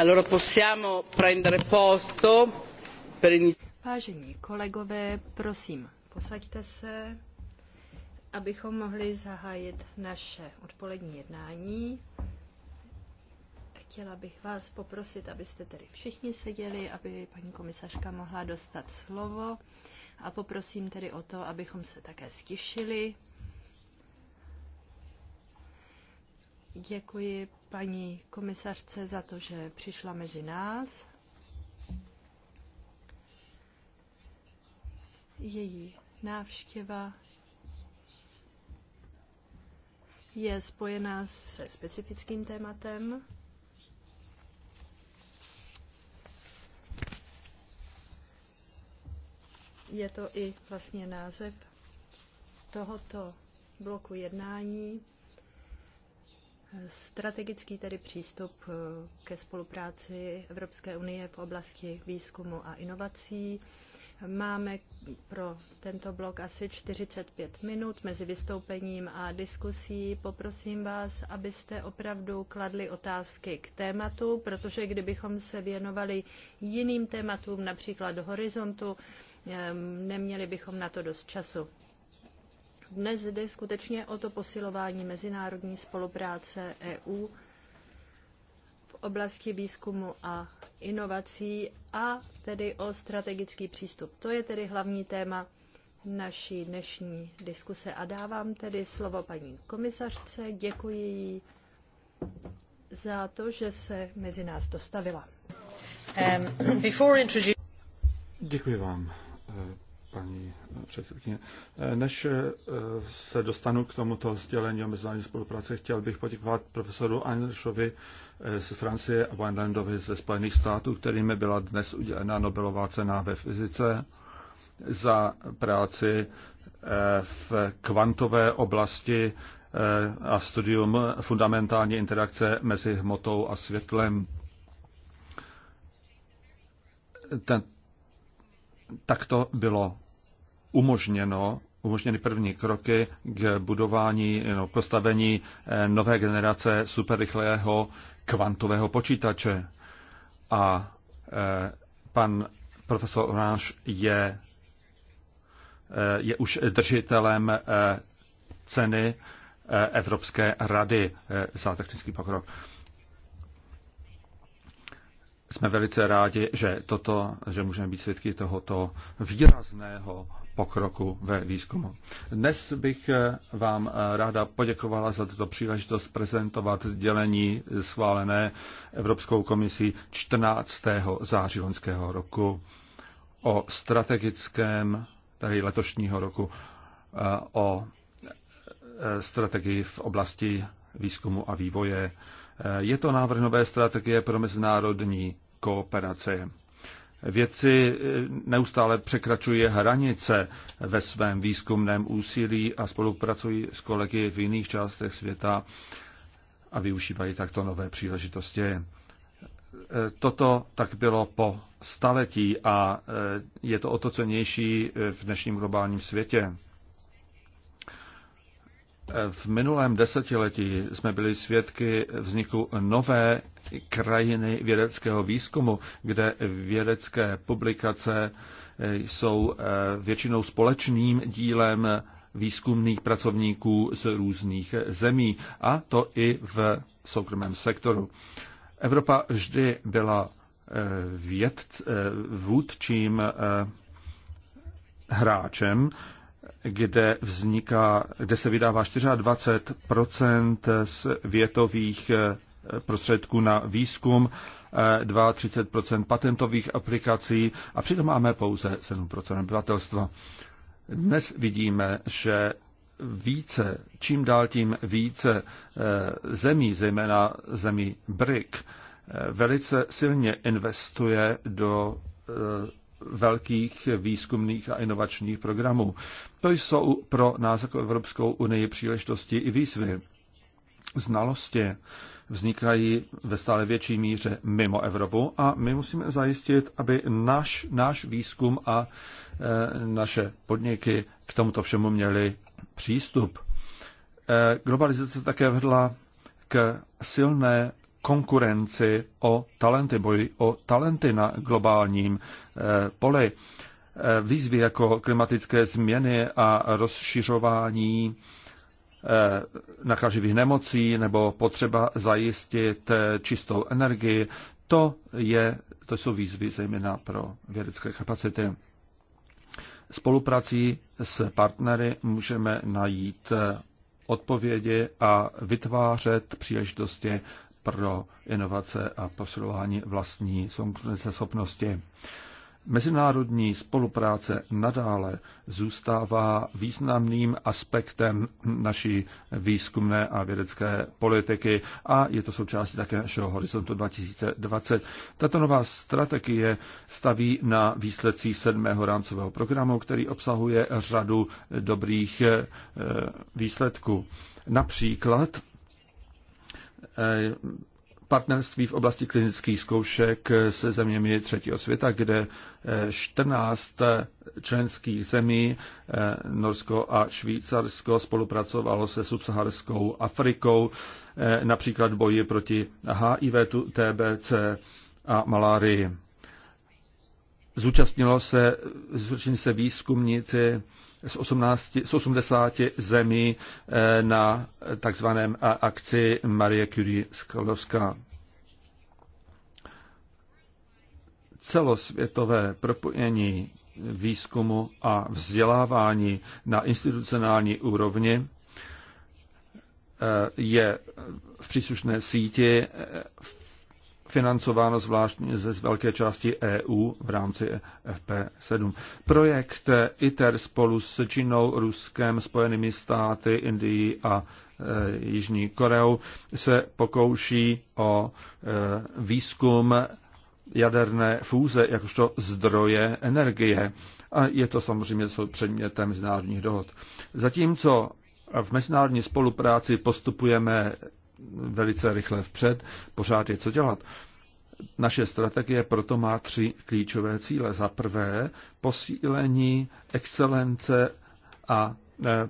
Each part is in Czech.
Allora possiamo prendere posto per Vážení kolegové, prosím, posaďte se, abychom mohli zahájit naše odpolední jednání. Chtěla bych vás poprosit, abyste tedy všichni seděli, aby paní komisařka mohla dostat slovo a poprosím tedy o to, abychom se také stišili. Děkuji paní komisařce za to, že přišla mezi nás. Její návštěva je spojená se specifickým tématem. Je to i vlastně název tohoto bloku jednání Strategický tedy přístup eh, ke spolupráci Evropské unie v oblasti výzkumu a inovací. Máme pro tento blok asi 45 minut mezi vystoupením a diskusí. Poprosím vás, abyste opravdu kladli otázky k tématu, protože kdybychom se věnovali jiným tématům, například horizontu, eh, neměli bychom na to dost času. Dnes jde skutečně o to posilování mezinárodní spolupráce EU v oblasti výzkumu a inovací a tedy o strategický přístup. To je tedy hlavní téma naší dnešní diskuse a dávám tedy slovo paní komisařce. Děkuji jí za to, že se mezi nás dostavila. Um, Děkuji vám paní předsedkyně. Eh, než eh, se dostanu k tomuto sdělení o mezinárodní spolupráci, chtěl bych poděkovat profesoru Anšovi eh, z Francie a Weinlandovi ze Spojených států, kterými byla dnes udělena Nobelová cena ve fyzice za práci v kvantové oblasti a studium fundamentální interakce mezi hmotou a světlem. Ten, takto bylo umožněno umožněny první kroky k budování, no, postavení eh, nové generace superrychlého kvantového počítače. A eh, pan profesor Oranž je, eh, je už držitelem eh, ceny eh, Evropské rady eh, za technický pokrok. Eh, jsme velice rádi, že, toto, že můžeme být svědky tohoto výrazného pokroku ve výzkumu. Dnes bych eh, vám eh, ráda poděkovala za tuto příležitost prezentovat dělení schválené Evropskou komisí 14. září loňského roku o strategickém, tedy letošního roku, eh, o strategii v oblasti výzkumu a vývoje je to návrh nové strategie pro mezinárodní kooperace. Vědci eh, neustále překračují hranice ve svém výzkumném úsilí a spolupracují s kolegy v jiných částech světa a využívají takto nové příležitosti. Eh, Toto tak bylo po staletí a eh, je to o to cenější v dnešním globálním světě. V minulém desetiletí jsme byli svědky vzniku nové krajiny vědeckého výzkumu, kde vědecké publikace jsou eh, většinou společným dílem výzkumných pracovníků z různých zemí, a to i v soukromém sektoru. Evropa vždy byla eh, věd, eh, vůdčím hráčem kde vzniká, kde se vydává 24 z větových eh, prostředků na výzkum, 32 eh, patentových aplikací a přitom máme pouze 7 obyvatelstva. Dnes vidíme, že více, čím dál tím více eh, zemí, zejména zemí BRIC, velice silně investuje do velkých výzkumných a inovačních programů. To jsou pro nás jako Evropskou unii příležitosti i výzvy. Znalosti vznikají ve stále větší míře mimo Evropu a my musíme zajistit, aby náš, náš výzkum a e, naše podniky k tomuto všemu měli přístup. E, globalizace také vedla k silné konkurenci o talenty, boj o talenty na globálním eh, poli. Eh, výzvy jako klimatické změny a rozšiřování eh, nakaživých nemocí nebo potřeba zajistit čistou energii, to, je, to jsou výzvy zejména pro vědecké kapacity. Spoluprací s partnery můžeme najít odpovědi a vytvářet příležitosti pro inovace a posilování vlastní schopnosti. Mezinárodní spolupráce nadále zůstává významným aspektem naší výzkumné a vědecké politiky a je to součástí také našeho horizontu 2020. Tato nová strategie staví na výsledcích sedmého rámcového programu, který obsahuje řadu dobrých eh, výsledků. Například Eh, partnerství v oblasti klinických zkoušek se zeměmi třetího světa, kde 14 eh, eh, členských zemí, Norsko a Švýcarsko, spolupracovalo se subsaharskou Afrikou, například boji proti HIV, TBC a malárii. Zúčastnilo se, zúčastnili se výzkumníci z, 18, z 80 zemí eh, na takzvaném akci Marie Curie Sklodovská. Celosvětové propojení výzkumu a vzdělávání na institucionální úrovni eh, je v příslušné síti v eh, financováno zvláštně ze velké části EU v rámci FP7. Projekt ITER spolu s Čínou, Ruskem, Spojenými státy, Indií a e, Jižní Koreou se pokouší o e, výzkum jaderné fúze jakožto zdroje energie. A je to samozřejmě předmětem mezinárodních dohod. Zatímco v mezinárodní spolupráci postupujeme velice rychle vpřed, pořád je co dělat. Naše strategie proto má tři klíčové cíle. Za prvé, posílení excelence a e,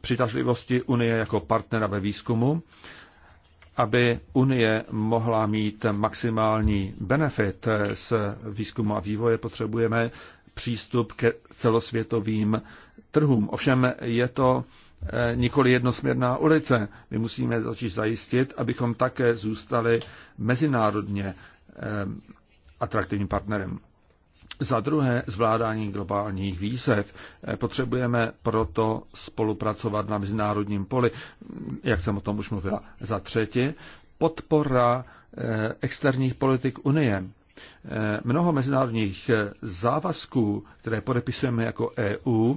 přitažlivosti Unie jako partnera ve výzkumu, aby Unie mohla mít maximální benefit z výzkumu a vývoje, potřebujeme přístup ke celosvětovým trhům. Ovšem je to Eh, nikoli jednosměrná ulice. My musíme začít zajistit, abychom také zůstali mezinárodně eh, atraktivním partnerem. Za druhé, zvládání globálních výzev. Eh, potřebujeme proto spolupracovat na mezinárodním poli, hm, jak jsem o tom už mluvila. Za třetí, podpora externích politik Unie. Mnoho mezinárodních závazků, které podepisujeme jako EU,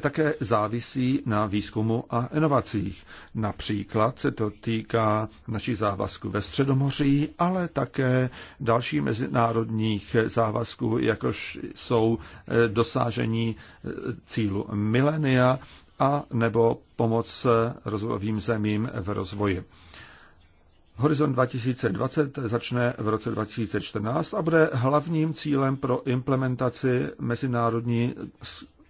také závisí na výzkumu a inovacích. Například se to týká naší závazku ve Středomoří, ale také dalších mezinárodních závazků, jakož jsou eh, dosážení eh, cílu milenia a nebo pomoc eh, rozvojovým zemím v rozvoji. Horizont 2020 začne v roce 2014 a bude hlavním cílem pro implementaci mezinárodní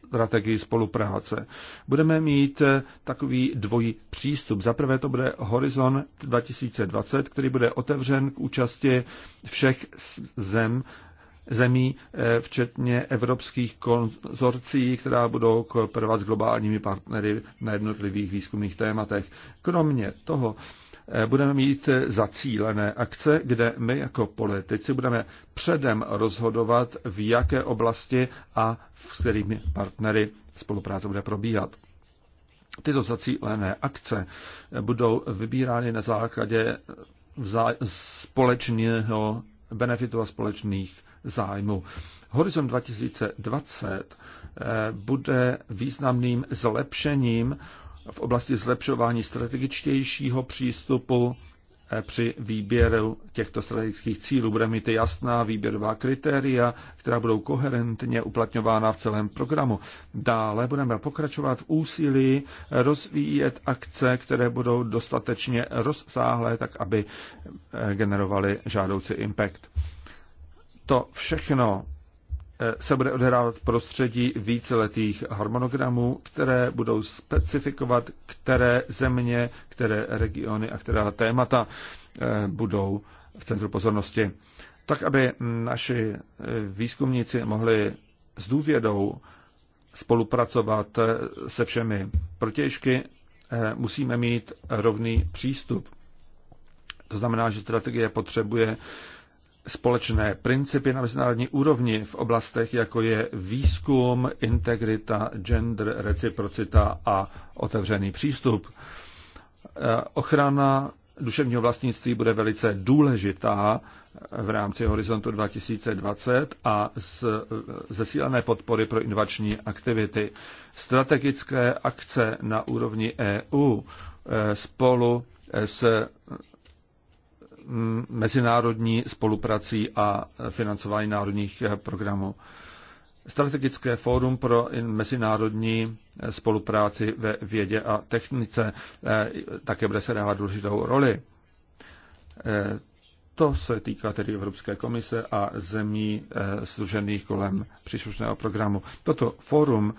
strategii spolupráce. Budeme mít eh, takový dvojí přístup. Za prvé to bude Horizon 2020, který bude otevřen k účasti všech zem, zemí, eh, včetně evropských konzorcí, která budou kooperovat s globálními partnery na jednotlivých výzkumných tématech. Kromě toho Eh, budeme mít eh, zacílené akce, kde my jako politici budeme předem rozhodovat, v jaké oblasti a s kterými partnery spolupráce bude probíhat. Tyto zacílené akce eh, budou vybírány na základě společného benefitu a společných zájmů. Horizont 2020 bude významným zlepšením v oblasti zlepšování strategičtějšího přístupu eh, při výběru těchto strategických cílů. Bude mít jasná výběrová kritéria, která budou koherentně uplatňována v celém programu. Dále budeme pokračovat v úsilí rozvíjet akce, které budou dostatečně rozsáhlé, tak aby eh, generovaly žádoucí impact. To všechno Eh, se bude odehrávat v prostředí víceletých harmonogramů, které budou specifikovat, které země, které regiony a která témata eh, budou v centru pozornosti. Tak, aby naši eh, výzkumníci mohli s důvědou spolupracovat se všemi protěžky, musíme mít rovný přístup. To znamená, že strategie potřebuje společné principy na mezinárodní úrovni v oblastech, jako je výzkum, integrita, gender, reciprocita a otevřený přístup. E, ochrana duševního vlastnictví bude velice důležitá v rámci Horizontu 2020 a z e, zesílené podpory pro inovační aktivity. Strategické akce na úrovni EU e, spolu s mezinárodní spoluprací a financování národních eh, programů. Strategické fórum pro mezinárodní eh, spolupráci ve vědě a technice eh, také bude se dávat důležitou roli. To se týká tedy Evropské komise a zemí služených kolem příslušného programu. Toto fórum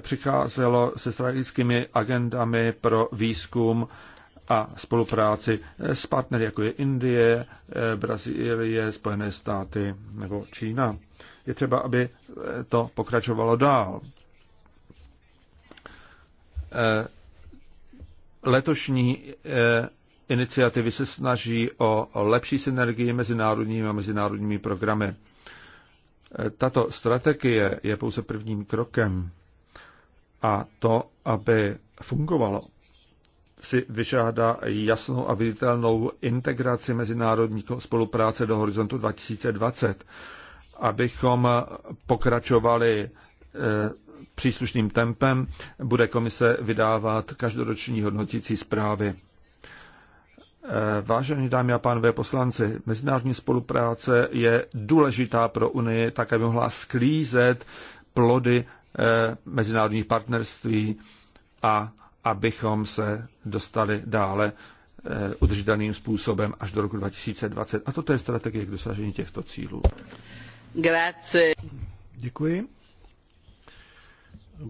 přicházelo se strategickými agendami pro výzkum a spolupráci s partnery, jako je Indie, eh, Brazílie, Spojené státy nebo Čína. Je třeba, aby eh, to pokračovalo dál. Eh, letošní iniciativy se snaží o lepší synergii mezinárodními a mezinárodními programy. Tato strategie je pouze prvním krokem a to, aby fungovalo si vyžádá jasnou a viditelnou integraci mezinárodní spolupráce do horizontu 2020, abychom pokračovali eh, příslušným tempem, bude komise vydávat každoroční hodnotící zprávy. Eh, Vážení dámy a pánové poslanci, mezinárodní spolupráce je důležitá pro Unii, tak aby mohla sklízet plody eh, mezinárodních partnerství a abychom se dostali dále eh, udržitelným způsobem až do roku 2020. A toto je strategie k dosažení těchto cílů. Grazie. Děkuji.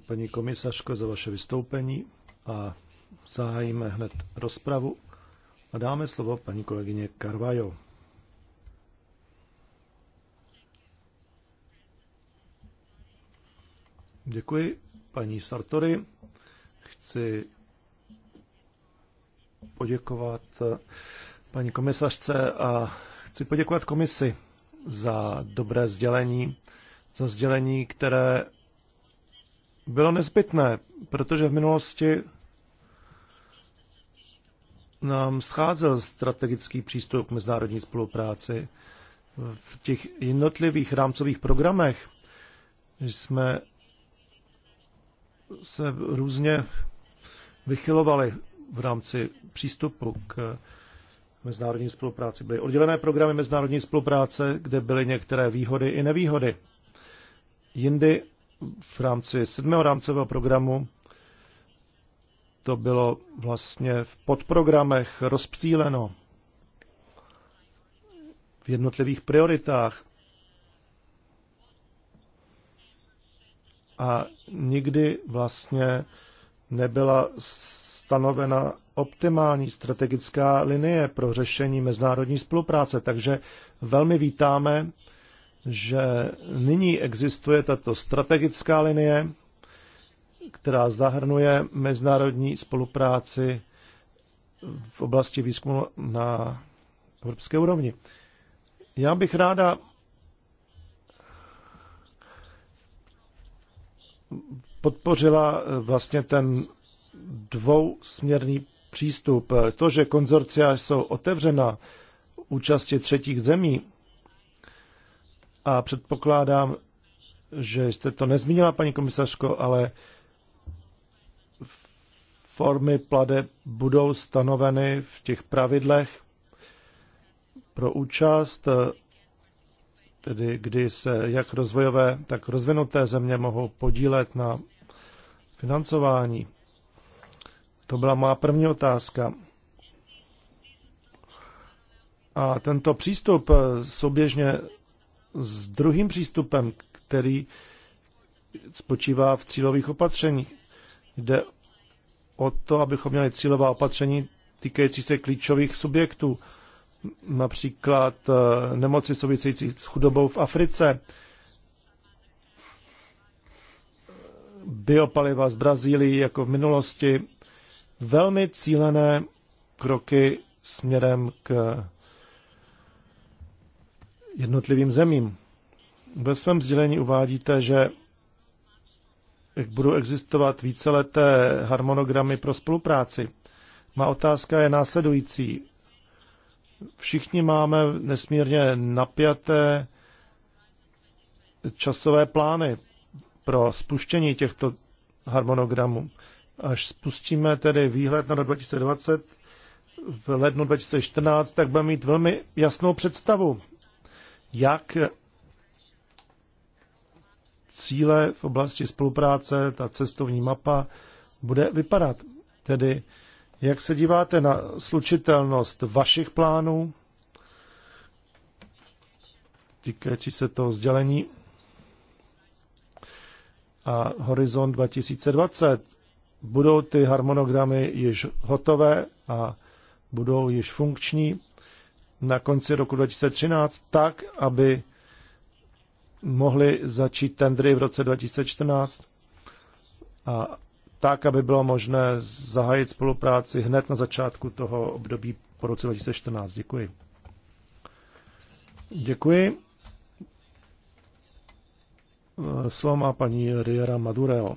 Paní komisařko, za vaše vystoupení a zahájíme hned rozpravu a dáme slovo paní kolegyně Karvajo. Děkuji, paní Sartori chci poděkovat paní komisařce a chci poděkovat komisi za dobré sdělení, za sdělení, které bylo nezbytné, protože v minulosti nám scházel strategický přístup k mezinárodní spolupráci. V těch jednotlivých rámcových programech jsme se různě vychylovali v rámci přístupu k mezinárodní spolupráci. Byly oddělené programy mezinárodní spolupráce, kde byly některé výhody i nevýhody. Jindy v rámci sedmého rámcového programu to bylo vlastně v podprogramech rozptýleno v jednotlivých prioritách. A nikdy vlastně nebyla stanovena optimální strategická linie pro řešení mezinárodní spolupráce. Takže velmi vítáme, že nyní existuje tato strategická linie, která zahrnuje mezinárodní spolupráci v oblasti výzkumu na evropské úrovni. Já bych ráda podpořila eh, vlastně ten dvousměrný přístup. Eh, to, že konzorcia jsou otevřena účasti třetích zemí, a předpokládám, že jste to nezmínila, paní komisařko, ale formy plade budou stanoveny v těch pravidlech pro účast, eh, tedy kdy se jak rozvojové, tak rozvinuté země mohou podílet na Financování. To byla má první otázka. A tento přístup eh, souběžně s druhým přístupem, který spočívá v cílových opatřeních, jde o to, abychom měli cílová opatření týkající se klíčových subjektů, například eh, nemoci související s chudobou v Africe, biopaliva z Brazílii jako v minulosti, velmi cílené kroky směrem k jednotlivým zemím. Ve svém sdělení uvádíte, že budou existovat víceleté harmonogramy pro spolupráci. Má otázka je následující. Všichni máme nesmírně napjaté časové plány pro spuštění těchto harmonogramů. Až spustíme tedy výhled na rok 2020 v lednu 2014, tak budeme mít velmi jasnou představu, jak cíle v oblasti spolupráce, ta cestovní mapa bude vypadat. Tedy, jak se díváte na slučitelnost vašich plánů, týkající se toho sdělení a Horizont 2020. Budou ty harmonogramy již hotové a budou již funkční na konci roku 2013 tak, aby mohly začít tendry v roce 2014 a tak, aby bylo možné zahájit spolupráci hned na začátku toho období po roce 2014. Děkuji. Děkuji. Eh, slovo má paní Riera Madurel.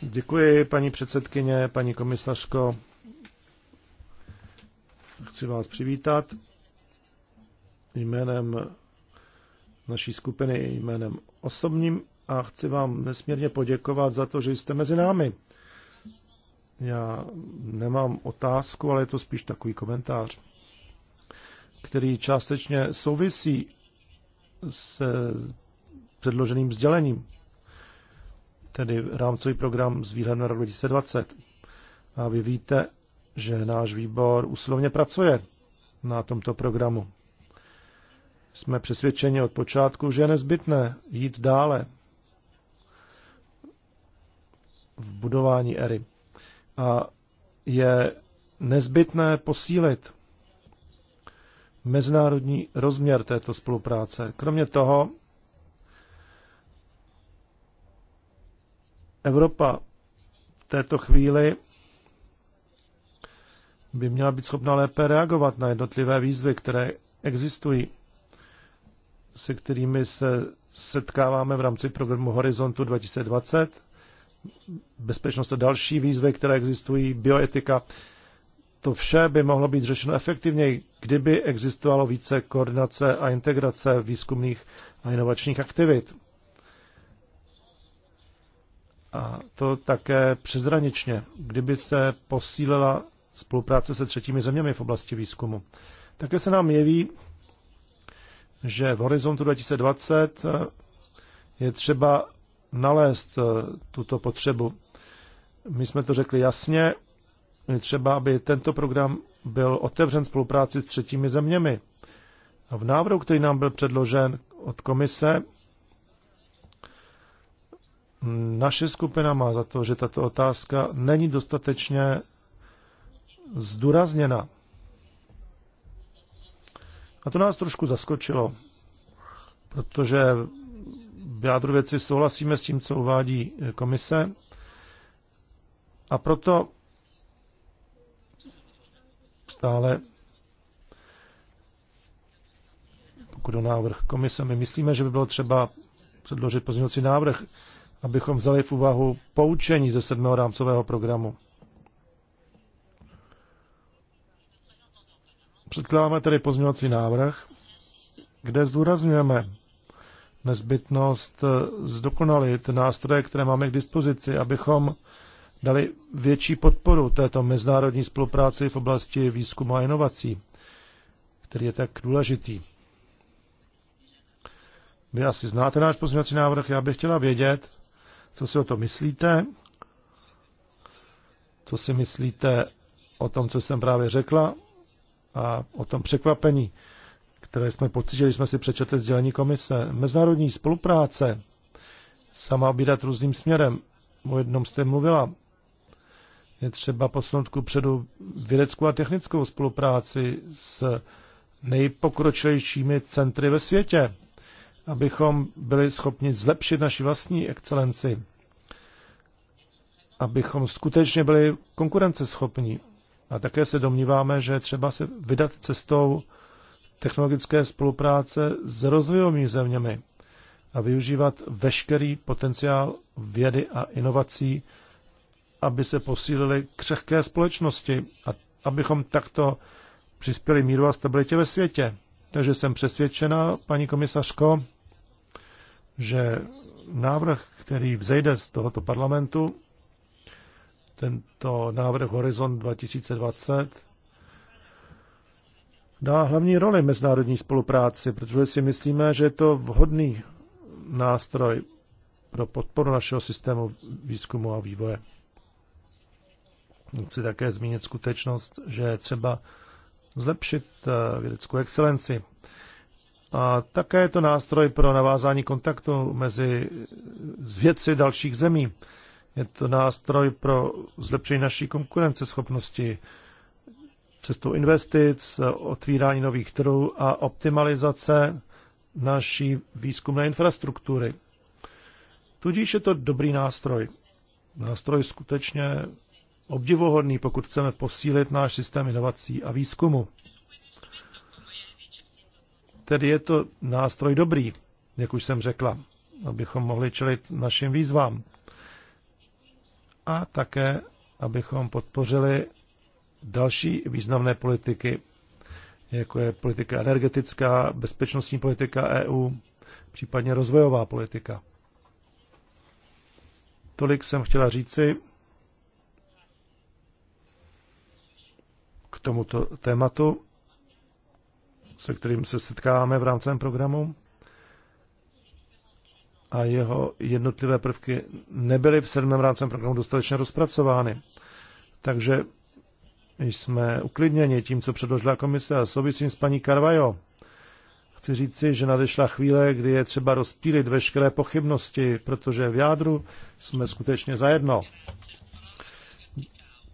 Děkuji, paní předsedkyně, paní komisařko. Chci vás přivítat jménem naší skupiny jménem osobním a chci vám nesmírně poděkovat za to, že jste mezi námi. Já nemám otázku, ale je to spíš takový komentář, který částečně souvisí se předloženým sdělením, tedy rámcový program s výhledem na rok 2020. A vy víte, že náš výbor usilovně pracuje na tomto programu. Jsme přesvědčeni od počátku, že je nezbytné jít dále v budování ery. A je nezbytné posílit mezinárodní rozměr této spolupráce. Kromě toho, Evropa v této chvíli by měla být schopna lépe reagovat na jednotlivé výzvy, které existují, se kterými se setkáváme v rámci programu Horizontu 2020. Bezpečnost a další výzvy, které existují, bioetika to vše by mohlo být řešeno efektivněji, kdyby existovalo více koordinace a integrace výzkumných a inovačních aktivit. A to také přezraničně, kdyby se posílila spolupráce se třetími zeměmi v oblasti výzkumu. Také se nám jeví, že v horizontu 2020 je třeba nalézt eh, tuto potřebu. My jsme to řekli jasně, je třeba, aby tento program byl otevřen spolupráci s třetími zeměmi. A v návrhu, který nám byl předložen od komise, naše skupina má za to, že tato otázka není dostatečně zdůrazněna. A to nás trošku zaskočilo, protože v jádru věci souhlasíme s tím, co uvádí komise. A proto stále pokud o návrh komise. My myslíme, že by bylo třeba předložit pozměňovací návrh, abychom vzali v úvahu poučení ze sedmého rámcového programu. Předkládáme tedy pozměňovací návrh, kde zdůrazňujeme nezbytnost eh, zdokonalit nástroje, které máme k dispozici, abychom dali větší podporu této mezinárodní spolupráci v oblasti výzkumu a inovací, který je tak důležitý. Vy asi znáte náš pozměňovací návrh, já bych chtěla vědět, co si o to myslíte, co si myslíte o tom, co jsem právě řekla a o tom překvapení, které jsme pocítili, jsme si přečetli sdělení komise. Mezinárodní spolupráce sama obídat různým směrem. O jednom jste mluvila, je třeba posunout ku předu vědeckou a technickou spolupráci s nejpokročilejšími centry ve světě, abychom byli schopni zlepšit naši vlastní excelenci, abychom skutečně byli konkurenceschopní. A také se domníváme, že třeba se vydat cestou technologické spolupráce s rozvojovými zeměmi a využívat veškerý potenciál vědy a inovací aby se posílily křehké společnosti a abychom takto přispěli míru a stabilitě ve světě. Takže jsem přesvědčena, paní komisařko, že návrh, který vzejde z tohoto parlamentu, tento návrh Horizon 2020, dá hlavní roli mezinárodní spolupráci, protože si myslíme, že je to vhodný nástroj pro podporu našeho systému výzkumu a vývoje chci také zmínit skutečnost, že třeba zlepšit eh, vědeckou excelenci. A také je to nástroj pro navázání kontaktu mezi vědci dalších zemí. Je to nástroj pro zlepšení naší konkurenceschopnosti cestou investic, otvírání nových trhů a optimalizace naší výzkumné infrastruktury. Tudíž je to dobrý nástroj. Nástroj skutečně obdivohodný, pokud chceme posílit náš systém inovací a výzkumu. Tedy je to nástroj dobrý, jak už jsem řekla, abychom mohli čelit našim výzvám. A také, abychom podpořili další významné politiky, jako je politika energetická, bezpečnostní politika EU, případně rozvojová politika. Tolik jsem chtěla říci. tomuto tématu, se kterým se setkáváme v rámci programu. A jeho jednotlivé prvky nebyly v sedmém rámcem programu dostatečně rozpracovány. Takže jsme uklidněni tím, co předložila komise a souvisím s paní Carvajo. Chci říci, že nadešla chvíle, kdy je třeba rozpílit veškeré pochybnosti, protože v jádru jsme skutečně zajedno.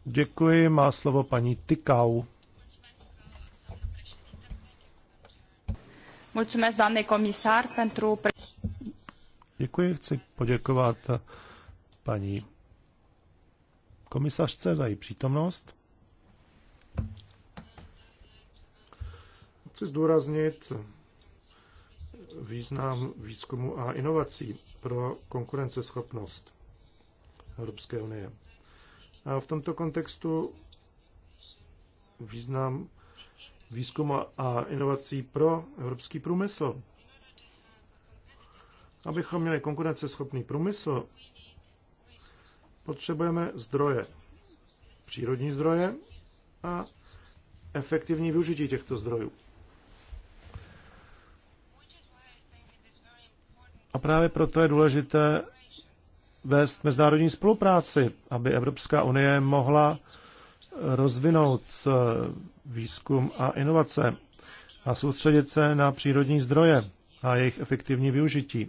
Děkuji, má slovo paní Tykau. Mulțumesc, doamnei comisar, pentru... Děkuji, chci poděkovat paní komisařce za její přítomnost. Chci zdůraznit význam výzkumu a inovací pro konkurenceschopnost Evropské unie. A v tomto kontextu význam výzkumu a inovací pro evropský průmysl. Abychom měli konkurenceschopný průmysl, potřebujeme zdroje. Přírodní zdroje a efektivní využití těchto zdrojů. A právě proto je důležité vést mezinárodní spolupráci, aby Evropská unie mohla rozvinout eh, výzkum a inovace a soustředit se na přírodní zdroje a jejich efektivní využití.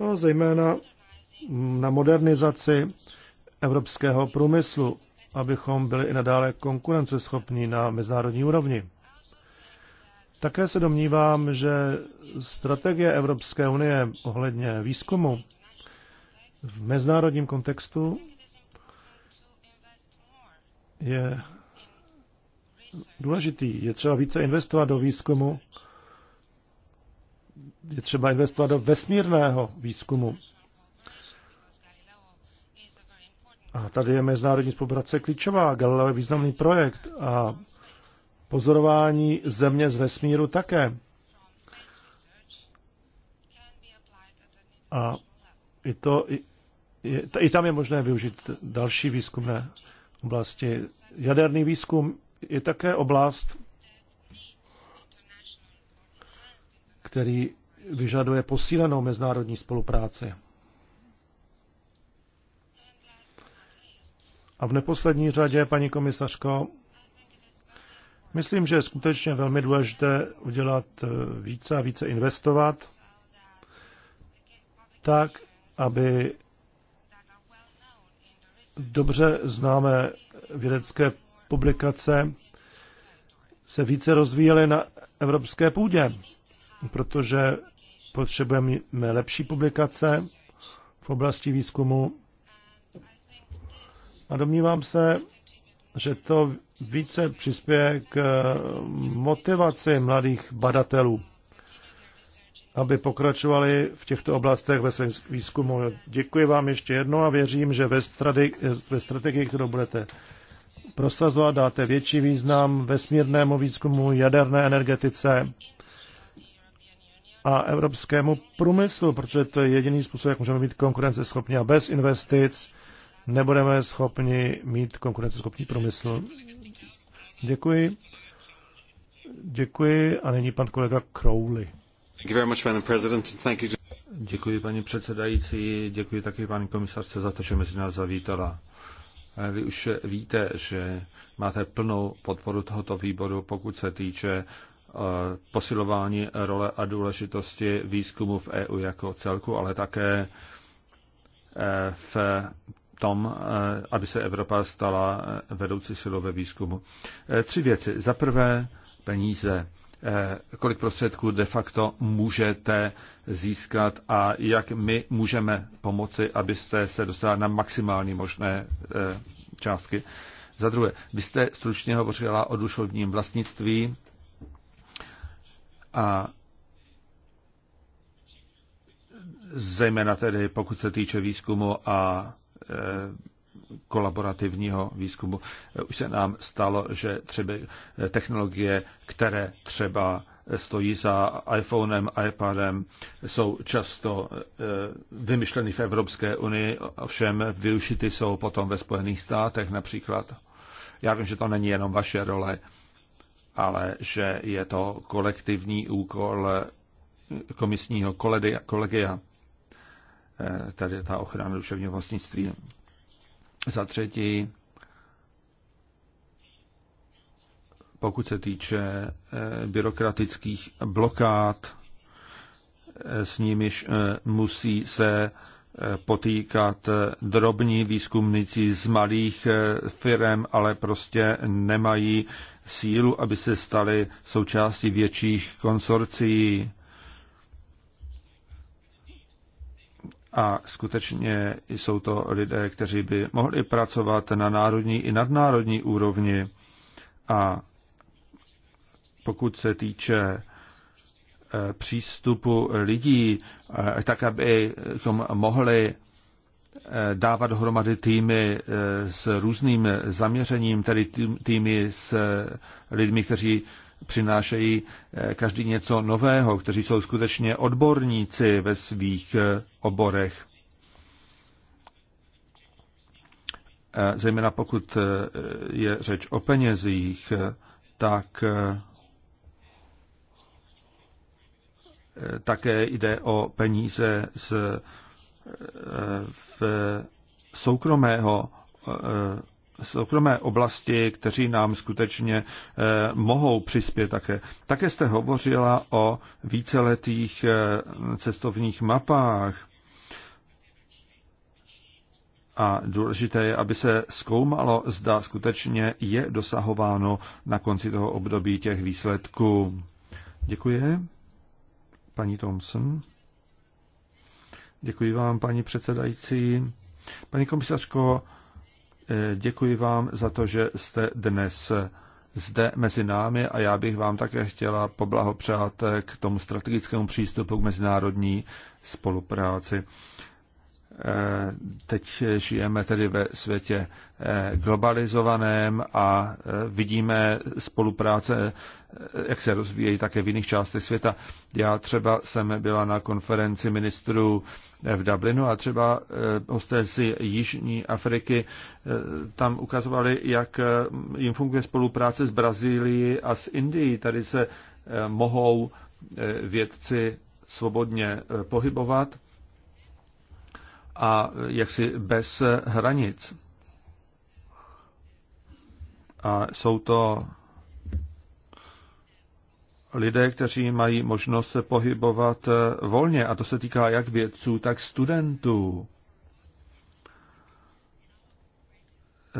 No, zejména na modernizaci evropského průmyslu, abychom byli i nadále konkurenceschopní na mezinárodní úrovni. Také se domnívám, že strategie Evropské unie ohledně výzkumu v mezinárodním kontextu je důležitý. Je třeba více investovat do výzkumu, je třeba investovat do vesmírného výzkumu. A tady je mezinárodní spolupráce klíčová. Galileo je významný projekt a pozorování země z vesmíru také. A i to i je, i tam je možné využít další výzkumné oblasti. Jaderný výzkum je také oblast, který vyžaduje posílenou mezinárodní spolupráci. A v neposlední řadě, paní komisařko, myslím, že je skutečně velmi důležité udělat eh, více a více investovat, tak, aby dobře známé vědecké publikace se více rozvíjely na evropské půdě, protože potřebujeme lepší publikace v oblasti výzkumu. A domnívám se, že to více přispěje k motivaci mladých badatelů aby pokračovali v těchto oblastech ve svém výzkumu. Děkuji vám ještě jednou a věřím, že ve, strate- ve strategii, kterou budete prosazovat, dáte větší význam vesmírnému výzkumu, jaderné energetice a evropskému průmyslu, protože to je jediný způsob, jak můžeme být konkurenceschopní a bez investic nebudeme schopni mít konkurenceschopný průmysl. Děkuji. Děkuji a nyní pan kolega Crowley. Děkuji paní předsedající, děkuji také paní komisařce za to, že mezi nás zavítala. Eh, vy už víte, že máte plnou podporu tohoto výboru, pokud se týče eh, posilování role a důležitosti výzkumu v EU jako celku, ale také eh, v tom, aby se Evropa stala vedoucí silou ve výzkumu. Tři věci. Za prvé peníze. Eh, kolik prostředků de facto můžete získat a jak my můžeme pomoci, abyste se dostali na maximální možné eh, částky. Za druhé, vy jste stručně hovořila o duševním vlastnictví a zejména tedy pokud se týče výzkumu a eh, kolaborativního výzkumu. Už se nám stalo, že třeba technologie, které třeba stojí za iPhonem, iPadem, jsou často eh, vymyšleny v Evropské unii, ovšem využity jsou potom ve Spojených státech například. Já vím, že to není jenom vaše role, ale že je to kolektivní úkol komisního kolegia, eh, tady ta ochrana duševního vlastnictví. Za třetí, pokud se týče eh, byrokratických blokád, eh, s nimiž eh, musí se potýkat drobní výzkumníci z malých firm, ale prostě nemají sílu, aby se stali součástí větších konsorcií. A skutečně jsou to lidé, kteří by mohli pracovat na národní i nadnárodní úrovni. A pokud se týče eh, přístupu lidí, eh, tak aby mohli eh, dávat hromady týmy s různým zaměřením, tedy týmy s lidmi, kteří přinášejí eh, každý něco nového, kteří jsou skutečně odborníci ve svých eh, oborech. Eh, zejména pokud je řeč o penězích, tak také jde o peníze z v soukromého soukromé oblasti, kteří nám skutečně eh, mohou přispět také. Také jste hovořila o víceletých eh, cestovních mapách. A důležité je, aby se zkoumalo, zda skutečně je dosahováno na konci toho období těch výsledků. Děkuji. Paní Thompson. Děkuji vám, paní předsedající. Paní komisařko, Děkuji vám za to, že jste dnes zde mezi námi a já bych vám také chtěla poblahopřát k tomu strategickému přístupu k mezinárodní spolupráci. Teď žijeme tedy ve světě eh, globalizovaném a eh, vidíme spolupráce, eh, jak se rozvíjejí také v jiných částech světa. Já třeba jsem byla na konferenci ministrů v Dublinu a třeba hosté z Jižní Afriky tam ukazovali, jak jim funguje spolupráce s Brazílií a s Indií. Tady se mohou vědci svobodně pohybovat a jaksi bez hranic. A jsou to lidé, kteří mají možnost se pohybovat volně, a to se týká jak vědců, tak studentů.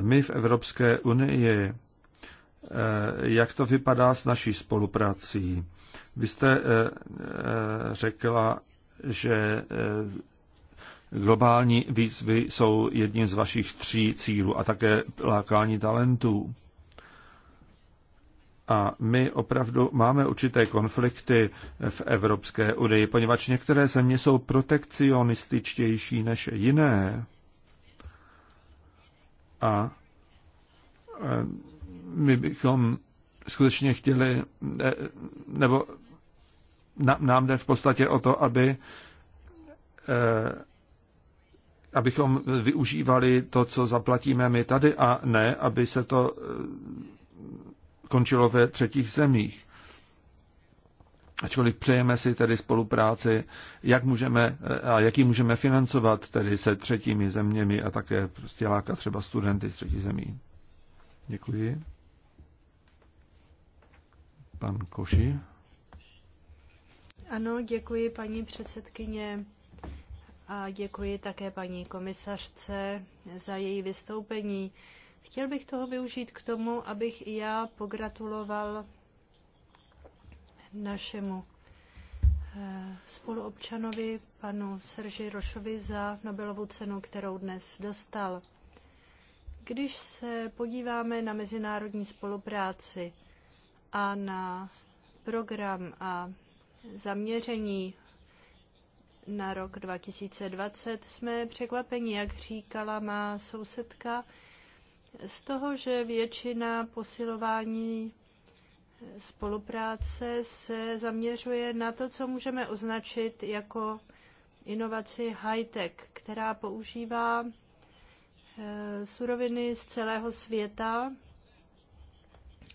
My v Evropské unii, eh, jak to vypadá s naší spoluprací? Vy jste eh, eh, řekla, že Globální výzvy jsou jedním z vašich tří cílů a také lákání talentů. A my opravdu máme určité konflikty v Evropské unii, poněvadž některé země jsou protekcionističtější než jiné. A e, my bychom skutečně chtěli, e, nebo nám jde v podstatě o to, aby e, abychom využívali to, co zaplatíme my tady, a ne, aby se to eh, končilo ve třetích zemích. Ačkoliv přejeme si tedy spolupráci, jak můžeme eh, a jaký můžeme financovat tedy se třetími zeměmi a také prostě lákat třeba studenty z třetí zemí. Děkuji. Pan Koši. Ano, děkuji paní předsedkyně a děkuji také paní komisařce za její vystoupení. Chtěl bych toho využít k tomu, abych i já pogratuloval našemu eh, spoluobčanovi panu Serži Rošovi za Nobelovu cenu, kterou dnes dostal. Když se podíváme na mezinárodní spolupráci a na program a zaměření na rok 2020, jsme překvapeni, jak říkala má sousedka, z toho, že většina posilování spolupráce se zaměřuje na to, co můžeme označit jako inovaci high-tech, která používá eh, suroviny z celého světa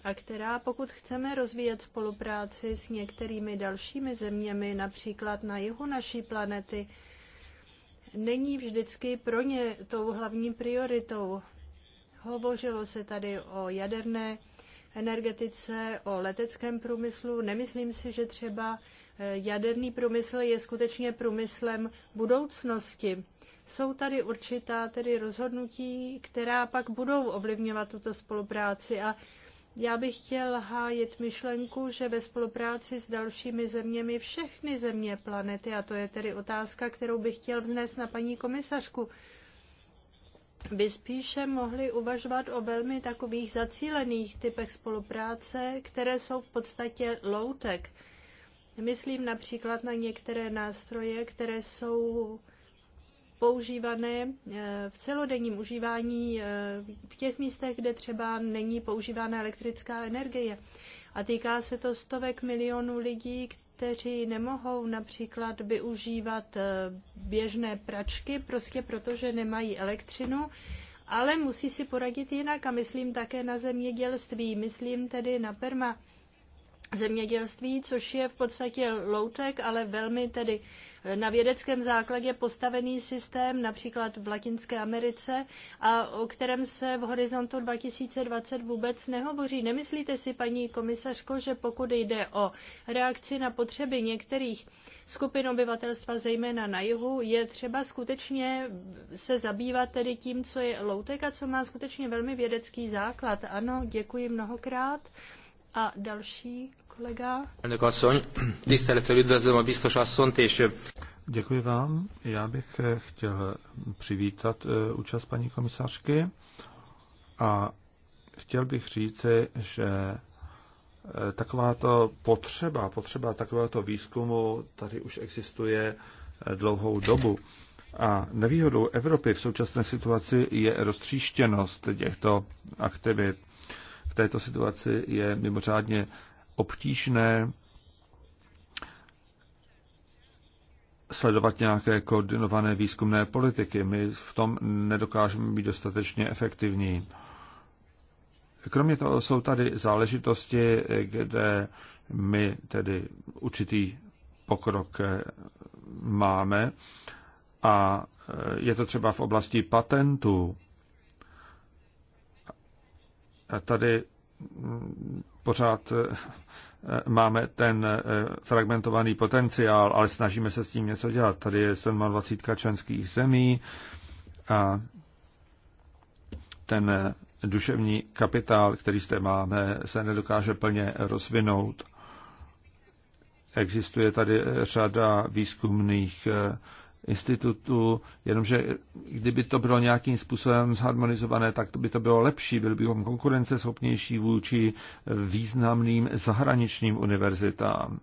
a která, pokud chceme rozvíjet spolupráci s některými dalšími zeměmi, například na jihu naší planety, není vždycky pro ně tou hlavní prioritou. Hovořilo se tady o jaderné energetice, o leteckém průmyslu. Nemyslím si, že třeba eh, jaderný průmysl je skutečně průmyslem budoucnosti. Jsou tady určitá tedy rozhodnutí, která pak budou ovlivňovat tuto spolupráci a já bych chtěl hájit myšlenku, že ve spolupráci s dalšími zeměmi všechny země planety, a to je tedy otázka, kterou bych chtěl vznést na paní komisařku, by spíše mohli uvažovat o velmi takových zacílených typech spolupráce, které jsou v podstatě loutek. Myslím například na některé nástroje, které jsou používané eh, v celodenním užívání eh, v těch místech, kde třeba není používána elektrická energie. A týká se to stovek milionů lidí, kteří nemohou například využívat eh, běžné pračky, prostě protože nemají elektřinu, ale musí si poradit jinak a myslím také na zemědělství, myslím tedy na perma zemědělství, což je v podstatě loutek, ale velmi tedy eh, na vědeckém základě postavený systém, například v Latinské Americe, a o kterém se v horizontu 2020 vůbec nehovoří. Nemyslíte si, paní komisařko, že pokud jde o reakci na potřeby některých skupin obyvatelstva, zejména na jihu, je třeba skutečně se zabývat tedy tím, co je loutek a co má skutečně velmi vědecký základ. Ano, děkuji mnohokrát. A další kolega. Elnök asszony, tisztelettel üdvözlöm a biztos asszonyt, és... Děkuji vám. Já bych eh, chtěl eh, přivítat eh, účast paní komisařky a chtěl bych říci, že takováto potřeba, potřeba takovéhoto výzkumu tady už existuje dlouhou dobu. A nevýhodou Evropy v současné situaci je roztříštěnost těchto aktivit. V této situaci je mimořádně obtížné sledovat nějaké koordinované výzkumné politiky. My v tom nedokážeme být dostatečně efektivní. Kromě toho jsou tady záležitosti, kde my tedy určitý pokrok eh, máme a eh, je to třeba v oblasti patentů. A tady pořád eh, eh, máme ten eh, fragmentovaný potenciál, ale snažíme se s tím něco dělat. Tady je 27 členských zemí a ten duševní kapitál, který zde máme, se nedokáže plně rozvinout. Existuje tady řada výzkumných institutu, jenomže kdyby to bylo nějakým způsobem zharmonizované, tak to by to bylo lepší, byli bychom konkurenceschopnější vůči významným zahraničním univerzitám.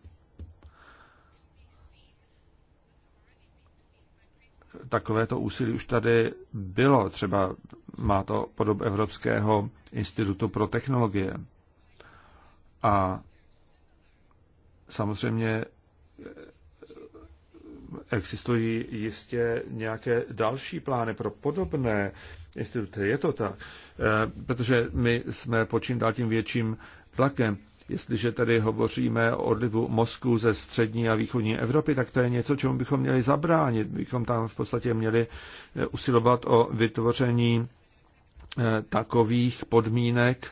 Takovéto úsilí už tady bylo, třeba má to podob Evropského institutu pro technologie. A samozřejmě existují jistě nějaké další plány pro podobné instituty. Je to tak, eh, protože my jsme počím dál tím větším tlakem. Jestliže tady hovoříme o odlivu mozku ze střední a východní Evropy, tak to je něco, čemu bychom měli zabránit. Bychom tam v podstatě měli eh, usilovat o vytvoření eh, takových podmínek,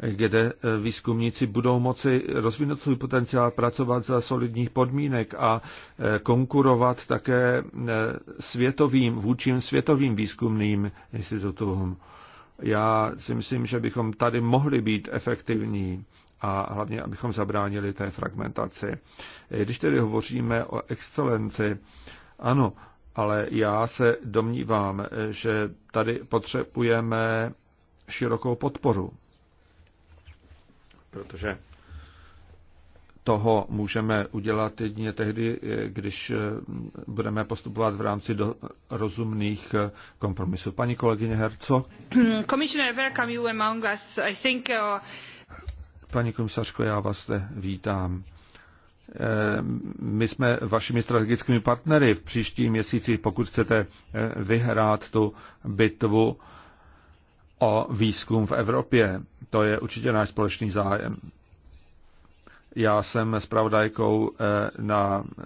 kde eh, výzkumníci budou moci rozvinout svůj potenciál, pracovat za solidních podmínek a eh, konkurovat také eh, světovým, vůčím světovým výzkumným institutům. Já si myslím, že bychom tady mohli být efektivní a hlavně, abychom zabránili té fragmentaci. Když tedy hovoříme o excelenci, ano, ale já se domnívám, že tady potřebujeme širokou podporu protože toho můžeme udělat jedině tehdy, když budeme postupovat v rámci do rozumných kompromisů. Paní kolegyně Herco. Uh, Paní komisařko, já vás zde vítám. Eh, my jsme vašimi strategickými partnery v příštím měsíci, pokud chcete eh, vyhrát tu bitvu o výzkum v Evropě. To je určitě náš společný zájem. Já jsem pravdajkou eh, na eh,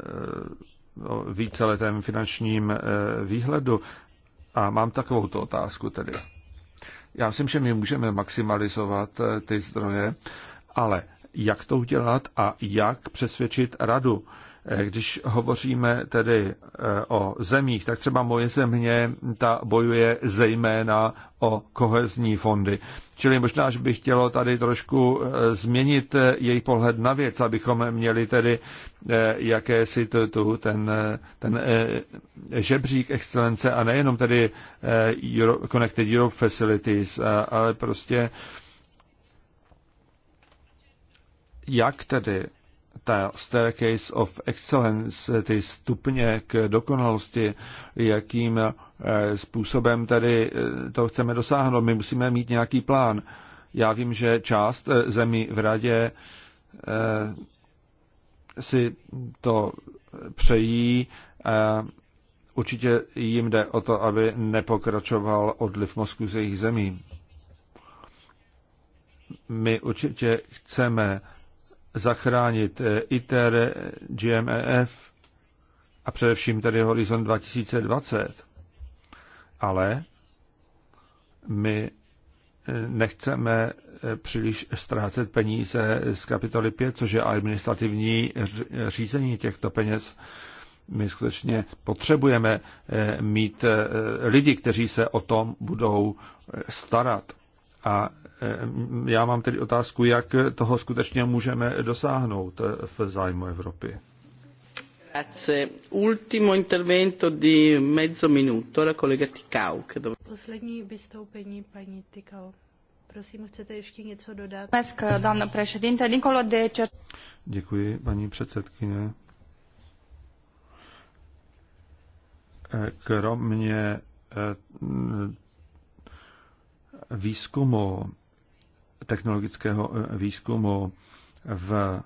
víceletém finančním eh, výhledu a mám takovou otázku tedy. Já myslím, že my můžeme maximalizovat ty zdroje, ale jak to udělat a jak přesvědčit radu? Eh, když hovoříme tedy eh, o zemích, tak třeba moje země ta bojuje zejména o kohezní fondy. Čili možná, že bych chtělo tady trošku eh, změnit její pohled na věc, abychom měli tedy jakési tu, tu, ten, ten žebřík excelence a nejenom tedy Euro, Connected Europe Facilities, ale prostě jak tedy ta staircase of excellence, ty stupně k dokonalosti, jakým eh, způsobem tady eh, to chceme dosáhnout. My musíme mít nějaký plán. Já vím, že část eh, zemí v radě si to přejí. Určitě jim jde o to, aby nepokračoval odliv mozku z jejich zemí. My určitě chceme zachránit eh, ITER, GMEF a především tedy Horizon 2020. Ale my eh, nechceme eh, příliš ztrácet peníze z kapitoly 5, což je administrativní řízení těchto peněz. My skutečně potřebujeme mít lidi, kteří se o tom budou starat. A Eh, já mám tedy otázku, jak toho skutečně můžeme dosáhnout eh, v zájmu Evropy. Poslední vystoupení paní Tikau. Prosím, chcete ještě něco dodat? Děkuji, paní předsedkyně. Eh, kromě výzkumu technologického eh, výzkumu v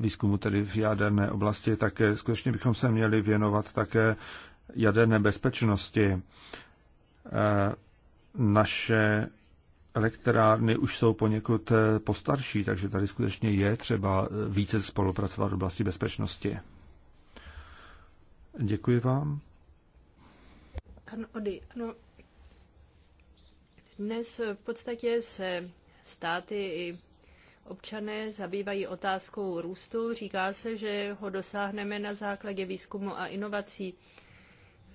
výzkumu tedy v jaderné oblasti, také eh, skutečně bychom se měli věnovat také jaderné bezpečnosti. Eh, naše elektrárny už jsou poněkud postarší, takže tady skutečně je třeba více spolupracovat v oblasti bezpečnosti. Děkuji vám. Ano, Ody, ano, dnes v podstatě se státy i občané zabývají otázkou růstu. Říká se, že ho dosáhneme na základě výzkumu a inovací.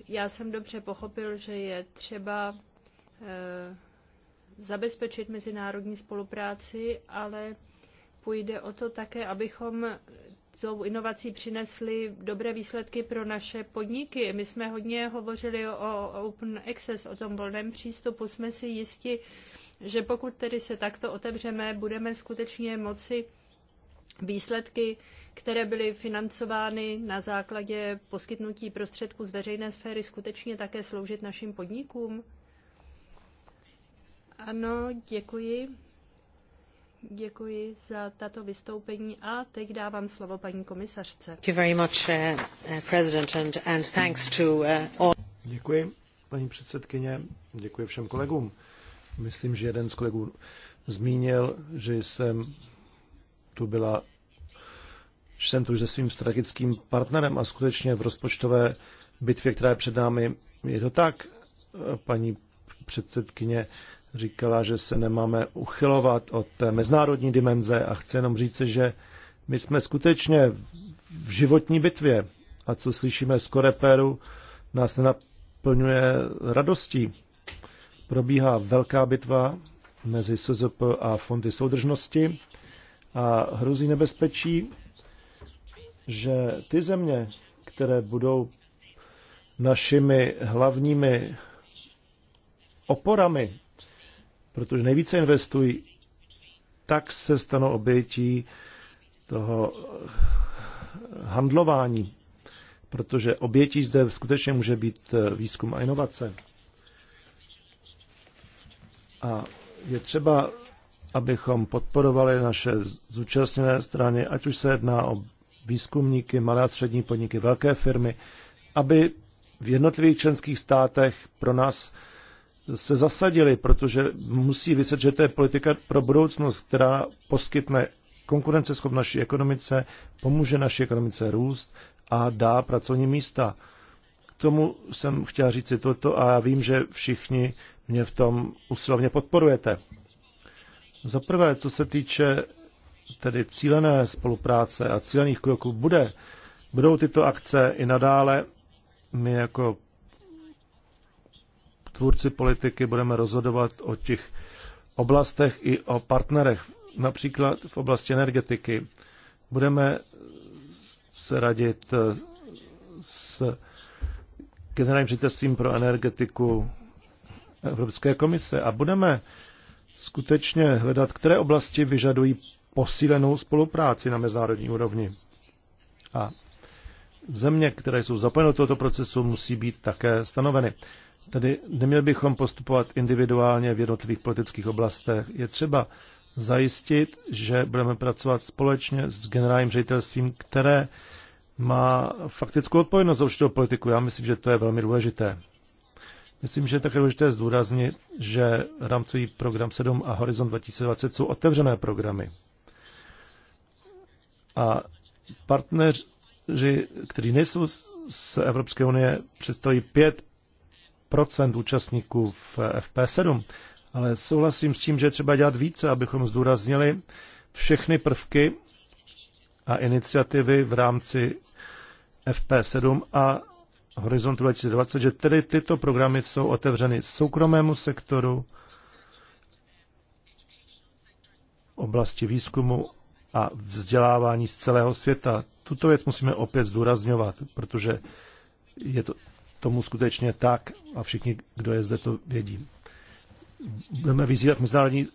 Já jsem dobře pochopil, že je třeba eh, zabezpečit mezinárodní spolupráci, ale půjde o to také, abychom pomocou inovací přinesly dobré výsledky pro naše podniky. My jsme hodně hovořili o open access, o tom volném přístupu. Jsme si jisti, že pokud tedy se takto otevřeme, budeme skutečně moci výsledky, které byly financovány na základě poskytnutí prostředků z veřejné sféry, skutečně také sloužit našim podnikům? Ano, děkuji. Děkuji za tato vystoupení a teď dávám slovo paní komisařce. Děkuji, paní předsedkyně, děkuji všem kolegům. Myslím, že jeden z kolegů zmínil, že jsem tu byla, že jsem tu se svým strategickým partnerem a skutečně v rozpočtové bitvě, která je před námi, je to tak, paní předsedkyně, říkala, že se nemáme uchylovat od té mezinárodní dimenze a chci jenom říci, že my jsme skutečně v životní bitvě a co slyšíme z Koreperu, nás nenaplňuje radostí. Probíhá velká bitva mezi SZP a Fondy soudržnosti a hrozí nebezpečí, že ty země, které budou našimi hlavními oporami protože nejvíce investují, tak se stanou obětí toho handlování, protože obětí zde skutečně může být eh, výzkum a inovace. A je třeba, abychom podporovali naše zúčastněné strany, ať už se jedná o výzkumníky, malé a střední podniky, velké firmy, aby v jednotlivých členských státech pro nás se zasadili, protože musí vysvětlit, že to je politika pro budoucnost, která poskytne konkurenceschop naší ekonomice, pomůže naší ekonomice růst a dá pracovní místa. K tomu jsem chtěl říct si toto a já vím, že všichni mě v tom usilovně podporujete. Za prvé, co se týče tedy cílené spolupráce a cílených kroků, bude, budou tyto akce i nadále. My jako tvůrci politiky budeme rozhodovat o těch oblastech i o partnerech, například v oblasti energetiky. Budeme se radit eh, s generálním ředitelstvím pro energetiku Evropské komise a budeme skutečně hledat, které oblasti vyžadují posílenou spolupráci na mezinárodní úrovni. A země, které jsou zapojeny do tohoto procesu, musí být také stanoveny. Tedy neměli bychom postupovat individuálně v jednotlivých politických oblastech. Je třeba zajistit, že budeme pracovat společně s generálním ředitelstvím, které má faktickou odpovědnost za určitou politiku. Já myslím, že to je velmi důležité. Myslím, že je také důležité zdůraznit, že rámcový program 7 a Horizont 2020 jsou otevřené programy. A partneři, kteří nejsou z Evropské unie, představují pět účastníků v FP7, ale souhlasím s tím, že je třeba dělat více, abychom zdůraznili všechny prvky a iniciativy v rámci FP7 a Horizontu 2020, že tedy tyto programy jsou otevřeny soukromému sektoru, oblasti výzkumu a vzdělávání z celého světa. Tuto věc musíme opět zdůrazňovat, protože je to tomu skutečně tak a všichni, kdo je zde, to vědí. Budeme vyzývat mezinárodní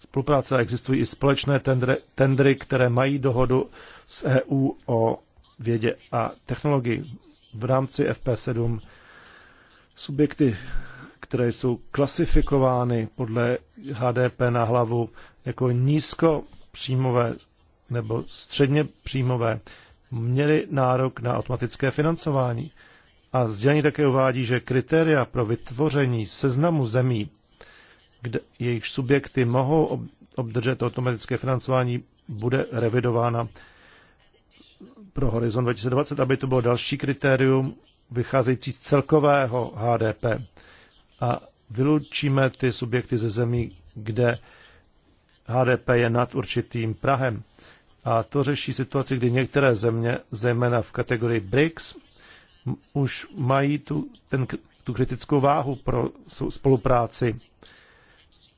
spolupráce a existují i společné tendry, tendry, které mají dohodu s EU o vědě a technologii. V rámci FP7 subjekty, které jsou klasifikovány podle HDP na hlavu jako nízkopříjmové nebo středně příjmové, měli nárok na automatické financování. A sdělení také uvádí, že kritéria pro vytvoření seznamu zemí, kde jejich subjekty mohou obdržet automatické financování, bude revidována pro Horizon 2020, aby to bylo další kritérium vycházející z celkového HDP. A vyloučíme ty subjekty ze zemí, kde HDP je nad určitým Prahem. A to řeší situaci, kdy některé země, zejména v kategorii BRICS, už mají tu, ten, tu kritickou váhu pro spolupráci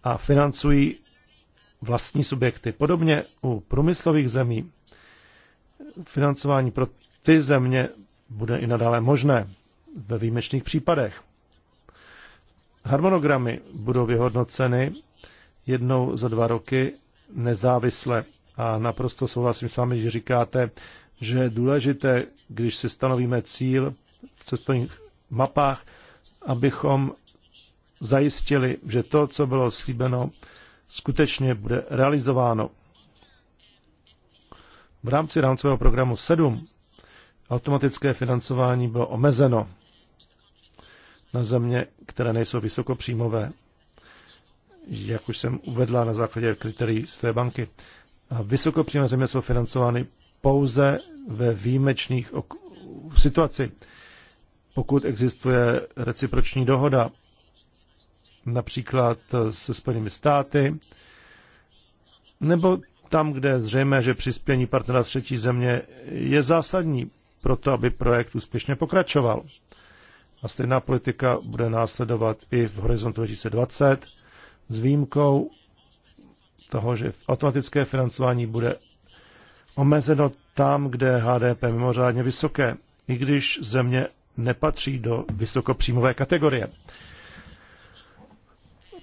a financují vlastní subjekty. Podobně u průmyslových zemí financování pro ty země bude i nadále možné ve výjimečných případech. Harmonogramy budou vyhodnoceny jednou za dva roky nezávisle. A naprosto souhlasím s vámi, že říkáte, že je důležité, když si stanovíme cíl v cestovních mapách, abychom zajistili, že to, co bylo slíbeno, skutečně bude realizováno. V rámci rámcového programu 7 automatické financování bylo omezeno na země, které nejsou vysokopříjmové, jak už jsem uvedla na základě kritérií své banky. A vysokopříjmové země jsou financovány pouze ve výjimečných ok- situaci, pokud existuje reciproční dohoda, například se Spojenými státy, nebo tam, kde je zřejmé, že přispění partnera z třetí země je zásadní pro to, aby projekt úspěšně pokračoval. A stejná politika bude následovat i v horizontu 2020 s výjimkou toho, že automatické financování bude omezeno tam, kde je HDP mimořádně vysoké, i když země nepatří do vysokopříjmové kategorie.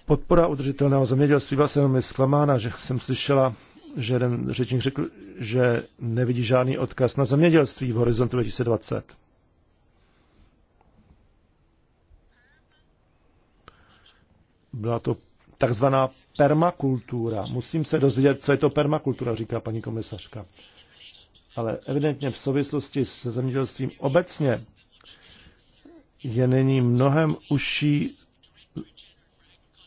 Podpora udržitelného zemědělství byla jsem mi zklamána, že jsem slyšela, že jeden řečník řekl, že nevidí žádný odkaz na zemědělství v horizontu 2020. Byla to takzvaná permakultura. Musím se dozvědět, co je to permakultura, říká paní komisařka. Ale evidentně v souvislosti s zemědělstvím obecně je není mnohem užší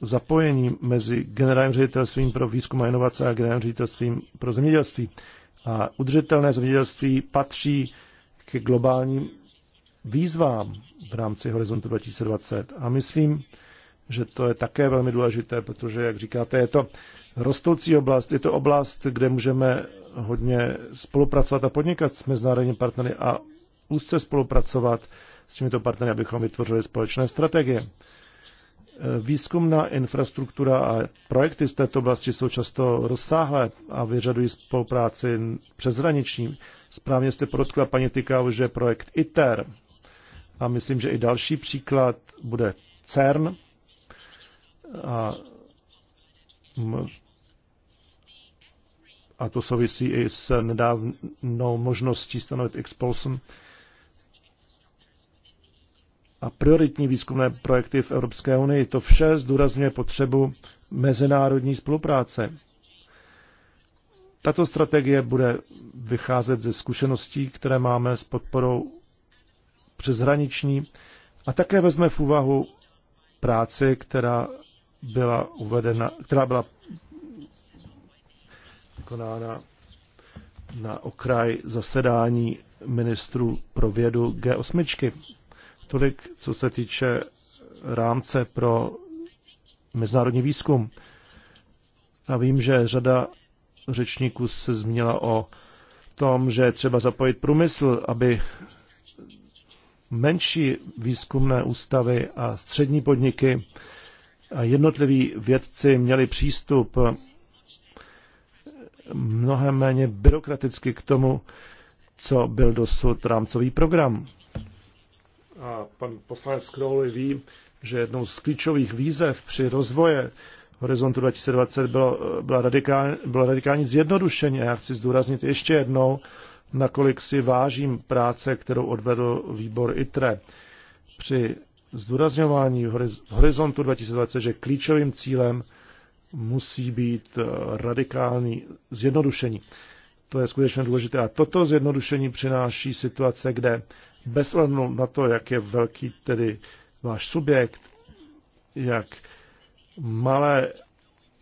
zapojení mezi generálním ředitelstvím pro výzkum a inovace a generálním ředitelstvím pro zemědělství. A udržitelné zemědělství patří k globálním výzvám v rámci Horizontu 2020. A myslím, že to je také velmi důležité, protože, jak říkáte, je to rostoucí oblast, je to oblast, kde můžeme hodně spolupracovat a podnikat s mezinárodními partnery a úzce spolupracovat s těmito partnery, abychom vytvořili společné strategie. Výzkumná infrastruktura a projekty z této oblasti jsou často rozsáhlé a vyžadují spolupráci přeshraniční. Správně jste podotkla, paní Tykau, že projekt ITER a myslím, že i další příklad bude CERN, a, a to souvisí i s nedávnou možností stanovit expulsion a prioritní výzkumné projekty v Evropské unii. To vše zdůrazňuje potřebu mezinárodní spolupráce. Tato strategie bude vycházet ze zkušeností, které máme s podporou přeshraniční a také vezme v úvahu práci, která byla uvedena, která byla konána na okraj zasedání ministrů pro vědu G8. Tolik, co se týče rámce pro mezinárodní výzkum. A vím, že řada řečníků se zmínila o tom, že je třeba zapojit průmysl, aby menší výzkumné ústavy a střední podniky a jednotliví vědci měli přístup mnohem méně byrokraticky k tomu, co byl dosud rámcový program. A pan poslanec Crowley ví, že jednou z klíčových výzev při rozvoje Horizontu 2020 bylo, bylo, radikál, bylo radikální zjednodušení. A já chci zdůraznit ještě jednou, nakolik si vážím práce, kterou odvedl výbor ITRE při zdůrazňování v horizontu 2020, že klíčovým cílem musí být eh, radikální zjednodušení. To je skutečně důležité. A toto zjednodušení přináší situace, kde bez ohledu na to, jak je velký tedy váš subjekt, jak malé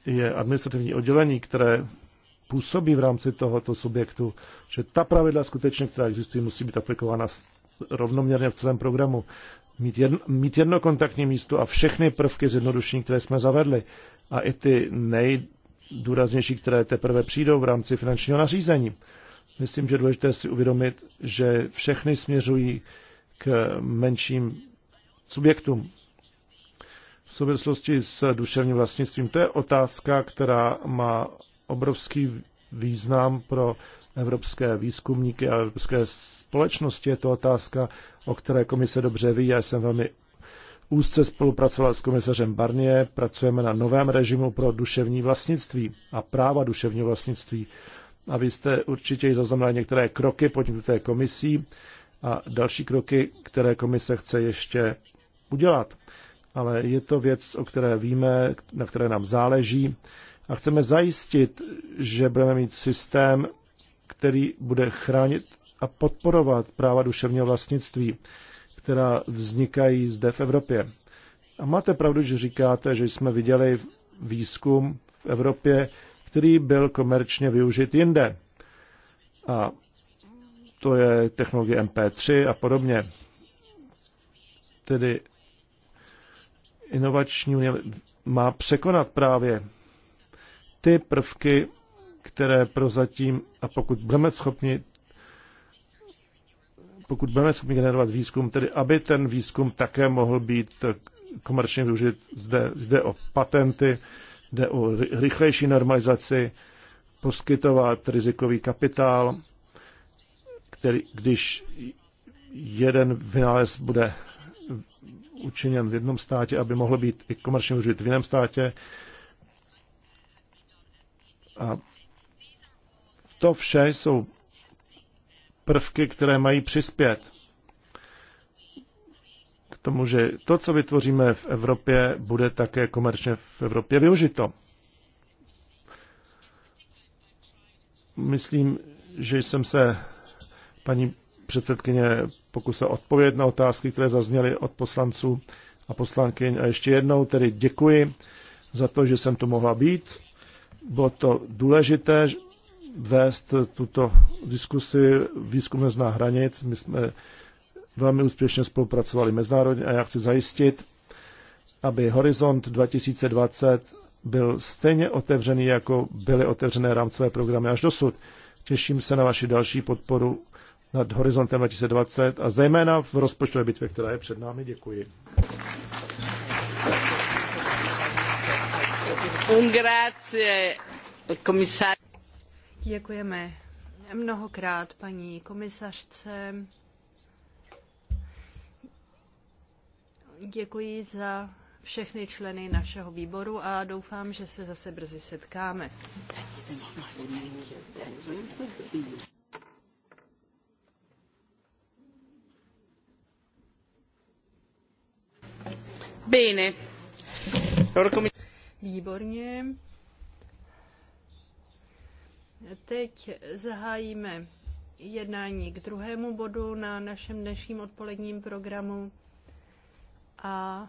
je administrativní oddělení, které působí v rámci tohoto subjektu, že ta pravidla skutečně, která existují, musí být aplikována rovnoměrně v celém programu mít jedno, mít jedno kontaktní místo a všechny prvky zjednodušení, které jsme zavedli, a i ty nejdůraznější, které teprve přijdou v rámci finančního nařízení. Myslím, že je důležité si uvědomit, že všechny směřují k menším subjektům v souvislosti s duševním vlastnictvím. To je otázka, která má obrovský význam pro evropské výzkumníky a evropské společnosti. Je to otázka o které komise dobře ví. Já jsem velmi úzce spolupracoval s komisařem Barnier. Pracujeme na novém režimu pro duševní vlastnictví a práva duševního vlastnictví. A vy jste určitě zaznamenali některé kroky podniknuté komisí a další kroky, které komise chce ještě udělat. Ale je to věc, o které víme, na které nám záleží a chceme zajistit, že budeme mít systém, který bude chránit a podporovat práva duševního vlastnictví, která vznikají zde v Evropě. A máte pravdu, že říkáte, že jsme viděli výzkum v Evropě, který byl komerčně využit jinde. A to je technologie MP3 a podobně. Tedy inovační unie má překonat právě ty prvky, které prozatím, a pokud budeme schopni pokud budeme schopni generovat výzkum, tedy aby ten výzkum také mohl být komerčně využit, zde jde o patenty, jde o rychlejší normalizaci, poskytovat rizikový kapitál, který, když jeden vynález bude učiněn v jednom státě, aby mohl být i komerčně využit v jiném státě. A to vše jsou prvky, které mají přispět k tomu, že to, co vytvoříme v Evropě, bude také komerčně v Evropě využito. Myslím, že jsem se paní předsedkyně pokusil odpovědět na otázky, které zazněly od poslanců a poslankyň. A ještě jednou tedy děkuji za to, že jsem tu mohla být. Bylo to důležité, vést tuto diskusi. Výzkum nezná hranic. My jsme velmi úspěšně spolupracovali mezinárodně a já chci zajistit, aby Horizont 2020 byl stejně otevřený, jako byly otevřené rámcové programy až dosud. Těším se na vaši další podporu nad Horizontem 2020 a zejména v rozpočtové bitvě, která je před námi. Děkuji. Grazie, commissario. Děkujeme mnohokrát paní komisařce. Děkuji za všechny členy našeho výboru a doufám, že se zase brzy setkáme. Bene. Výborně. Teď zahájíme jednání k druhému bodu na našem dnešním odpoledním programu a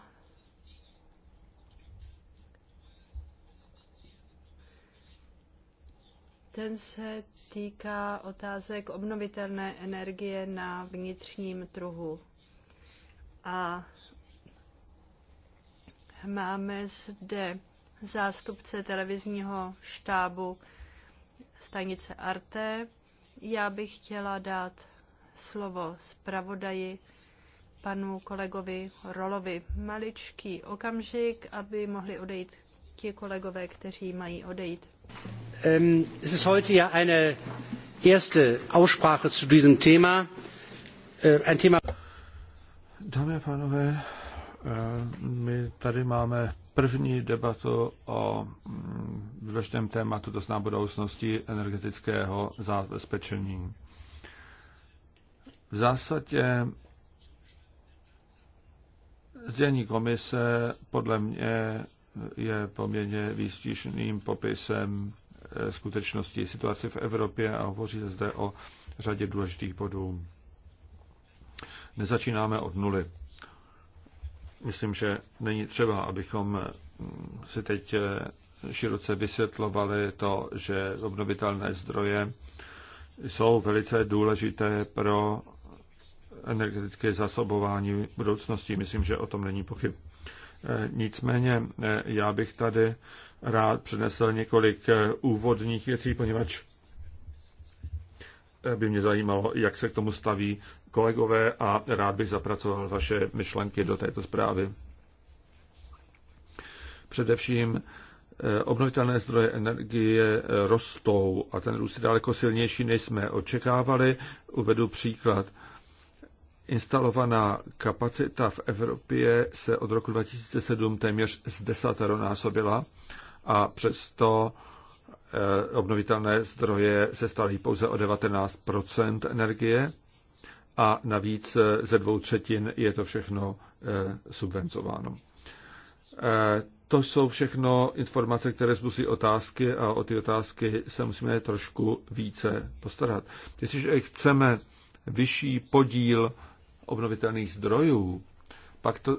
ten se týká otázek obnovitelné energie na vnitřním trhu. A máme zde zástupce televizního štábu stanice Arte. Já bych chtěla dát slovo zpravodaji panu kolegovi Rolovi. Maličký okamžik, aby mohli odejít ti kolegové, kteří mají odejít. Um, es ist heute ja eine erste Aussprache zu diesem Thema. Uh, ein Thema... Dámy a pánové, äh, my tady máme první debatu o mm, důležitém tématu, to znamená budoucnosti energetického zabezpečení. V zásadě sdělení komise podle mě je poměrně výstižným popisem eh, skutečnosti situace v Evropě a hovoří zde o řadě důležitých bodů. Nezačínáme od nuly. Myslím, že není třeba, abychom si teď široce vysvětlovali to, že obnovitelné zdroje jsou velice důležité pro energetické zasobování budoucnosti. Myslím, že o tom není pochyb. Nicméně já bych tady rád přinesl několik úvodních věcí, poněvadž by mě zajímalo, jak se k tomu staví kolegové a rád bych zapracoval vaše myšlenky do této zprávy. Především eh, obnovitelné zdroje energie eh, rostou a ten růst je daleko silnější, než jsme očekávali. Uvedu příklad. Instalovaná kapacita v Evropě se od roku 2007 téměř z násobila a přesto eh, obnovitelné zdroje se staly pouze o 19 energie a navíc eh, ze dvou třetin je to všechno eh, subvencováno. Eh, to jsou všechno informace, které zbusí otázky a o ty otázky se musíme trošku více postarat. Jestliže chceme vyšší podíl obnovitelných zdrojů, pak to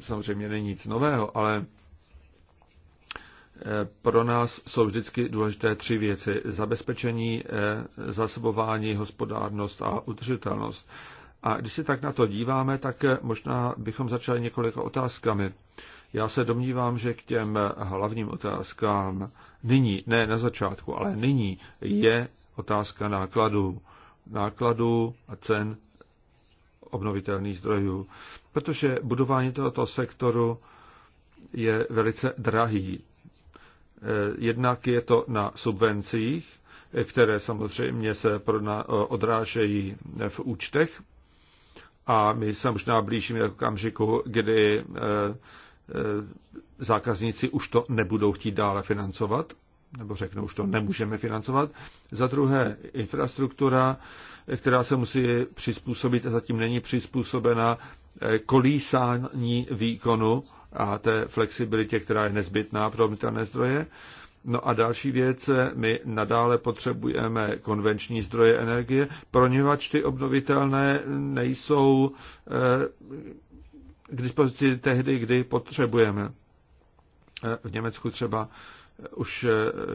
samozřejmě není nic nového, ale pro nás jsou vždycky důležité tři věci. Zabezpečení, eh, zasobování, hospodárnost a udržitelnost. A když se tak na to díváme, tak eh, možná bychom začali několika otázkami. Já se domnívám, že k těm hlavním otázkám nyní, ne na začátku, ale nyní je otázka nákladů. Nákladů a cen obnovitelných zdrojů. Protože budování tohoto sektoru je velice drahý Eh, jednak je to na subvencích, eh, které samozřejmě se odrážejí eh, v účtech. A my se možná blížíme k okamžiku, kdy zákazníci už to nebudou chtít dále financovat, nebo řeknou, už to nemůžeme financovat. Za druhé, infrastruktura, která se musí přizpůsobit a zatím není přizpůsobena kolísání výkonu a té flexibilitě, která je nezbytná pro obnovitelné zdroje. No a další věc, my nadále potřebujeme konvenční zdroje energie, poněvadž ty obnovitelné nejsou eh, k dispozici tehdy, kdy potřebujeme. Eh, v Německu třeba eh, už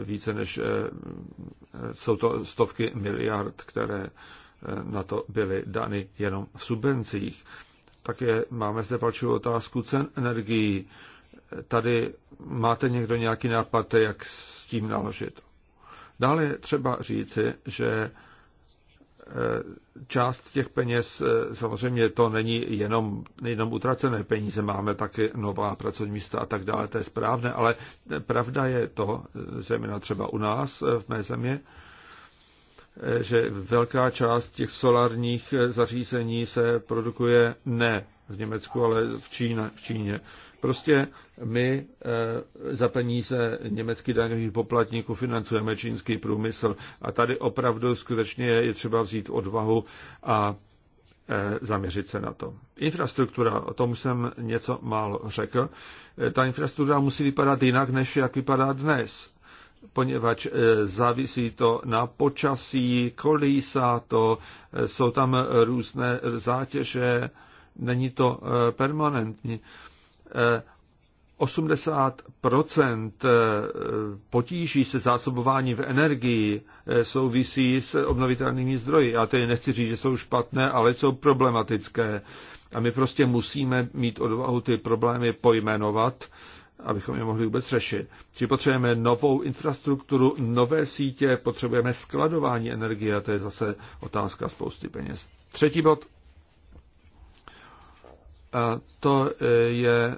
více než jsou to stovky miliard, které na to byly dany jenom v subvencích. Také máme zde palčivou otázku cen energií. Tady máte někdo nějaký nápad, jak s tím naložit? Dále je třeba říci, že e, část těch peněz, e, samozřejmě to není jenom, jenom utracené peníze, máme taky nová pracovní místa a tak dále, to je správné, ale pravda je to, e, zejména třeba u nás v mé země, že velká část těch solárních eh, zařízení se produkuje ne v Německu, ale v, Čína, v Číně. Prostě my eh, za peníze německých daňových poplatníků financujeme čínský průmysl a tady opravdu skutečně je třeba vzít odvahu a eh, zaměřit se na to. Infrastruktura, o tom jsem něco málo řekl. Ta infrastruktura musí vypadat jinak, než jak vypadá dnes poněvadž eh, závisí to na počasí, kolísá to, eh, jsou tam různé zátěže, není to eh, permanentní. 80 potíží se zásobování v energii souvisí s obnovitelnými zdroji. Já tedy nechci říct, že jsou špatné, ale jsou problematické. A my prostě musíme mít odvahu ty problémy pojmenovat abychom je mohli vůbec řešit. Či potřebujeme novou infrastrukturu, nové sítě, potřebujeme skladování energie, a to je zase otázka spousty peněz. Třetí bod, a to e, je e,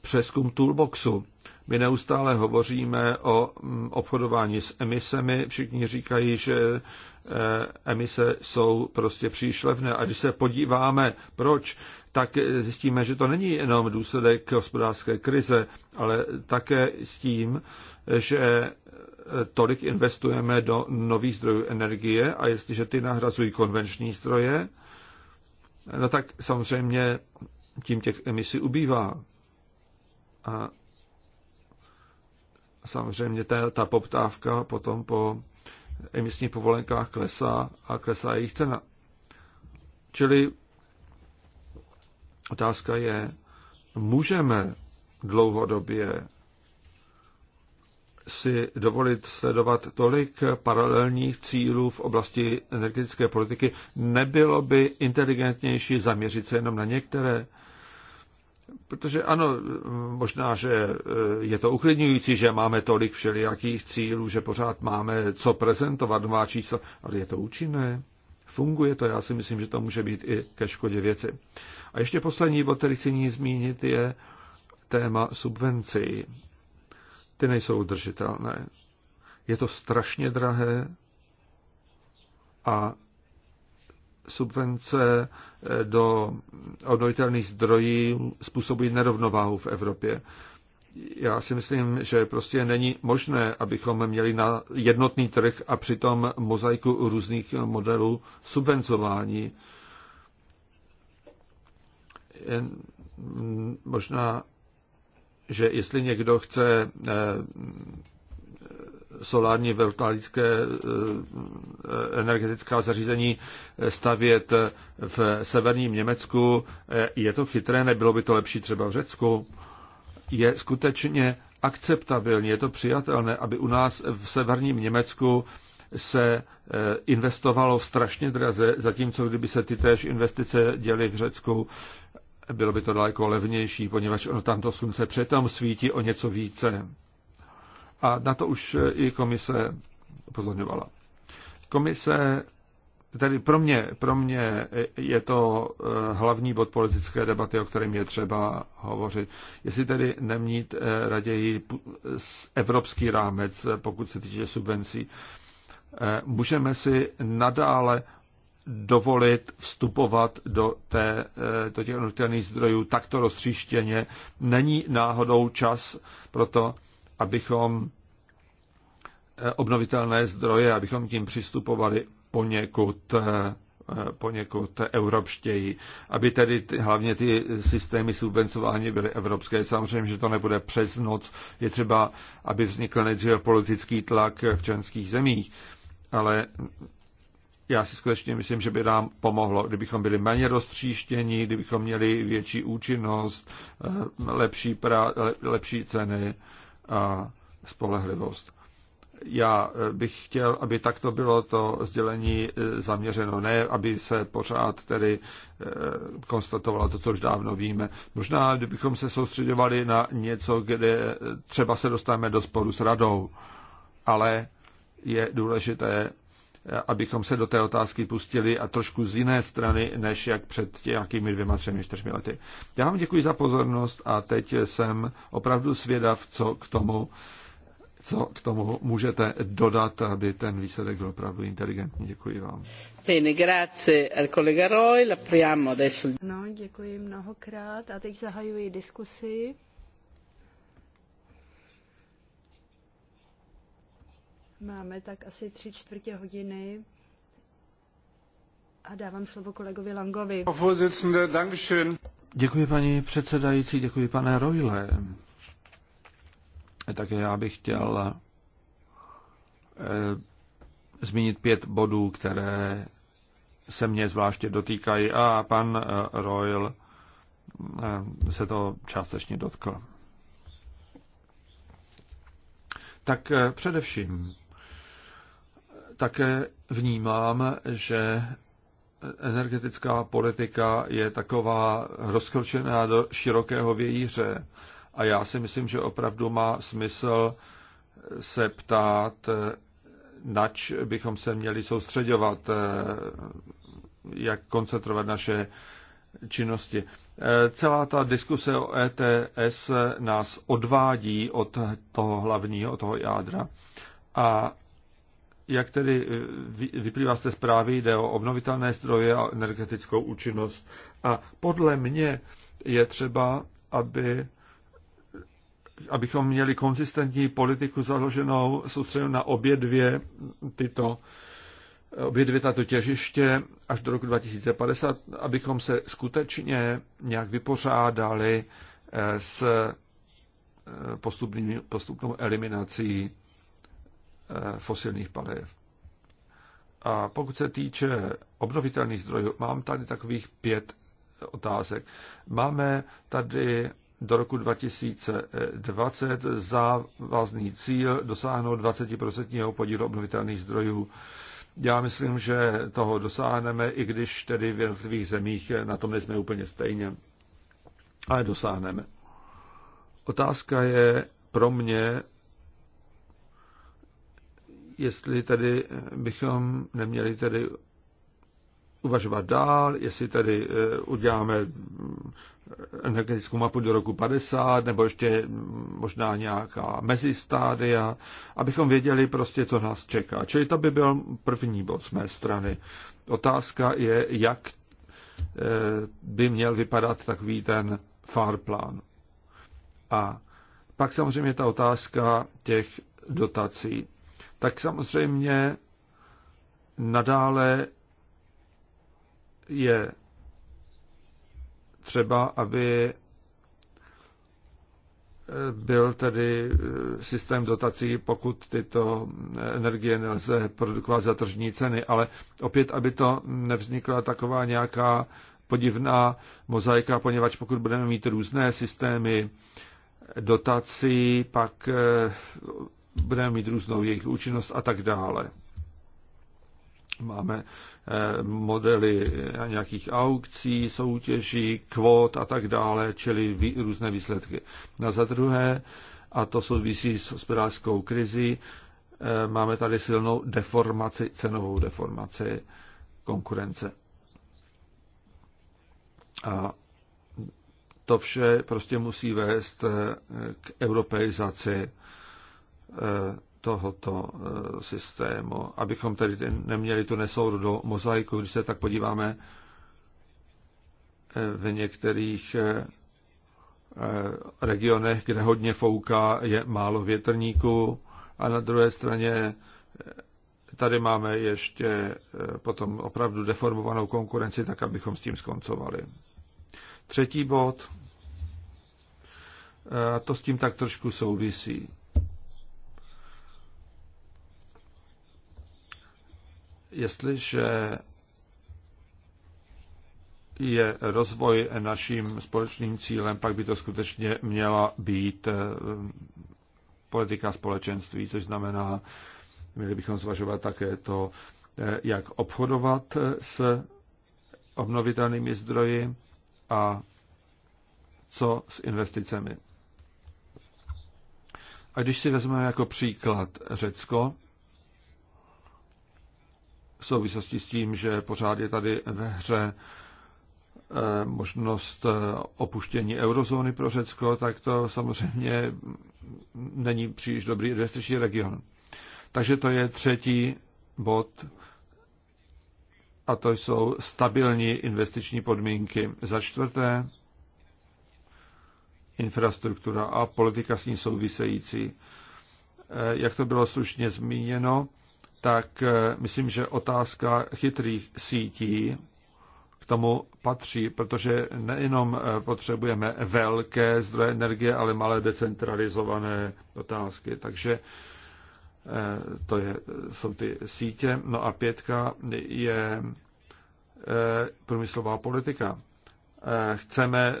přeskum toolboxu. My neustále hovoříme o mm, obchodování s emisemi. Všichni říkají, že Eh, emise jsou prostě příšlevné. A když se podíváme, proč, tak zjistíme, že to není jenom důsledek hospodářské krize, ale také s tím, že eh, tolik investujeme do nových zdrojů energie a jestliže ty nahrazují konvenční zdroje, no tak samozřejmě tím těch emisí ubývá. A samozřejmě ta, ta poptávka potom po emisních povolenkách klesá a klesá jejich cena. Čili otázka je, můžeme dlouhodobě si dovolit sledovat tolik paralelních cílů v oblasti energetické politiky, nebylo by inteligentnější zaměřit se jenom na některé? Protože ano, možná, že e, je to uklidňující, že máme tolik všelijakých cílů, že pořád máme co prezentovat, nová čísla, ale je to účinné, funguje to, já si myslím, že to může být i ke škodě věci. A ještě poslední bod, který chci ní zmínit, je téma subvencí. Ty nejsou udržitelné. Je to strašně drahé a subvence eh, do obnovitelných zdrojů způsobují nerovnováhu v Evropě. Já si myslím, že prostě není možné, abychom měli na jednotný trh a přitom mozaiku různých modelů subvencování. Jen možná, že jestli někdo chce eh, solární voltaické eh, energetická zařízení eh, stavět eh, v severním Německu. Je to chytré, nebylo by to lepší třeba v Řecku? Je skutečně akceptabilní, je to přijatelné, aby u nás v severním Německu se investovalo strašně draze, zatímco kdyby se ty též investice děly v Řecku, bylo by to daleko levnější, poněvadž ono tam to slunce přetom svítí o něco více. A na to už eh, i komise upozorňovala. Komise, tedy pro mě, pro mě eh, je to eh, hlavní bod politické debaty, o kterém je třeba hovořit. Jestli tedy nemít raději evropský rámec, pokud se týče subvencí, můžeme si nadále dovolit vstupovat do, té, do těch nutelných zdrojů takto roztříštěně. Není náhodou čas pro to, abychom eh, obnovitelné zdroje, abychom tím přistupovali poněkud eh, eh, poněkud evropštěji, aby tedy hlavně ty systémy subvencování byly evropské. Samozřejmě, že to nebude přes noc, je třeba, aby vznikl nejdříve politický tlak v členských zemích, ale já si skutečně myslím, že by nám pomohlo, kdybychom byli méně roztříštěni, kdybychom měli větší účinnost, lepší, pra, lepší ceny a spolehlivost. Já eh, bych chtěl, aby takto bylo to sdělení eh, zaměřeno, ne aby se pořád tedy eh, konstatovalo to, co už dávno víme. Možná, kdybychom se soustředovali na něco, kde třeba se dostaneme do sporu s radou, ale je důležité abychom se do té otázky pustili a trošku z jiné strany, než jak před nějakými dvěma, třemi, čtyřmi lety. Já vám děkuji za pozornost a teď jsem opravdu svědav, co k tomu, co k tomu můžete dodat, aby ten výsledek byl opravdu inteligentní. Děkuji vám. Bene, grazie al collega Roy. L'apriamo adesso. No, děkuji mnohokrát a teď zahajuji diskusi. Máme tak asi tři čtvrtě hodiny a dávám slovo kolegovi Langovi. Děkuji paní předsedající, děkuji pane Rojle. Také já bych chtěl eh, zmínit pět bodů, které se mě zvláště dotýkají a pan eh, Royal eh, se to částečně dotkl. Tak především také vnímám, že energetická politika je taková rozkročená do širokého vějíře. A já si myslím, že opravdu má smysl se ptát, nač bychom se měli soustředovat, jak koncentrovat naše činnosti. Celá ta diskuse o ETS nás odvádí od toho hlavního, od toho jádra. A jak tedy eh, vyplývá z té zprávy, jde o obnovitelné zdroje a energetickou účinnost. A podle mě je třeba, aby, abychom měli konzistentní politiku založenou soustředěnou na obě dvě tyto obě dvě tato těžiště až do roku 2050, abychom se skutečně nějak vypořádali eh, s eh, postupnou eliminací Eh, fosilních paliv. A pokud se týče obnovitelných zdrojů, mám tady takových pět otázek. Máme tady do roku 2020 závazný cíl dosáhnout 20% podílu obnovitelných zdrojů. Já myslím, že toho dosáhneme, i když tedy v jednotlivých zemích na tom nejsme úplně stejně. Ale dosáhneme. Otázka je pro mě, jestli tedy bychom neměli tedy uvažovat dál, jestli tedy eh, uděláme mm, energetickou mapu do roku 50, nebo ještě mm, možná nějaká mezistádia, abychom věděli prostě, co nás čeká. Čili to by byl první bod z mé strany. Otázka je, jak eh, by měl vypadat takový ten farplán. A pak samozřejmě ta otázka těch dotací tak samozřejmě nadále je třeba, aby byl tedy eh, systém dotací, pokud tyto energie nelze produkovat za tržní ceny, ale opět, aby to nevznikla taková nějaká podivná mozaika, poněvadž pokud budeme mít různé systémy dotací, pak eh, budeme mít různou jejich účinnost a tak dále. Máme eh, modely eh, nějakých aukcí, soutěží, kvót a tak dále, čili různé výsledky. na no za druhé, a to souvisí s hospodářskou krizi, eh, máme tady silnou deformaci, cenovou deformaci konkurence. A to vše prostě musí vést k europeizaci tohoto eh, systému, abychom tady neměli tu nesouru do mozaiku, když se tak podíváme eh, v některých eh, regionech, kde hodně fouká, je málo větrníků a na druhé straně tady máme ještě potom opravdu deformovanou konkurenci, tak abychom s tím skoncovali. Třetí bod, a to s tím tak trošku souvisí. jestliže je rozvoj naším společným cílem, pak by to skutečně měla být eh, politika společenství, což znamená, měli bychom zvažovat také to, eh, jak obchodovat eh, s obnovitelnými zdroji a co s investicemi. A když si vezmeme jako příklad Řecko, v souvislosti s tím, že pořád je tady ve hře eh, možnost eh, opuštění eurozóny pro Řecko, tak to samozřejmě není příliš dobrý investiční region. Takže to je třetí bod a to jsou stabilní investiční podmínky. Za čtvrté, infrastruktura a politika s ní související. Eh, jak to bylo slušně zmíněno, tak eh, myslím, že otázka chytrých sítí k tomu patří, protože nejenom eh, potřebujeme velké zdroje energie, ale malé decentralizované otázky. Takže eh, to je, jsou ty sítě. No a pětka je průmyslová politika. Chceme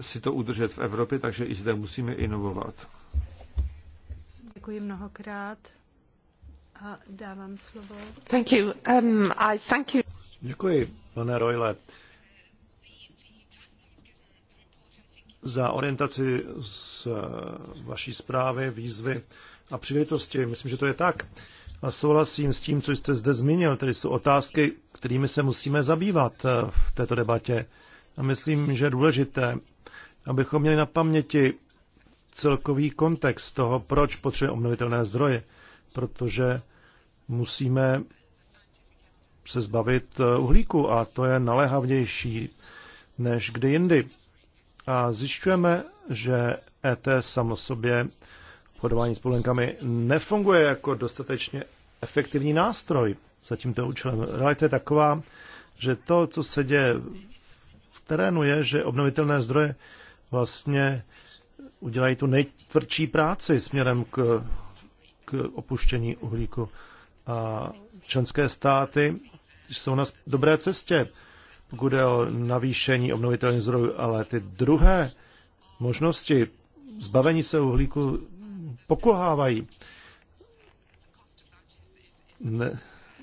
si to udržet v Evropě, takže i zde musíme inovovat. Děkuji mnohokrát dávám slovo. Thank you. Um, I thank you. Děkuji, pane Royle, za orientaci z vaší zprávy, výzvy a příležitosti. Myslím, že to je tak. A souhlasím s tím, co jste zde zmínil, tedy jsou otázky, kterými se musíme zabývat eh, v této debatě. A myslím, že je důležité, abychom měli na paměti celkový kontext toho, proč potřebujeme obnovitelné zdroje protože musíme se zbavit eh, uhlíku a to je naléhavější než kdy jindy. A zjišťujeme, že ET samo sobě podování s povolenkami nefunguje jako dostatečně efektivní nástroj za tímto účelem. Realita je taková, že to, co se děje v terénu, je, že obnovitelné zdroje vlastně udělají tu nejtvrdší práci směrem k k opuštění uhlíku. A členské státy jsou na dobré cestě, pokud je o navýšení obnovitelných zdrojů, ale ty druhé možnosti zbavení se uhlíku pokulhávají. Ne,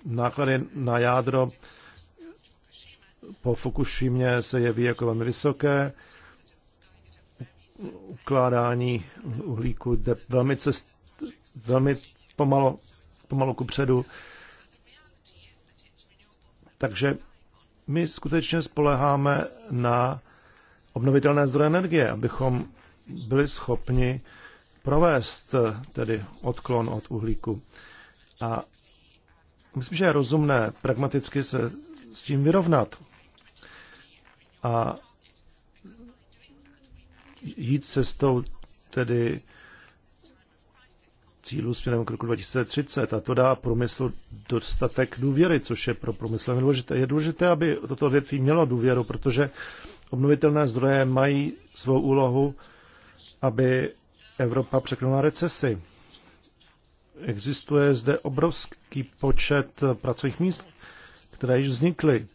náklady na jádro po Fukushimě se jeví jako velmi vysoké. Ukládání uhlíku jde velmi cest, velmi pomalu, pomalu kupředu. Takže my skutečně spoleháme na obnovitelné zdroje energie, abychom byli schopni provést tedy odklon od uhlíku. A myslím, že je rozumné pragmaticky se s tím vyrovnat a jít cestou tedy cílů směrem k roku 2030 a to dá průmyslu dostatek důvěry, což je pro průmysl důležité. Je důležité, aby toto větví mělo důvěru, protože obnovitelné zdroje mají svou úlohu, aby Evropa překonala recesi. Existuje zde obrovský počet pracovních míst, které již vznikly.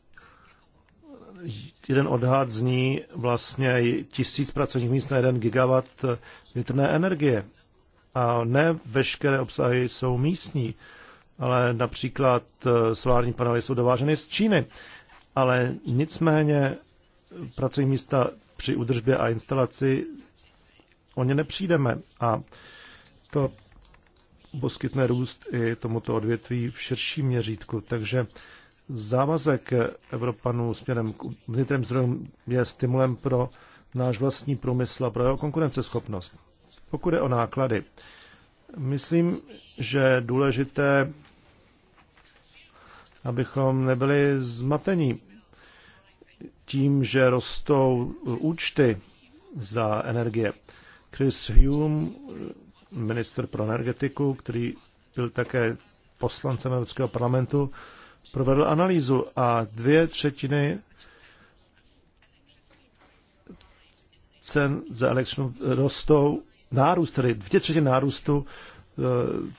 Jeden odhad zní vlastně tisíc pracovních míst na jeden gigawatt větrné energie a ne veškeré obsahy jsou místní, ale například eh, solární panely jsou dováženy z Číny, ale nicméně pracovní místa při udržbě a instalaci o ně nepřijdeme a to poskytne růst i tomuto odvětví v širším měřítku. Takže závazek Evropanů směrem k vnitřním zdrojům je stimulem pro náš vlastní průmysl a pro jeho konkurenceschopnost. Pokud je o náklady, myslím, že je důležité, abychom nebyli zmatení tím, že rostou účty za energie. Chris Hume, minister pro energetiku, který byl také poslancem Evropského parlamentu, provedl analýzu a dvě třetiny cen za elektřinu rostou nárůst, tedy dvě třetiny nárůstu e,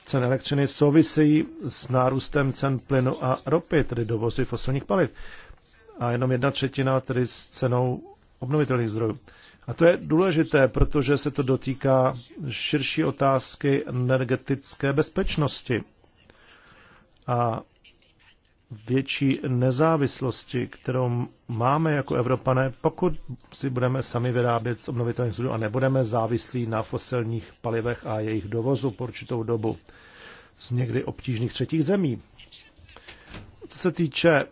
cen elektřiny souvisejí s nárůstem cen plynu a ropy, tedy dovozy fosilních paliv. A jenom jedna třetina tedy s cenou obnovitelných zdrojů. A to je důležité, protože se to dotýká širší otázky energetické bezpečnosti. A větší nezávislosti, kterou máme jako Evropané, pokud si budeme sami vyrábět z obnovitelných zdrojů a nebudeme závislí na fosilních palivech a jejich dovozu po určitou dobu z někdy obtížných třetích zemí. Co se týče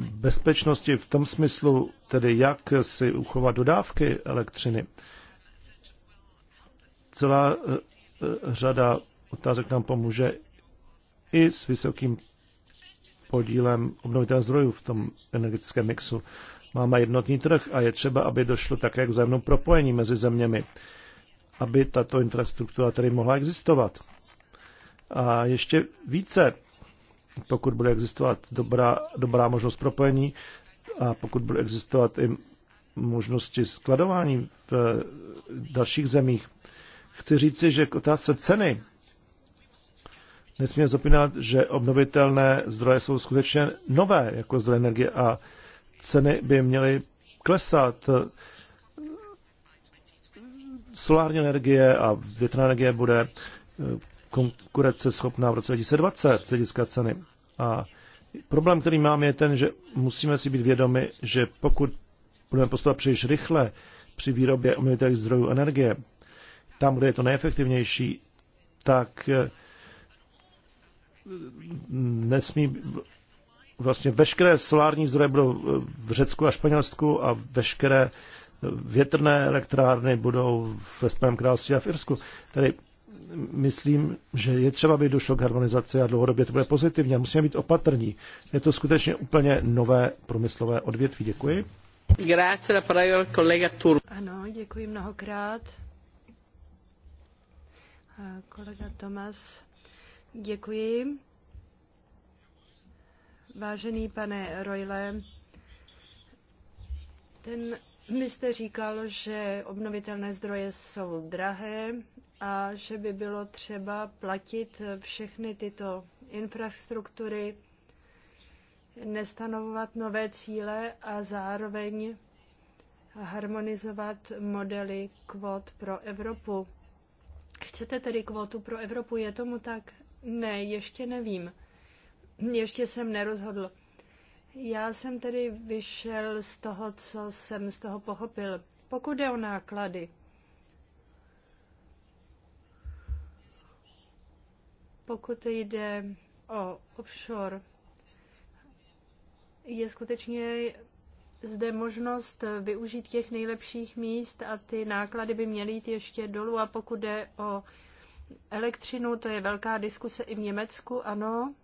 bezpečnosti v tom smyslu, tedy jak si uchovat dodávky elektřiny, celá eh, eh, řada otázek nám pomůže i s vysokým podílem obnovitelných zdrojů v tom energetickém mixu. Máme jednotný trh a je třeba, aby došlo také k vzájemnému propojení mezi zeměmi, aby tato infrastruktura tedy mohla existovat. A ještě více, pokud bude existovat dobrá, dobrá možnost propojení a pokud bude existovat i možnosti skladování v dalších zemích. Chci říci, že k otázce ceny nesmíme zapínat, že obnovitelné zdroje jsou skutečně nové jako zdroje energie a ceny by měly klesat. Solární energie a větrná energie bude eh, konkurenceschopná v roce 2020 z hlediska ceny. A problém, který máme, je ten, že musíme si být vědomi, že pokud budeme postupovat příliš rychle při výrobě obnovitelných zdrojů energie, tam, kde je to nejefektivnější, tak eh, nesmí vlastně veškeré solární zdroje budou v Řecku a Španělsku a veškeré větrné elektrárny budou ve Spojeném království a v Irsku. Tedy myslím, že je třeba, aby došlo k harmonizaci a dlouhodobě to bude pozitivně. Musíme být opatrní. Je to skutečně úplně nové průmyslové odvětví. Děkuji. Grazie, la kolega Tur. Ano, děkuji mnohokrát. Kolega Tomas Děkuji. Vážený pane Royle, ten, vy jste říkal, že obnovitelné zdroje jsou drahé a že by bylo třeba platit všechny tyto infrastruktury, nestanovovat nové cíle a zároveň harmonizovat modely kvót pro Evropu. Chcete tedy kvótu pro Evropu? Je tomu tak? Ne, ještě nevím. Ještě jsem nerozhodl. Já jsem tedy vyšel z toho, co jsem z toho pochopil. Pokud jde o náklady, pokud jde o offshore, je skutečně zde možnost využít těch nejlepších míst a ty náklady by měly jít ještě dolů. A pokud jde o elektřinu, to je velká diskuse i v Německu, ano.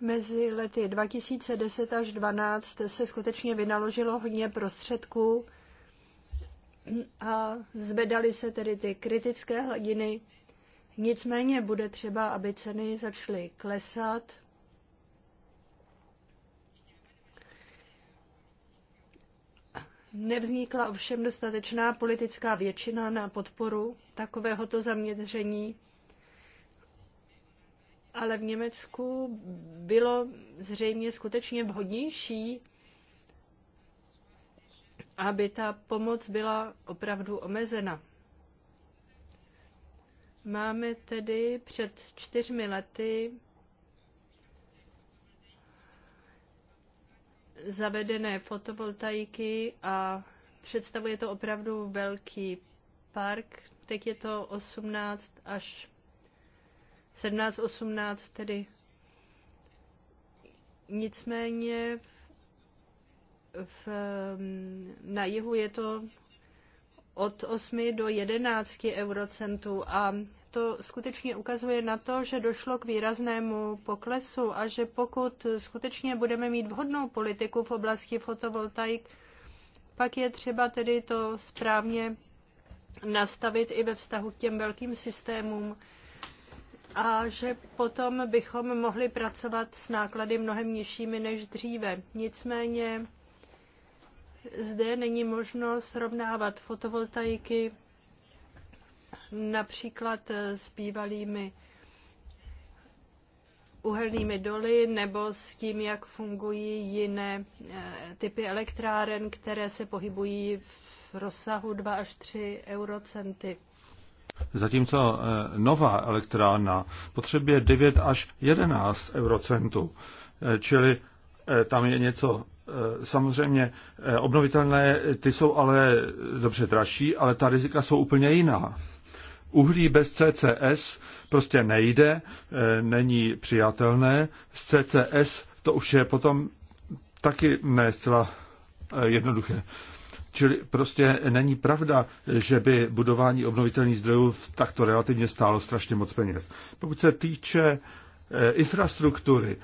Mezi lety 2010 až 2012 se skutečně vynaložilo hodně prostředků a zvedaly se tedy ty kritické hladiny. Nicméně bude třeba, aby ceny začaly klesat Nevznikla ovšem dostatečná politická většina na podporu takovéhoto zaměření, ale v Německu bylo zřejmě skutečně vhodnější, aby ta pomoc byla opravdu omezena. Máme tedy před čtyřmi lety zavedené fotovoltaiky a představuje to opravdu velký park. Teď je to 18 až 17-18 tedy. Nicméně v, na jihu je to od 8 do 11 eurocentů a to skutečně ukazuje na to, že došlo k výraznému poklesu a že pokud skutečně budeme mít vhodnou politiku v oblasti fotovoltaik, pak je třeba tedy to správně nastavit i ve vztahu k těm velkým systémům a že potom bychom mohli pracovat s náklady mnohem nižšími než dříve. Nicméně zde není možno srovnávat fotovoltaiky například eh, s bývalými uhelnými doly nebo s tím, jak fungují jiné eh, typy elektráren, které se pohybují v rozsahu 2 až 3 eurocenty. Zatímco eh, nová elektrárna potřebuje 9 až 11 eurocentů, čili tam je něco Eh, samozřejmě eh, obnovitelné, ty jsou ale dobře dražší, ale ta rizika jsou úplně jiná. Uhlí bez CCS prostě nejde, eh, není přijatelné. Z CCS to už je potom taky ne zcela jednoduché. Čili prostě není pravda, že by budování obnovitelných zdrojů takto relativně stálo strašně moc peněz. Pokud se týče infrastruktury,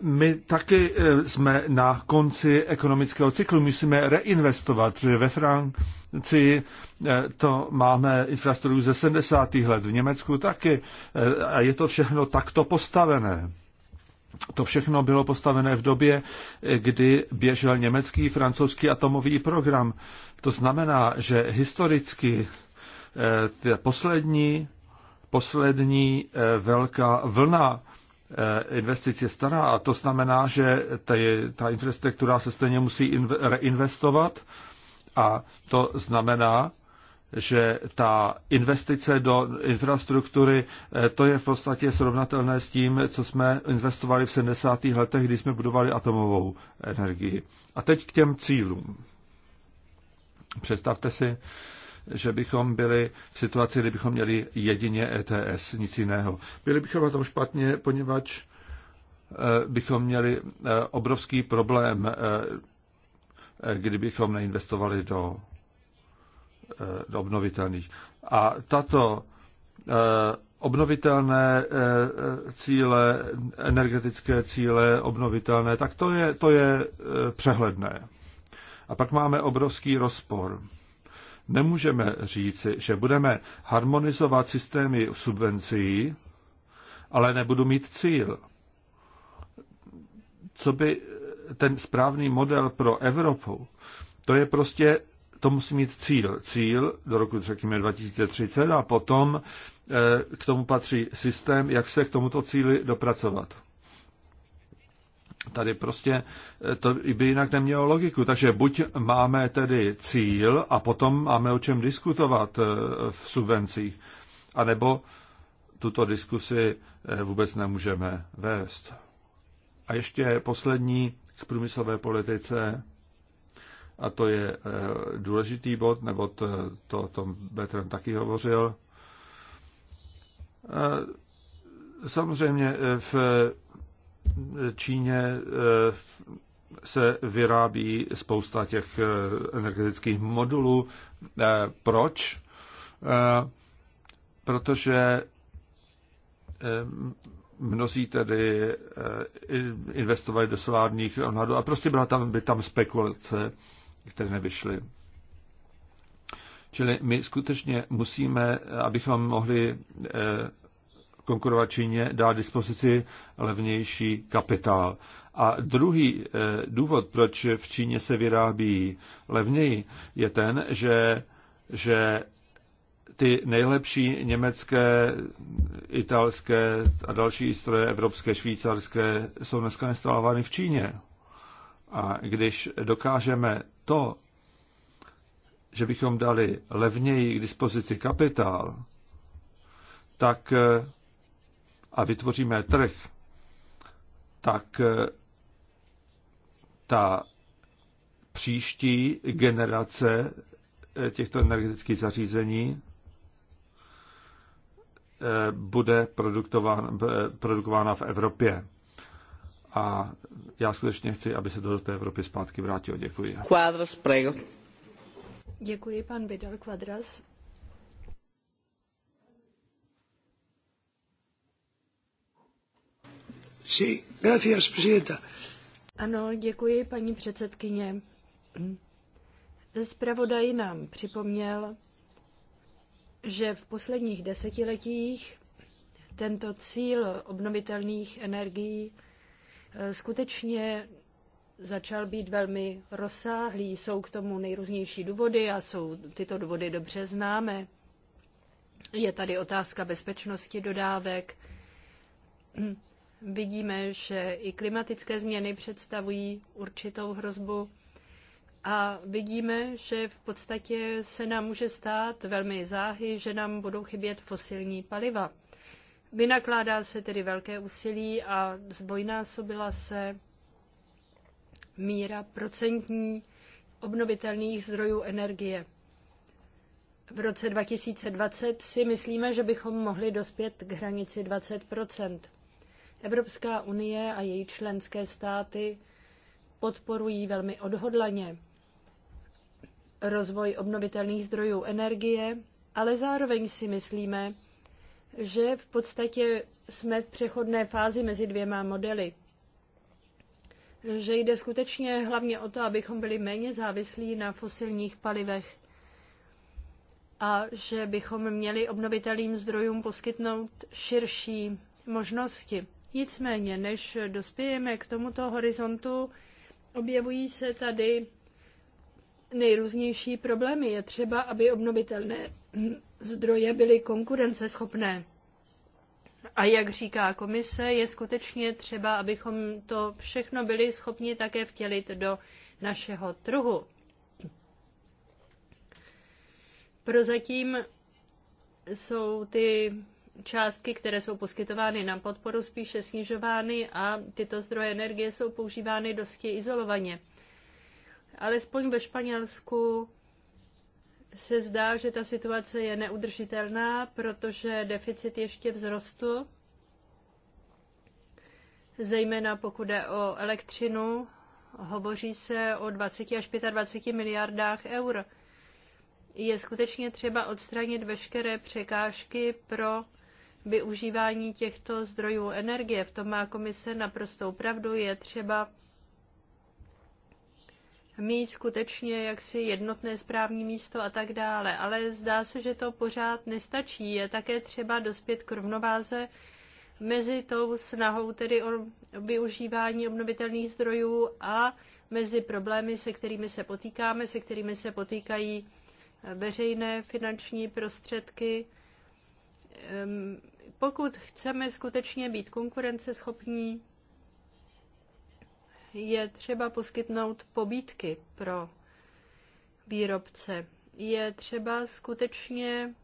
my taky e, jsme na konci ekonomického cyklu, musíme reinvestovat, protože ve Francii e, to máme infrastrukturu ze 70. let, v Německu taky e, a je to všechno takto postavené. To všechno bylo postavené v době, kdy běžel německý francouzský atomový program. To znamená, že historicky poslední, poslední velká vlna Eh, investice stará a to znamená, že je, ta infrastruktura se stejně musí reinvestovat a to znamená, že ta investice do infrastruktury, eh, to je v podstatě srovnatelné s tím, co jsme investovali v 70. letech, kdy jsme budovali atomovou energii. A teď k těm cílům. Představte si, že bychom byli v situaci, kdy bychom měli jedině ETS, nic jiného. Byli bychom na tom špatně, poněvadž eh, bychom měli eh, obrovský problém, eh, kdybychom neinvestovali do, do obnovitelných. A tato obnovitelné cíle, energetické cíle, obnovitelné, tak to je, to je přehledné. A pak máme obrovský rozpor. Nemůžeme říci, že budeme harmonizovat systémy subvencí, ale nebudu mít cíl. Co by ten správný model pro Evropu, to je prostě, to musí mít cíl. Cíl do roku, řekněme, 2030 a potom eh, k tomu patří systém, jak se k tomuto cíli dopracovat. Tady prostě eh, to by jinak nemělo logiku. Takže buď máme tedy cíl a potom máme o čem diskutovat eh, v subvencích, anebo tuto diskusi eh, vůbec nemůžeme vést. A ještě poslední k průmyslové politice, a to je důležitý bod, nebo to, to tom Bertrand taky hovořil. Samozřejmě v Číně eh, se vyrábí spousta těch eh, energetických modulů. Eh, proč? Protože mnozí tedy investovali do solárních a prostě byla tam, by tam spekulace, které nevyšly. Čili my skutečně musíme, abychom mohli konkurovat Číně, dá dispozici levnější kapitál. A druhý eh, důvod, proč v Číně se vyrábí levněji, je ten, že, že ty nejlepší německé, italské a další stroje, evropské, švýcarské, jsou dneska instalovány v Číně. A když dokážeme to, že bychom dali levněji k dispozici kapitál, tak eh, a vytvoříme trh, tak eh, ta příští generace eh, těchto energetických zařízení eh, bude produkována v Evropě. A já skutečně chci, aby se do té Evropy zpátky vrátilo. Děkuji. Quadras, prego. Děkuji, pan Vidal Quadras. Ano, děkuji, paní předsedkyně. Zpravodaj nám připomněl, že v posledních desetiletích tento cíl obnovitelných energií eh, skutečně začal být velmi rozsáhlý. Jsou k tomu nejrůznější důvody a jsou tyto důvody dobře známé. Je tady otázka bezpečnosti dodávek, Vidíme, že i klimatické změny představují určitou hrozbu a vidíme, že v podstatě se nám může stát velmi záhy, že nám budou chybět fosilní paliva. Vynakládá se tedy velké úsilí a zbojnásobila se míra procentní obnovitelných zdrojů energie. V roce 2020 si myslíme, že bychom mohli dospět k hranici 20 Evropská unie a její členské státy podporují velmi odhodlaně rozvoj obnovitelných zdrojů energie, ale zároveň si myslíme, že v podstatě jsme v přechodné fázi mezi dvěma modely. Že jde skutečně hlavně o to, abychom byli méně závislí na fosilních palivech a že bychom měli obnovitelným zdrojům poskytnout širší možnosti. Nicméně, než dospějeme k tomuto horizontu, objevují se tady nejrůznější problémy. Je třeba, aby obnovitelné zdroje byly konkurenceschopné. A jak říká komise, je skutečně třeba, abychom to všechno byli schopni také vtělit do našeho trhu. Prozatím jsou ty částky, které jsou poskytovány na podporu, spíše snižovány a tyto zdroje energie jsou používány dosti izolovaně. Alespoň ve Španělsku se zdá, že ta situace je neudržitelná, protože deficit ještě vzrostl, zejména pokud jde o elektřinu. Hovoří se o 20 až 25 miliardách eur je skutečně třeba odstranit veškeré překážky pro využívání těchto zdrojů energie. V tom má komise naprostou pravdu. Je třeba mít skutečně jaksi jednotné správní místo a tak dále. Ale zdá se, že to pořád nestačí. Je také třeba dospět k rovnováze mezi tou snahou tedy o využívání obnovitelných zdrojů a mezi problémy, se kterými se potýkáme, se kterými se potýkají veřejné finanční prostředky pokud chceme skutečně být konkurenceschopní, je třeba poskytnout pobídky pro výrobce. Je třeba skutečně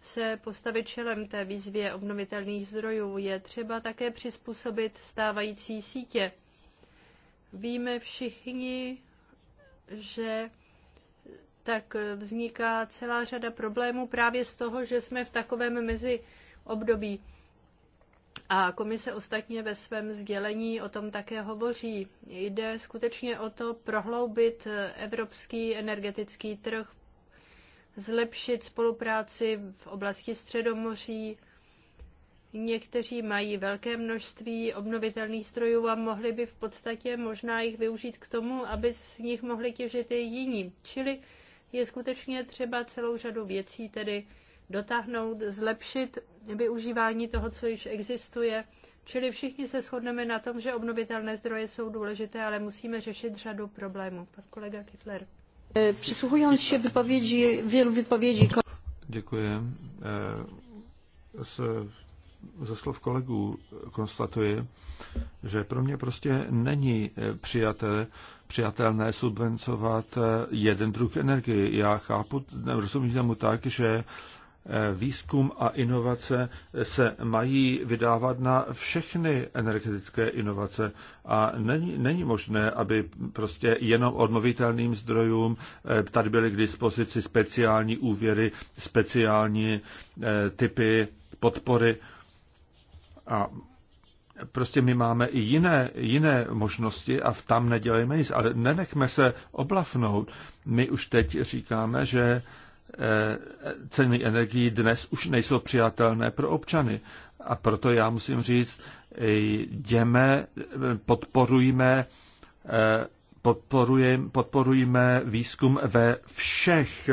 se postavit čelem té výzvě obnovitelných zdrojů. Je třeba také přizpůsobit stávající sítě. Víme všichni, že tak vzniká celá řada problémů právě z toho, že jsme v takovém mezi období. A komise ostatně ve svém sdělení o tom také hovoří. Jde skutečně o to prohloubit evropský energetický trh, zlepšit spolupráci v oblasti Středomoří. Někteří mají velké množství obnovitelných strojů a mohli by v podstatě možná jich využít k tomu, aby z nich mohli těžit i jiní. Čili je skutečně třeba celou řadu věcí tedy dotáhnout, zlepšit využívání toho, co již existuje. Čili všichni se shodneme na tom, že obnovitelné zdroje jsou důležité, ale musíme řešit řadu problémů. Pan kolega Kittler. Eh, Přisłuchując se vypovědí, věru vypovědí. Děkuji. Ze, eh, ze slov kolegů konstatuji, že pro mě prostě není eh, přijaté, přijatelné subvencovat eh, jeden druh energie. Já chápu, rozumím tomu tak, že eh, výzkum a inovace se mají vydávat na všechny energetické inovace a není, není možné, aby prostě jenom odmovitelným zdrojům eh, tady byly k dispozici speciální úvěry, speciální typy podpory a prostě my máme i jiné, jiné možnosti a v tam nedělejme nic, ale nenechme se oblafnout. My už teď říkáme, že eh, ceny energií dnes už nejsou přijatelné pro občany. A proto já musím říct, eh, jdeme, eh, podporujme, podporujeme, podporujme výzkum ve všech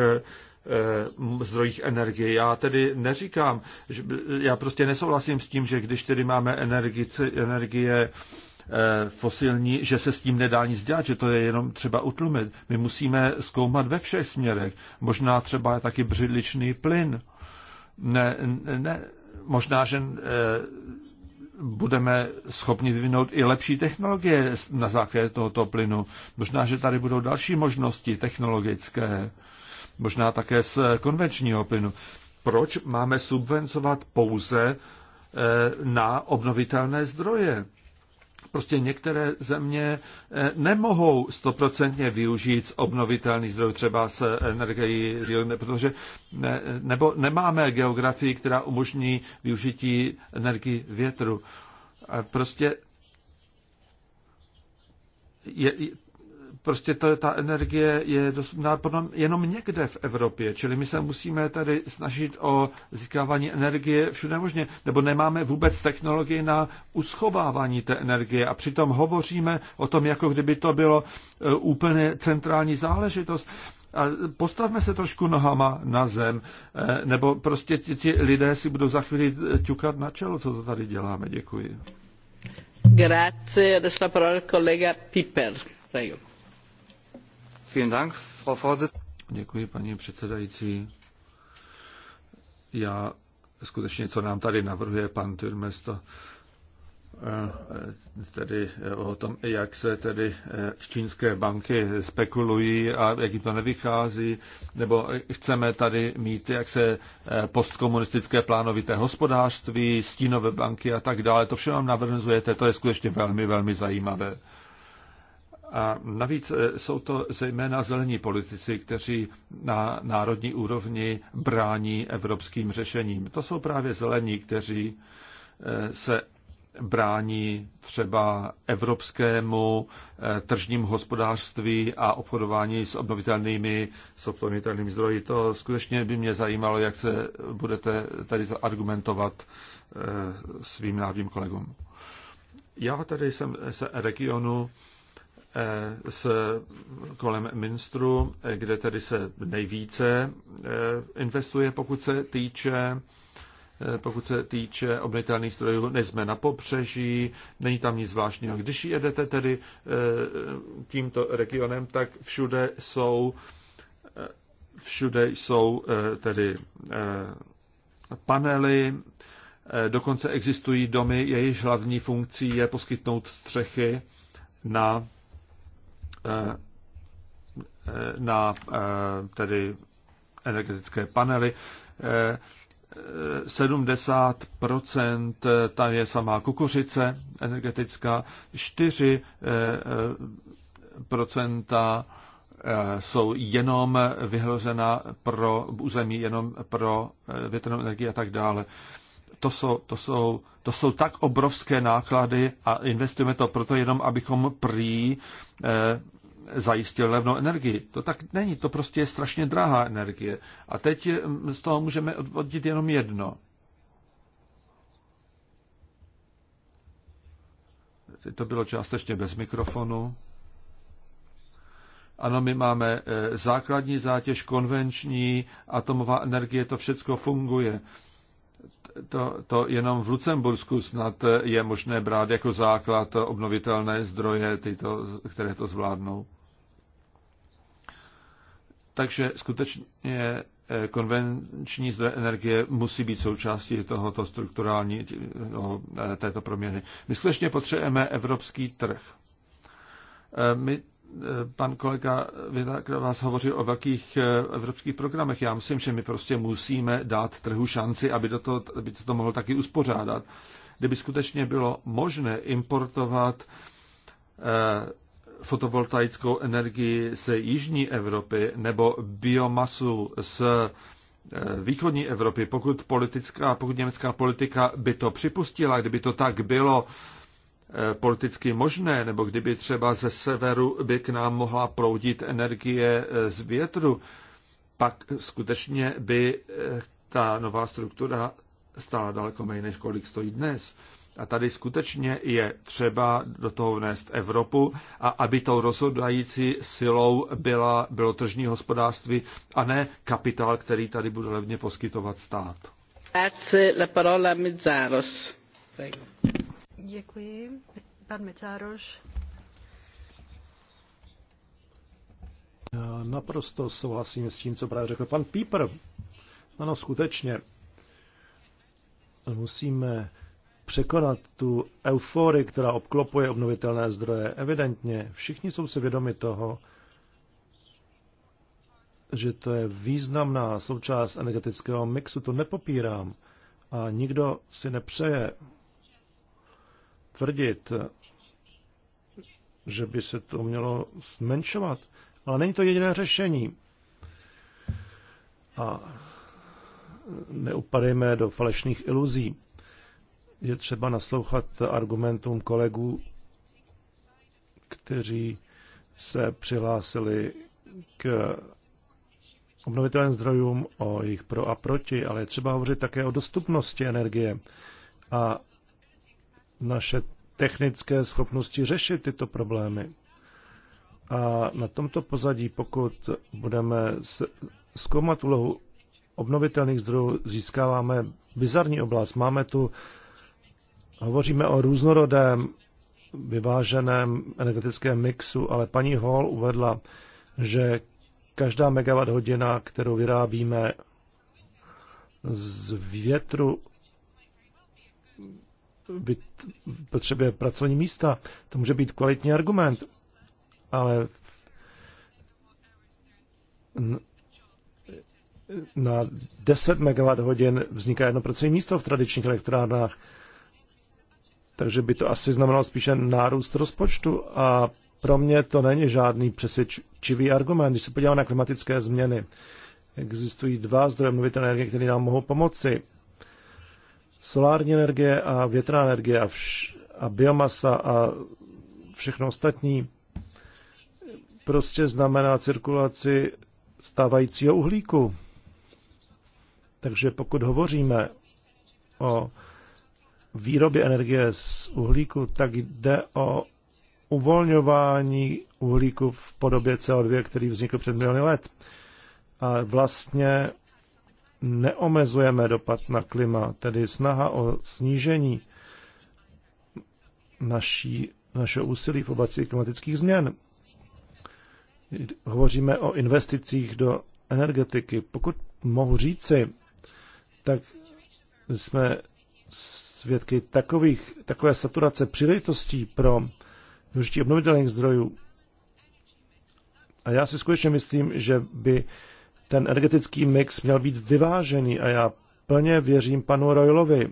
Eh, zdrojích energie. Já tedy neříkám, že, já prostě nesouhlasím s tím, že když tedy máme energie, energie eh, fosilní, že se s tím nedá nic dělat, že to je jenom třeba utlumit. My musíme zkoumat ve všech směrech. Možná třeba taky břidličný plyn. Ne, ne, možná, že eh, budeme schopni vyvinout i lepší technologie na základě tohoto plynu. Možná, že tady budou další možnosti technologické možná také z eh, konvenčního plynu. Proč máme subvencovat pouze eh, na obnovitelné zdroje? Prostě některé země eh, nemohou stoprocentně využít obnovitelný zdroj, třeba s energií, protože ne, nebo nemáme geografii, která umožní využití energii větru. Prostě je, prostě to, ta energie je dostupná jenom někde v Evropě, čili my se musíme tady snažit o získávání energie všude možně, nebo nemáme vůbec technologii na uschovávání té energie a přitom hovoříme o tom, jako kdyby to bylo e, úplně centrální záležitost. A postavme se trošku nohama na zem, e, nebo prostě ti, ti lidé si budou za chvíli e, ťukat na čelo, co to tady děláme. Děkuji. Grazie, adesso la parola al collega Piper. Prego. Vielen Dank, Frau Děkuji, paní předsedající. Já skutečně, co nám tady navrhuje pan Tyrmes, to eh, tedy eh, o tom, jak se tedy eh, čínské banky spekulují a jak jim to nevychází, nebo chceme tady mít, jak se postkomunistické plánovité hospodářství, stínové banky a tak dále, to vše nám navrhujete, to je skutečně velmi, velmi zajímavé. A navíc e, jsou to zejména zelení politici, kteří na národní úrovni brání evropským řešením. To jsou právě zelení, kteří e, se brání třeba evropskému e, tržním hospodářství a obchodování s obnovitelnými, s obnovitelnými zdroji. To skutečně by mě zajímalo, jak se budete tady to argumentovat svým národním kolegům. Já tady jsem se regionu Eh, s, kolem Minstru, eh, kde tedy se nejvíce eh, investuje, pokud se týče pokud se týče obnovitelných zdrojů, nejsme na pobřeží, není tam nic zvláštního. Když jedete tedy tímto regionem, tak všude jsou, všude jsou tedy panely, dokonce existují domy, jejich hlavní funkcí je poskytnout střechy na Eh, eh, na eh, tedy energetické panely. 70 tam je samá kukuřice energetická, 4 procenta jsou jenom vyhrozena pro území, jenom pro větrnou energii a tak dále to jsou, to jsou, to jsou tak obrovské náklady a investujeme to proto jenom, abychom prý eh, zajistil levnou energii. To tak není, to prostě je strašně drahá energie. A teď eh, z toho můžeme odvodit jenom jedno. Teď to bylo částečně bez mikrofonu. Ano, my máme eh, základní zátěž konvenční, atomová energie, to všechno funguje to, to jenom v Lucembursku snad je možné brát jako základ obnovitelné zdroje, tyto, které to zvládnou. Takže skutečně eh, konvenční zdroje energie musí být součástí tohoto strukturální, no, eh, této proměny. My skutečně potřebujeme evropský trh. Eh, my Eh, pan kolega vás hovoří o velkých eh, evropských programech. Já myslím, že my prostě musíme dát trhu šanci, aby, do toho, aby to mohlo taky uspořádat. Kdyby skutečně bylo možné importovat eh, fotovoltaickou energii z jižní Evropy nebo biomasu z východní Evropy, pokud, politická, pokud německá politika by to připustila, kdyby to tak bylo, Eh, politicky možné, nebo kdyby třeba ze severu by k nám mohla proudit energie eh, z větru, pak skutečně by eh, ta nová struktura stála daleko méně, než kolik stojí dnes. A tady skutečně je třeba do toho vnést Evropu a aby tou rozhodující silou byla, bylo tržní hospodářství a ne kapitál, který tady bude levně poskytovat stát. Grazie, la parola Mizzaros. Prego. Děkuji. Pan Metároš. Naprosto souhlasím s tím, co právě řekl pan Píper. Ano, skutečně. Musíme překonat tu euforii, která obklopuje obnovitelné zdroje. Evidentně všichni jsou si vědomi toho, že to je významná součást energetického mixu, to nepopírám. A nikdo si nepřeje tvrdit, že by se to mělo zmenšovat, ale není to jediné řešení. A neupadejme do falešných iluzí. Je třeba naslouchat argumentům kolegů, kteří se přihlásili k obnovitelným zdrojům, o jejich pro a proti, ale je třeba hovořit také o dostupnosti energie a naše technické schopnosti řešit tyto problémy. A na tomto pozadí, pokud budeme zkoumat úlohu obnovitelných zdrojů, získáváme bizarní oblast. Máme tu, hovoříme o různorodém vyváženém energetickém mixu, ale paní Hall uvedla, že každá megawatt hodina, kterou vyrábíme z větru potřebuje pracovní místa. To může být kvalitní argument, ale na 10 MWh hodin vzniká jedno pracovní místo v tradičních elektrárnách. Takže by to asi znamenalo spíše nárůst rozpočtu a pro mě to není žádný přesvědčivý argument. Když se podíváme na klimatické změny, existují dva zdroje mluvitelné energie, které nám mohou pomoci solární energie a větrná energie a, vš- a biomasa a všechno ostatní prostě znamená cirkulaci stávajícího uhlíku. Takže pokud hovoříme o výrobě energie z uhlíku, tak jde o uvolňování uhlíku v podobě CO2, který vznikl před miliony let. A vlastně neomezujeme dopad na klima, tedy snaha o snížení naší, našeho úsilí v oblasti klimatických změn. Hovoříme o investicích do energetiky. Pokud mohu říci, tak jsme svědky takových, takové saturace příležitostí pro využití obnovitelných zdrojů. A já si skutečně myslím, že by ten energetický mix měl být vyvážený a já plně věřím panu Royalovi.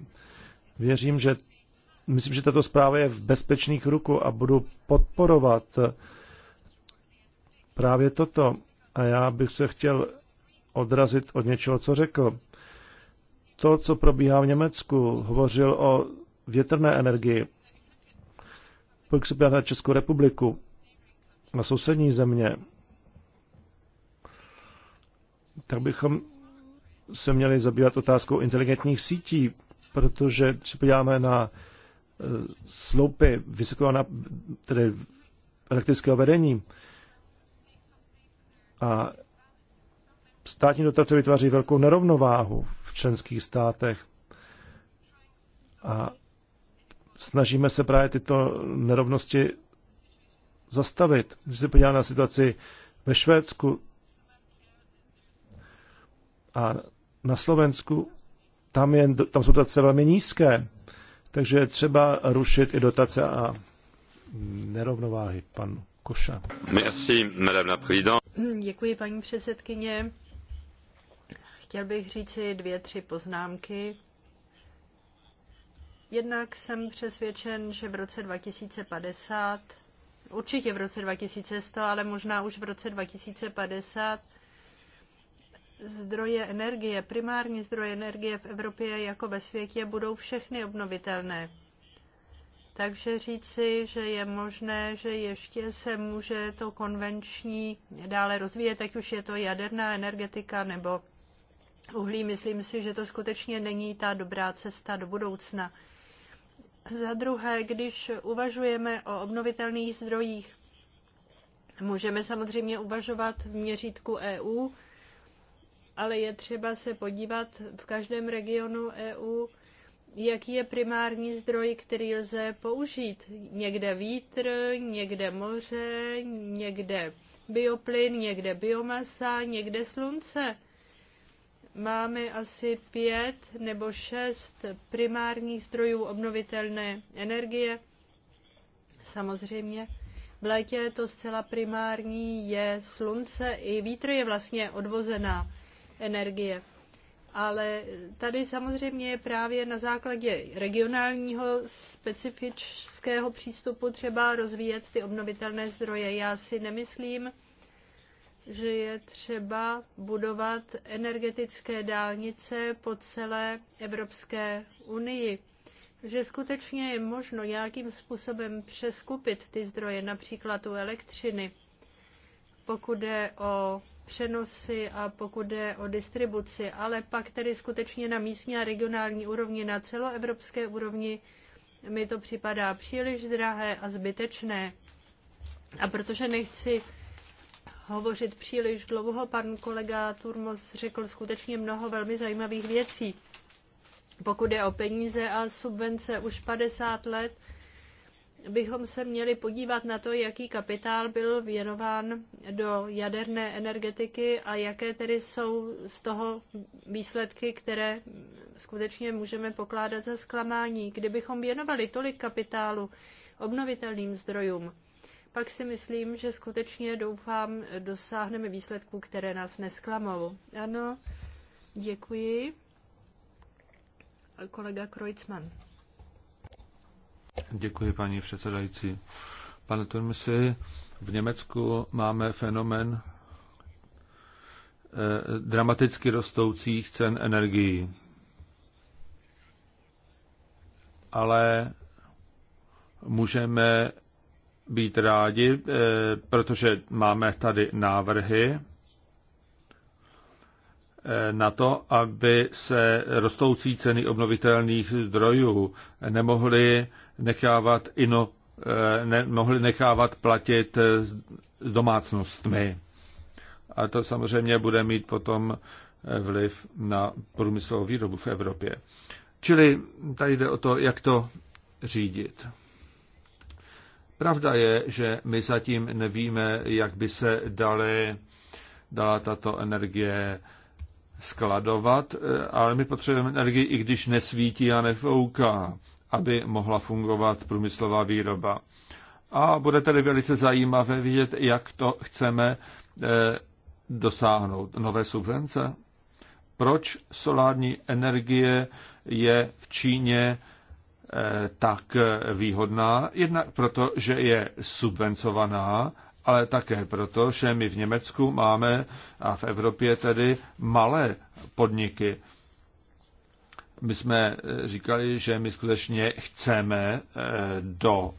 Věřím, že myslím, že tato zpráva je v bezpečných rukou a budu podporovat právě toto. A já bych se chtěl odrazit od něčeho, co řekl. To, co probíhá v Německu, hovořil o větrné energii. Pojď se na Českou republiku, na sousední země, tak bychom se měli zabývat otázkou inteligentních sítí, protože když podíváme na e, sloupy vysokého na, tedy elektrického vedení a státní dotace vytváří velkou nerovnováhu v členských státech a snažíme se právě tyto nerovnosti zastavit. Když se podíváme na situaci ve Švédsku, a na Slovensku tam, je, tam jsou dotace velmi nízké, takže je třeba rušit i dotace a nerovnováhy. Pan Koša. Merci, madame la présidente. Děkuji, paní předsedkyně. Chtěl bych říci dvě, tři poznámky. Jednak jsem přesvědčen, že v roce 2050, určitě v roce 2100, ale možná už v roce 2050, zdroje energie, primární zdroje energie v Evropě jako ve světě budou všechny obnovitelné. Takže říci, že je možné, že ještě se může to konvenční dále rozvíjet, ať už je to jaderná energetika nebo uhlí, myslím si, že to skutečně není ta dobrá cesta do budoucna. Za druhé, když uvažujeme o obnovitelných zdrojích, můžeme samozřejmě uvažovat v měřítku EU, ale je třeba se podívat v každém regionu EU, jaký je primární zdroj, který lze použít. Někde vítr, někde moře, někde bioplyn, někde biomasa, někde slunce. Máme asi pět nebo šest primárních zdrojů obnovitelné energie. Samozřejmě v létě to zcela primární je slunce, i vítr je vlastně odvozená energie. Ale tady samozřejmě je právě na základě regionálního specifického přístupu třeba rozvíjet ty obnovitelné zdroje. Já si nemyslím, že je třeba budovat energetické dálnice po celé Evropské unii. Že skutečně je možno nějakým způsobem přeskupit ty zdroje, například u elektřiny. Pokud je o přenosy a pokud jde o distribuci, ale pak tedy skutečně na místní a regionální úrovni, na celoevropské úrovni mi to připadá příliš drahé a zbytečné. A protože nechci hovořit příliš dlouho, pan kolega Turmos řekl skutečně mnoho velmi zajímavých věcí. Pokud je o peníze a subvence už 50 let, bychom se měli podívat na to, jaký kapitál byl věnován do jaderné energetiky a jaké tedy jsou z toho výsledky, které skutečně můžeme pokládat za zklamání. Kdybychom věnovali tolik kapitálu obnovitelným zdrojům, pak si myslím, že skutečně doufám, dosáhneme výsledků, které nás nesklamou. Ano, děkuji. Kolega Kreutzmann. Děkuji, paní předsedající. Pane Turmisi, v Německu máme fenomen eh, dramaticky rostoucích cen energií. Ale můžeme být rádi, eh, protože máme tady návrhy eh, na to, aby se rostoucí ceny obnovitelných zdrojů nemohly nechávat ino, eh, ne, mohli nechávat platit eh, s domácnostmi. A to samozřejmě bude mít potom eh, vliv na průmyslovou výrobu v Evropě. Čili tady jde o to, jak to řídit. Pravda je, že my zatím nevíme, jak by se dali, dala tato energie skladovat, ale my potřebujeme energii, i když nesvítí a nefouká aby mohla fungovat průmyslová výroba. A bude tedy velice zajímavé vidět, jak to chceme eh, dosáhnout. Nové subvence? Proč solární energie je v Číně eh, tak výhodná? Jednak proto, že je subvencovaná, ale také proto, že my v Německu máme a v Evropě tedy malé podniky. My jsme eh, říkali, že my skutečně chceme eh, do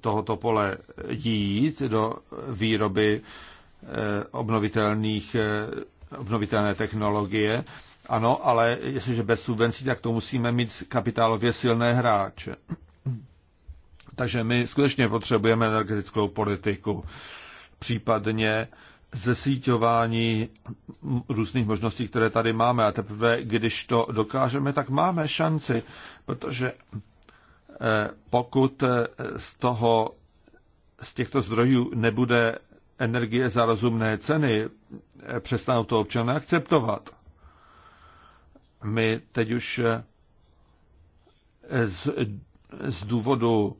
tohoto pole jít, do výroby eh, obnovitelných, obnovitelné technologie. Ano, ale jestliže bez subvencí, tak to musíme mít kapitálově silné hráče. Takže my skutečně potřebujeme energetickou politiku, případně zesíťování různých možností, které tady máme. A teprve, když to dokážeme, tak máme šanci, protože eh, pokud eh, z toho, z těchto zdrojů nebude energie za rozumné ceny, eh, přestanou to občané akceptovat. My teď už z, z důvodu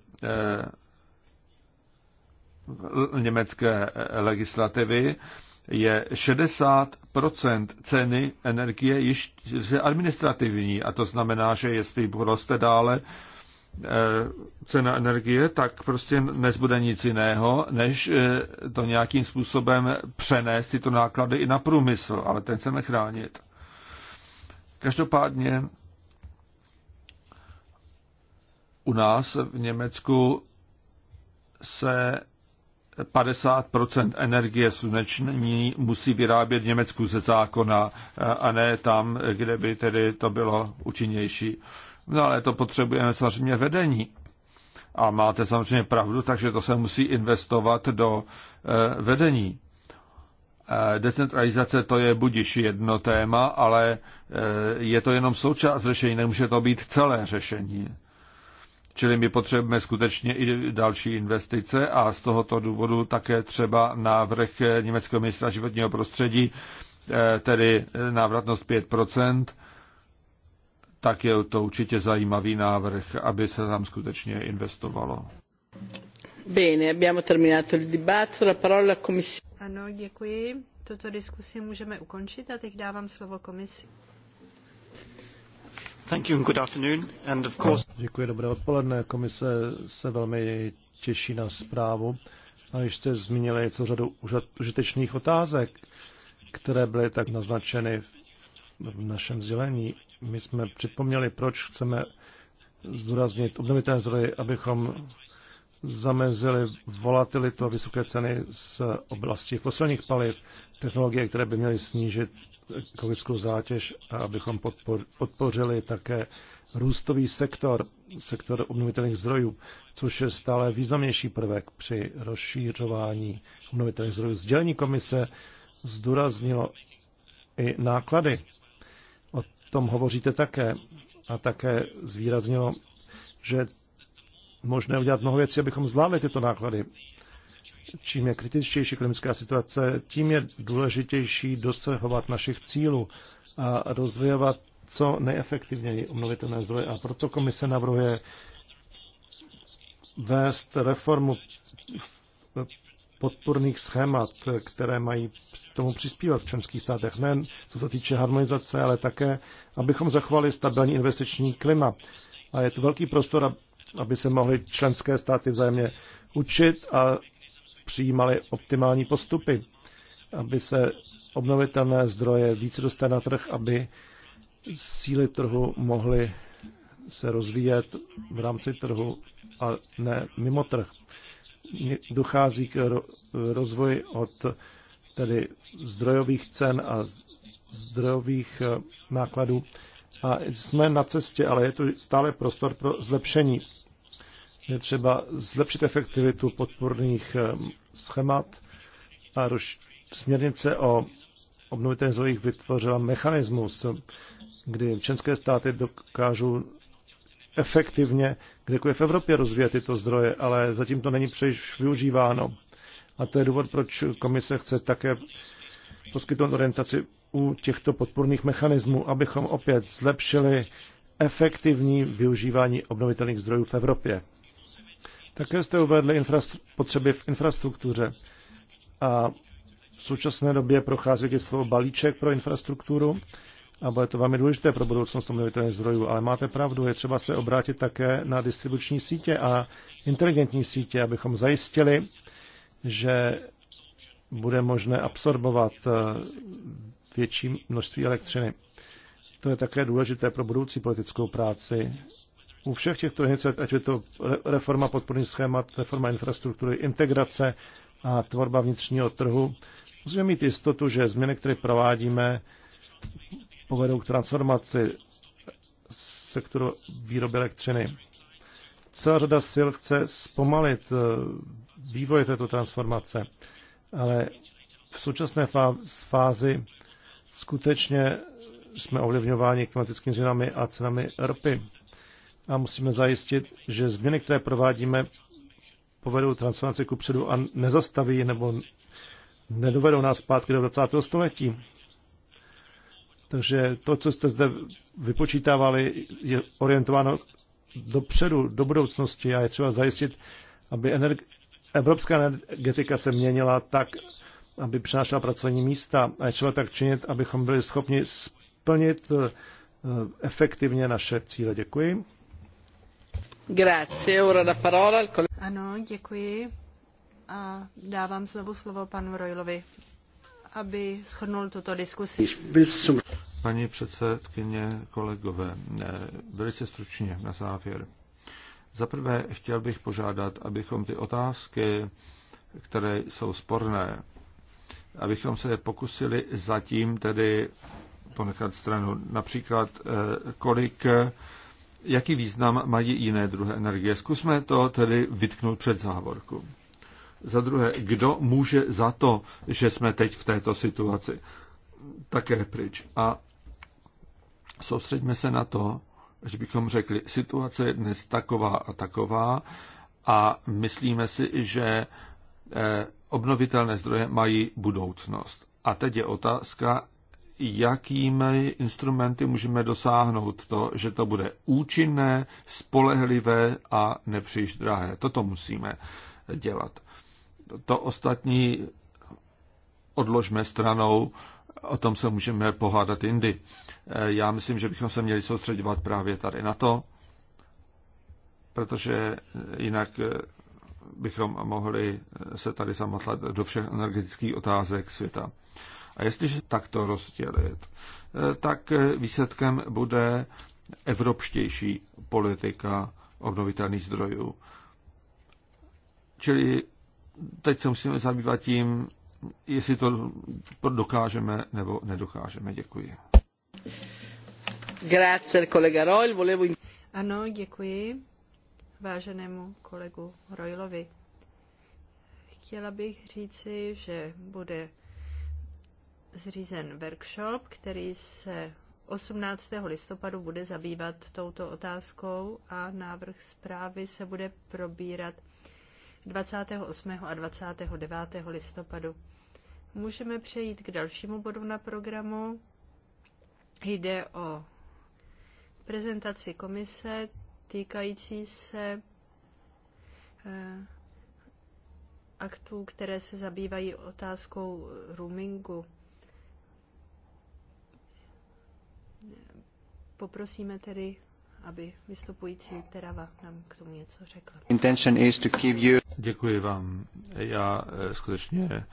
německé legislativy, je 60 ceny energie již administrativní. A to znamená, že jestli roste dále eh, cena energie, tak prostě nezbude nic jiného, než eh, to nějakým způsobem přenést tyto náklady i na průmysl, ale ten chceme chránit. Každopádně u nás v Německu se 50 energie sluneční musí vyrábět Německu ze zákona eh, a ne tam, kde by tedy to bylo účinnější. No ale to potřebujeme samozřejmě vedení. A máte samozřejmě pravdu, takže to se musí investovat do eh, vedení. Eh, decentralizace to je budiš jedno téma, ale je to jenom součást řešení, nemůže to být celé řešení. Čili my potřebujeme skutečně i další investice a z tohoto důvodu také třeba návrh německého ministra životního prostředí, eh, tedy návratnost 5%, tak je to určitě zajímavý návrh, aby se tam skutečně investovalo. Bene, abbiamo terminato il dibattito, la parola commissione. Ano, děkuji. Tuto diskusi můžeme ukončit a teď dávám slovo komisi. Děkuji, dobré odpoledne. Komise se velmi těší na zprávu. A již jste zmínili něco řadu užitečných otázek, které byly tak naznačeny v našem sdělení. My jsme připomněli, proč chceme zdůraznit obnovitelné zdroje, abychom zamezili volatilitu a vysoké ceny z oblasti fosilních paliv, technologie, které by měly snížit ekologickou zátěž a abychom podpořili také růstový sektor, sektor obnovitelných zdrojů, což je stále významnější prvek při rozšířování obnovitelných zdrojů. Sdělení komise zdůraznilo i náklady. O tom hovoříte také. A také zvýraznilo, že možné udělat mnoho věcí, abychom zvládli tyto náklady čím je kritičtější klimatická situace, tím je důležitější dosahovat našich cílů a rozvojovat co nejefektivněji obnovitelné zdroje. A proto komise navrhuje vést reformu podporných schémat, které mají tomu přispívat v členských státech, nejen co se týče harmonizace, ale také, abychom zachovali stabilní investiční klima. A je tu velký prostor, aby se mohly členské státy vzájemně učit a přijímali optimální postupy, aby se obnovitelné zdroje více dostaly na trh, aby síly trhu mohly se rozvíjet v rámci trhu a ne mimo trh. Dochází k rozvoji od tedy zdrojových cen a zdrojových eh, nákladů. A jsme na cestě, ale je tu stále prostor pro zlepšení. Je třeba zlepšit efektivitu podporných eh, schémat a roz... směrnice o obnovitelných zdrojích vytvořila mechanismus, kdy české státy dokážou efektivně kdekoliv v Evropě rozvíjet tyto zdroje, ale zatím to není příliš využíváno. A to je důvod, proč komise chce také poskytnout orientaci u těchto podporných mechanismů, abychom opět zlepšili efektivní využívání obnovitelných zdrojů v Evropě. Také jste uvedli potřeby v infrastruktuře a v současné době prochází legislativou balíček pro infrastrukturu a bude to velmi důležité pro budoucnost obnovitelných zdrojů. Ale máte pravdu, je třeba se obrátit také na distribuční sítě a inteligentní sítě, abychom zajistili, že bude možné absorbovat eh, větší množství elektřiny. To je také důležité pro budoucí politickou práci u všech těchto iniciativ, ať je to reforma podporných schémat, reforma infrastruktury, integrace a tvorba vnitřního trhu, musíme mít jistotu, že změny, které provádíme, povedou k transformaci sektoru výroby elektřiny. Celá řada sil chce zpomalit eh, vývoj této transformace, ale v současné fázi skutečně jsme ovlivňováni klimatickými změnami a cenami ropy a musíme zajistit, že změny, které provádíme, povedou transformaci ku předu a nezastaví nebo nedovedou nás zpátky do 20. století. Takže to, co jste zde vypočítávali, je orientováno dopředu, do budoucnosti a je třeba zajistit, aby energi- evropská energetika se měnila tak, aby přinášela pracovní místa a je třeba tak činit, abychom byli schopni splnit eh, efektivně naše cíle. Děkuji. Ano, děkuji. A dávám znovu slovo panu Rojlovi, aby shrnul tuto diskusi. Paní předsedkyně, kolegové, eh, velice stručně na závěr. Za prvé chtěl bych požádat, abychom ty otázky, které jsou sporné, abychom se pokusili zatím tedy ponechat stranu. Například, eh, kolik jaký význam mají jiné druhé energie. Zkusme to tedy vytknout před závorku. Za druhé, kdo může za to, že jsme teď v této situaci? Také pryč. A soustředíme se na to, že bychom řekli, situace je dnes taková a taková a myslíme si, že eh, obnovitelné zdroje mají budoucnost. A teď je otázka, jakými instrumenty můžeme dosáhnout to, že to bude účinné, spolehlivé a nepříliš drahé. Toto musíme dělat. To ostatní odložme stranou, o tom se můžeme pohádat jindy. Já myslím, že bychom se měli soustředovat právě tady na to, protože jinak bychom mohli se tady zamotlat do všech energetických otázek světa. A jestliže takto rozdělit, eh, tak eh, výsledkem bude evropštější politika obnovitelných zdrojů. Čili teď se musíme zabývat tím, jestli to dokážeme nebo nedokážeme. Děkuji. Grazie, kolega Royal. Volevo... Ano, děkuji váženému kolegu Royalovi. Chtěla bych říci, že bude zřízen workshop, který se 18. listopadu bude zabývat touto otázkou a návrh zprávy se bude probírat 28. a 29. listopadu. Můžeme přejít k dalšímu bodu na programu. Jde o prezentaci komise týkající se eh, aktů, které se zabývají otázkou roomingu. Poprosíme tedy, aby vystupující Terava nám k tomu něco řekl. Intention is to you... Děkuji vám. Já eh, skutečně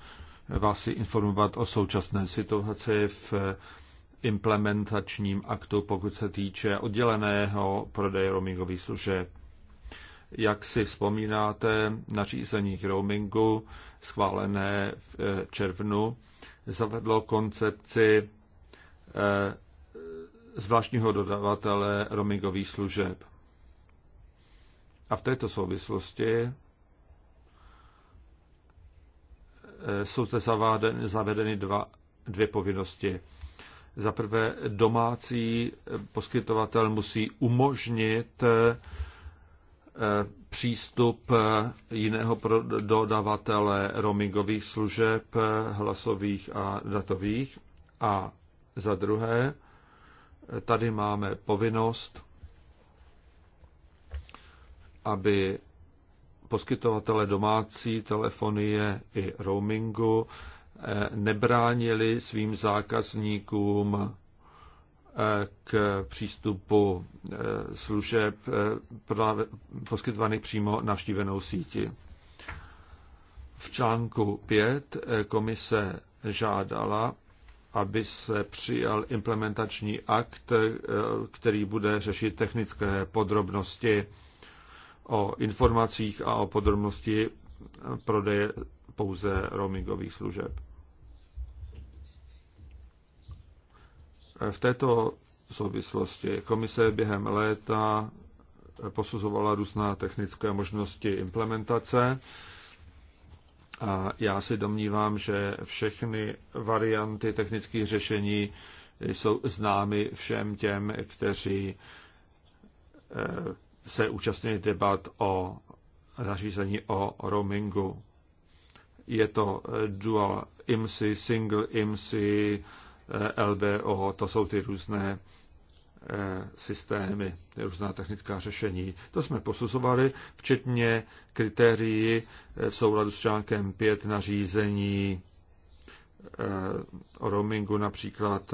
vás chci informovat o současné situaci v eh, implementačním aktu, pokud se týče odděleného prodeje roamingových služeb. Jak si vzpomínáte, nařízení k roamingu schválené v eh, červnu zavedlo koncepci zvláštního dodavatele roamingových služeb. A v této souvislosti eh, jsou zde zavedeny dva, dvě povinnosti. Za prvé, domácí eh, poskytovatel musí umožnit eh, přístup jiného dodavatele roamingových služeb, hlasových a datových. A za druhé, Tady máme povinnost, aby poskytovatele domácí telefonie i roamingu eh, nebránili svým zákazníkům eh, k přístupu eh, služeb poskytovaných přímo navštívenou síti. V článku 5 komise žádala, aby se přijal implementační akt, eh, který bude řešit technické podrobnosti o informacích a o podrobnosti eh, prodeje pouze roamingových služeb. Eh, v této souvislosti komise během léta posuzovala různá technické možnosti implementace a já si domnívám, že všechny varianty technických řešení jsou známy všem těm, kteří eh, se účastnili debat o nařízení o roamingu. Je to eh, dual IMSI, single IMSI, eh, LBO, to jsou ty různé Eh, systémy, různá technická řešení. To jsme posuzovali, včetně kritérií eh, v souladu s článkem 5 nařízení eh, o roamingu, například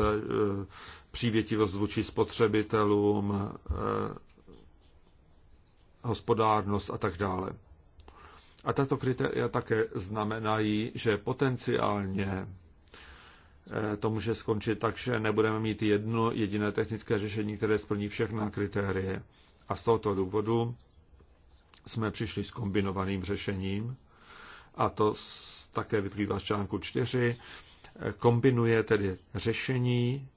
přívětivost vůči spotřebitelům, hospodárnost a tak dále. A tato kritéria také znamenají, že potenciálně Eh, to může skončit tak, že nebudeme mít jedno jediné technické řešení, které splní všechna kritérie. A z tohoto důvodu jsme přišli s kombinovaným řešením, a to také vyplývá z článku 4, eh, kombinuje tedy řešení,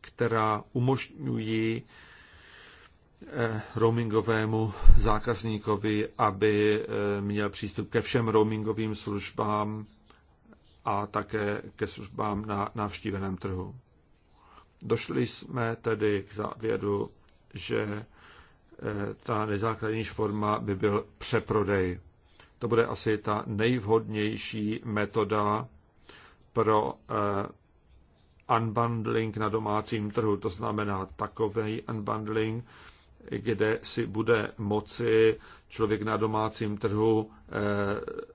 která umožňují eh, roamingovému zákazníkovi, aby měl přístup ke všem roamingovým službám a také ke službám na navštíveném trhu. Došli jsme tedy k závěru, že eh, ta nejzákladnější forma by byl přeprodej. To bude asi ta nejvhodnější metoda pro eh, unbundling na domácím trhu. To znamená takový unbundling, kde si bude moci člověk na domácím trhu eh,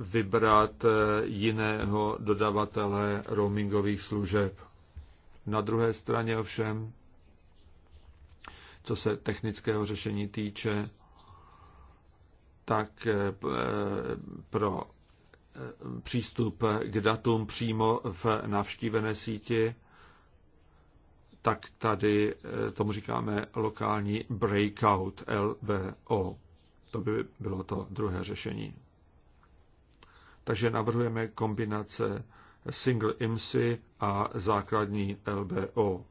vybrat eh, jiného dodavatele roamingových služeb. Na druhé straně ovšem, co se technického řešení týče, tak eh, pro eh, přístup k datům přímo v navštívené síti, tak tady tomu říkáme lokální breakout LBO. To by bylo to druhé řešení. Takže navrhujeme kombinace single IMSI a základní LBO.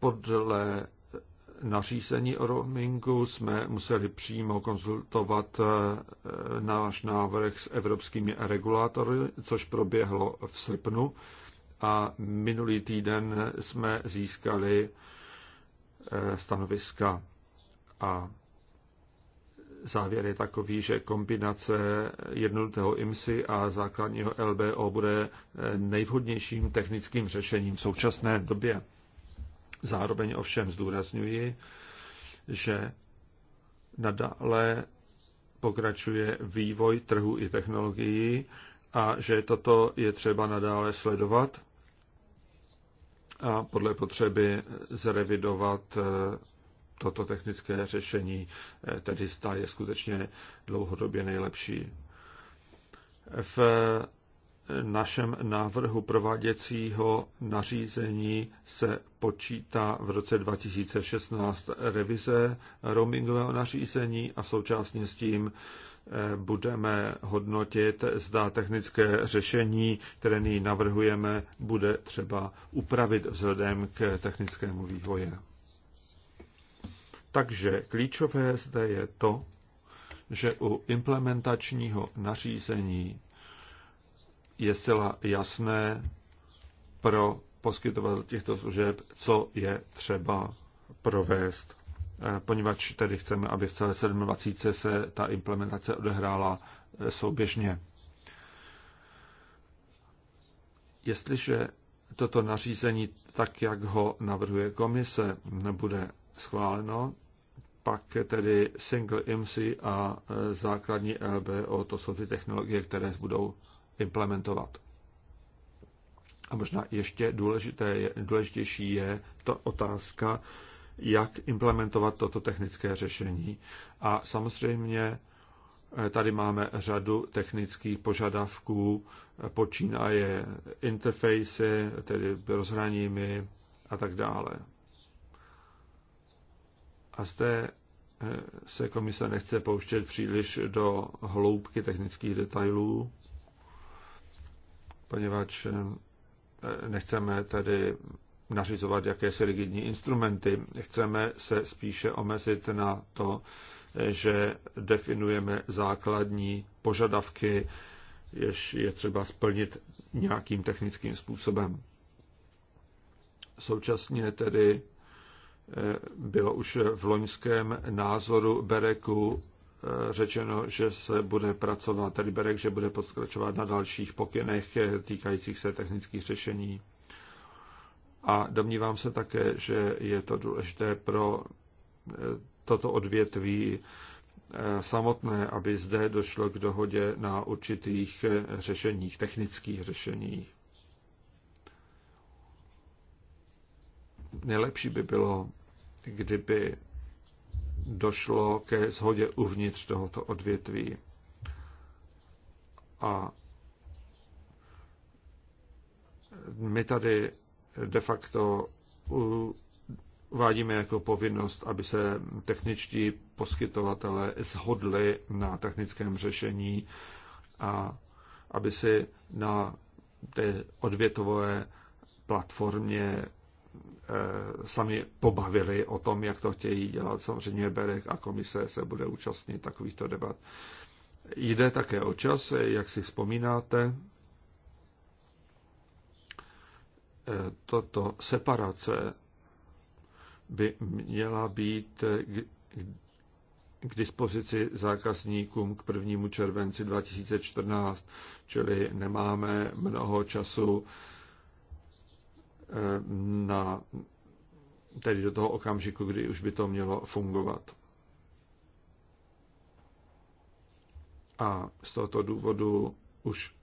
Podle nařízení o roamingu jsme museli přímo konzultovat eh, náš návrh s evropskými regulátory, což proběhlo v srpnu a minulý týden jsme získali eh, stanoviska a závěr je takový, že kombinace jednotného IMSI a základního LBO bude eh, nejvhodnějším technickým řešením v současné době. Zároveň ovšem zdůrazňuji, že nadále pokračuje vývoj trhu i technologií a že toto je třeba nadále sledovat a podle potřeby zrevidovat eh, toto technické řešení, eh, tedy zda je skutečně dlouhodobě nejlepší. V eh, našem návrhu prováděcího nařízení se počítá v roce 2016 revize roamingového nařízení a současně s tím eh, budeme hodnotit, zda technické řešení, které nyní navrhujeme, bude třeba upravit vzhledem k technickému vývoji. Takže klíčové zde je to, že u implementačního nařízení je zcela jasné pro poskytovatel těchto služeb, co je třeba provést, eh, poněvadž tedy chceme, aby v celé 27. se ta implementace odehrála eh, souběžně. Jestliže toto nařízení, tak jak ho navrhuje komise, nebude schváleno, pak tedy single IMSI a e, základní LBO, to jsou ty technologie, které budou implementovat. A možná ještě důležité, důležitější je ta otázka, jak implementovat toto technické řešení. A samozřejmě e, tady máme řadu technických požadavků, e, počínaje interfejsy, tedy rozhraními a tak dále. A zde eh, se komise nechce pouštět příliš do hloubky technických detailů, poněvadž eh, nechceme tedy nařizovat jakési rigidní instrumenty. Chceme se spíše omezit na to, eh, že definujeme základní požadavky, jež je třeba splnit nějakým technickým způsobem. Současně tedy Eh, bylo už v loňském názoru Bereku eh, řečeno, že se bude pracovat, tedy Berek, že bude pokračovat na dalších pokynech eh, týkajících se technických řešení. A domnívám se také, že je to důležité pro toto odvětví samotné, aby zde došlo k dohodě na určitých řešeních, technických řešeních. nejlepší by bylo, kdyby došlo ke shodě uvnitř tohoto odvětví. A my tady de facto uvádíme jako povinnost, aby se techničtí poskytovatele zhodli na technickém řešení a aby si na té odvětové platformě Eh, sami pobavili o tom, jak to chtějí dělat. Samozřejmě Berek a komise se bude účastnit takovýchto debat. Jde také o čas, jak si vzpomínáte. Eh, toto separace by měla být k dispozici zákazníkům k 1. červenci 2014, čili nemáme mnoho času Eh, na, tedy do toho okamžiku, kdy už by to mělo fungovat. A z tohoto důvodu už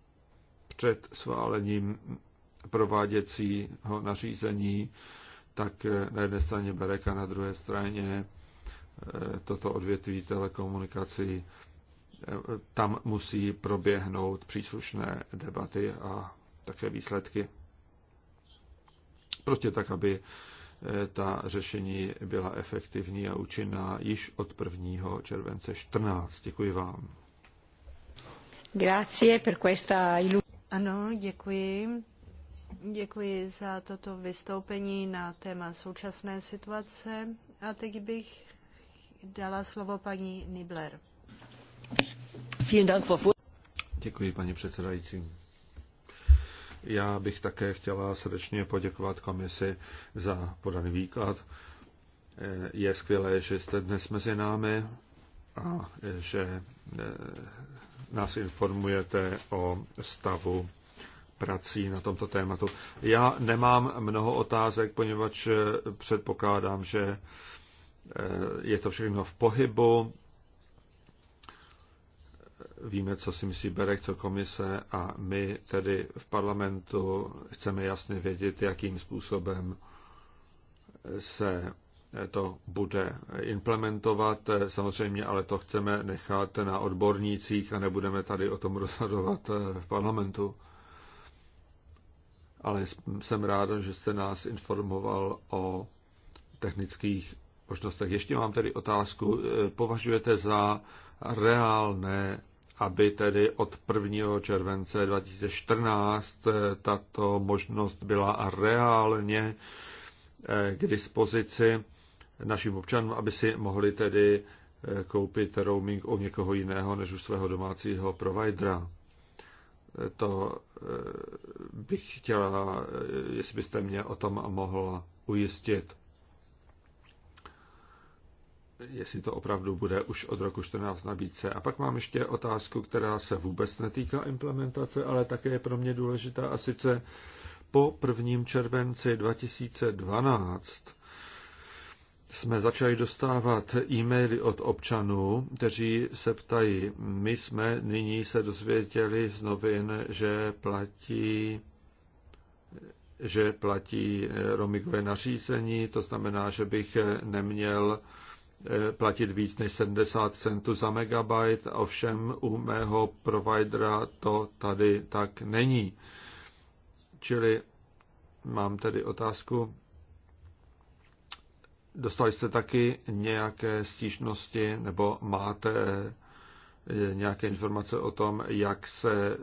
před sválením prováděcího nařízení, tak eh, na jedné straně Bereka, na druhé straně eh, toto odvětví telekomunikací, tam musí proběhnout příslušné debaty a také výsledky. Prostě tak, aby eh, ta řešení byla efektivní a účinná již od 1. července 14. Děkuji vám. Grazie per questa ano, děkuji. Děkuji za toto vystoupení na téma současné situace. A teď bych dala slovo paní Nibler. Děkuji, paní předsedající. Já bych také chtěla srdečně poděkovat komisi za podaný výklad. Je skvělé, že jste dnes mezi námi a že e, nás informujete o stavu prací na tomto tématu. Já nemám mnoho otázek, poněvadž předpokládám, že e, je to všechno v pohybu Víme, co si myslí Berek, co komise a my tedy v parlamentu chceme jasně vědět, jakým způsobem se to bude implementovat. Samozřejmě, ale to chceme nechat na odbornících a nebudeme tady o tom rozhodovat v parlamentu. Ale jsem rád, že jste nás informoval o technických možnostech. Ještě mám tedy otázku. Považujete za reálné aby tedy od 1. července 2014 eh, tato možnost byla reálně eh, k dispozici našim občanům, aby si mohli tedy eh, koupit roaming u někoho jiného než u svého domácího providera. To bych chtěla, jestli byste mě o tom mohla ujistit jestli to opravdu bude už od roku 14 nabídce. A pak mám ještě otázku, která se vůbec netýká implementace, ale také je pro mě důležitá a sice po 1. červenci 2012 jsme začali dostávat e-maily od občanů, kteří se ptají, my jsme nyní se dozvěděli z novin, že platí že platí romikové nařízení, to znamená, že bych neměl Eh, platit víc než 70 centů za megabyte, ovšem u mého providera to tady tak není. Čili mám tedy otázku, dostali jste taky nějaké stížnosti nebo máte eh, nějaké informace o tom, jak se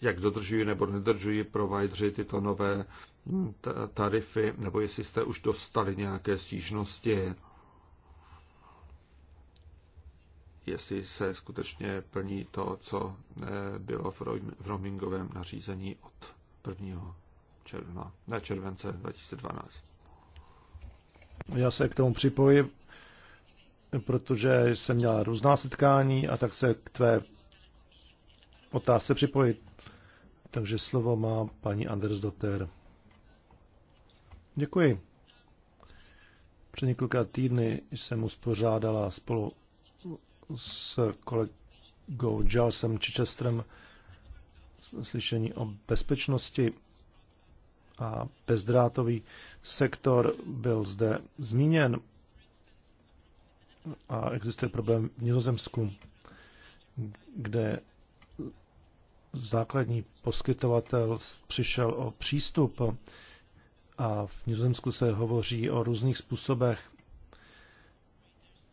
jak dodržují nebo nedržují providři tyto nové hm, tarify, nebo jestli jste už dostali nějaké stížnosti. jestli se skutečně plní to, co eh, bylo v roamingovém nařízení od 1. června, ne, července 2012. Já se k tomu připojím, protože jsem měla různá setkání a tak se k tvé otázce připojit. Takže slovo má paní Anders Dotter. Děkuji. Před několika týdny jsem uspořádala spolu s kolegou Gilesem Chichesterem slyšení o bezpečnosti a bezdrátový sektor byl zde zmíněn a existuje problém v Nizozemsku, kde základní poskytovatel přišel o přístup a v Nizozemsku se hovoří o různých způsobech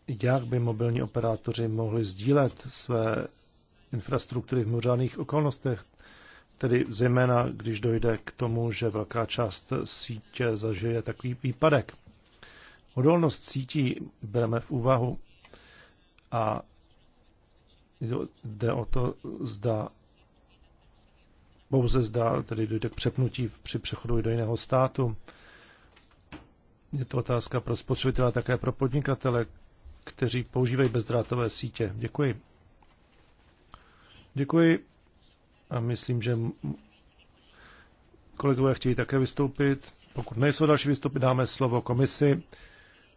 jak by mobilní operátoři mohli sdílet své infrastruktury v mimořádných okolnostech, tedy zejména když dojde k tomu, že velká část sítě zažije takový výpadek. Odolnost sítí bereme v úvahu a jde o to, zda pouze zda tedy dojde k přepnutí při přechodu do jiného státu. Je to otázka pro spotřebitele, také pro podnikatele, kteří používají bezdrátové sítě. Děkuji. Děkuji a myslím, že kolegové chtějí také vystoupit. Pokud nejsou další výstupy, dáme slovo komisi,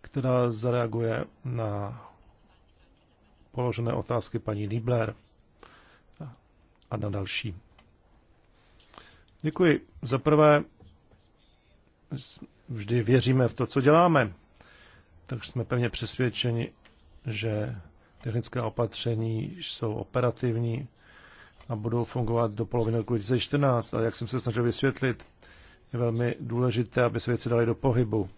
která zareaguje na položené otázky paní Niebler a na další. Děkuji. Za prvé, vždy věříme v to, co děláme tak jsme pevně přesvědčeni, že technická opatření jsou operativní a budou fungovat do poloviny roku 2014. A jak jsem se snažil vysvětlit, je velmi důležité, aby se věci dali do pohybu.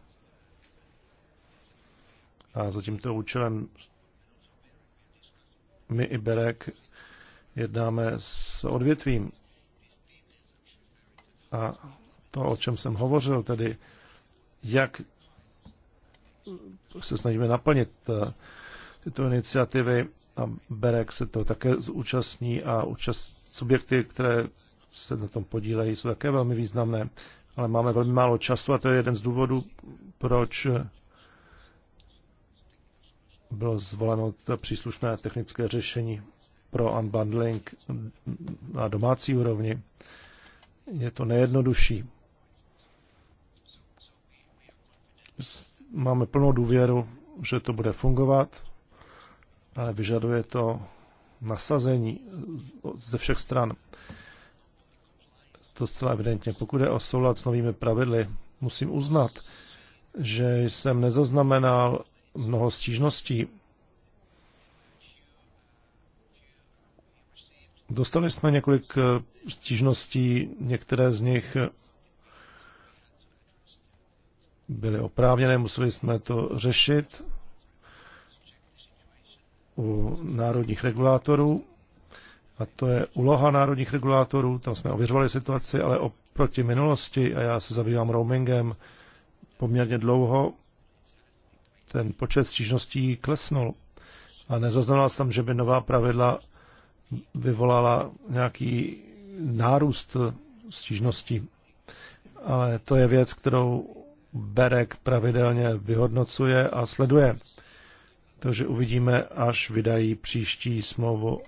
A za tímto účelem my i Berek jednáme s odvětvím. A to, o čem jsem hovořil, tedy jak se snažíme naplnit eh, tyto iniciativy a Berek se to také zúčastní a účast subjekty, které se na tom podílejí, jsou také velmi významné, ale máme velmi málo času a to je jeden z důvodů, proč bylo zvoleno to příslušné technické řešení pro unbundling na domácí úrovni. Je to nejjednodušší máme plnou důvěru, že to bude fungovat, ale vyžaduje to nasazení ze všech stran. To zcela evidentně. Pokud je o soulad s novými pravidly, musím uznat, že jsem nezaznamenal mnoho stížností. Dostali jsme několik stížností, některé z nich byly oprávněné, museli jsme to řešit u národních regulátorů. A to je úloha národních regulátorů, tam jsme ověřovali situaci, ale oproti minulosti, a já se zabývám roamingem poměrně dlouho, ten počet stížností klesnul. A nezaznamenal jsem, že by nová pravidla vyvolala nějaký nárůst stížností. Ale to je věc, kterou Berek pravidelně vyhodnocuje a sleduje. Takže uvidíme, až vydají příští smlouvu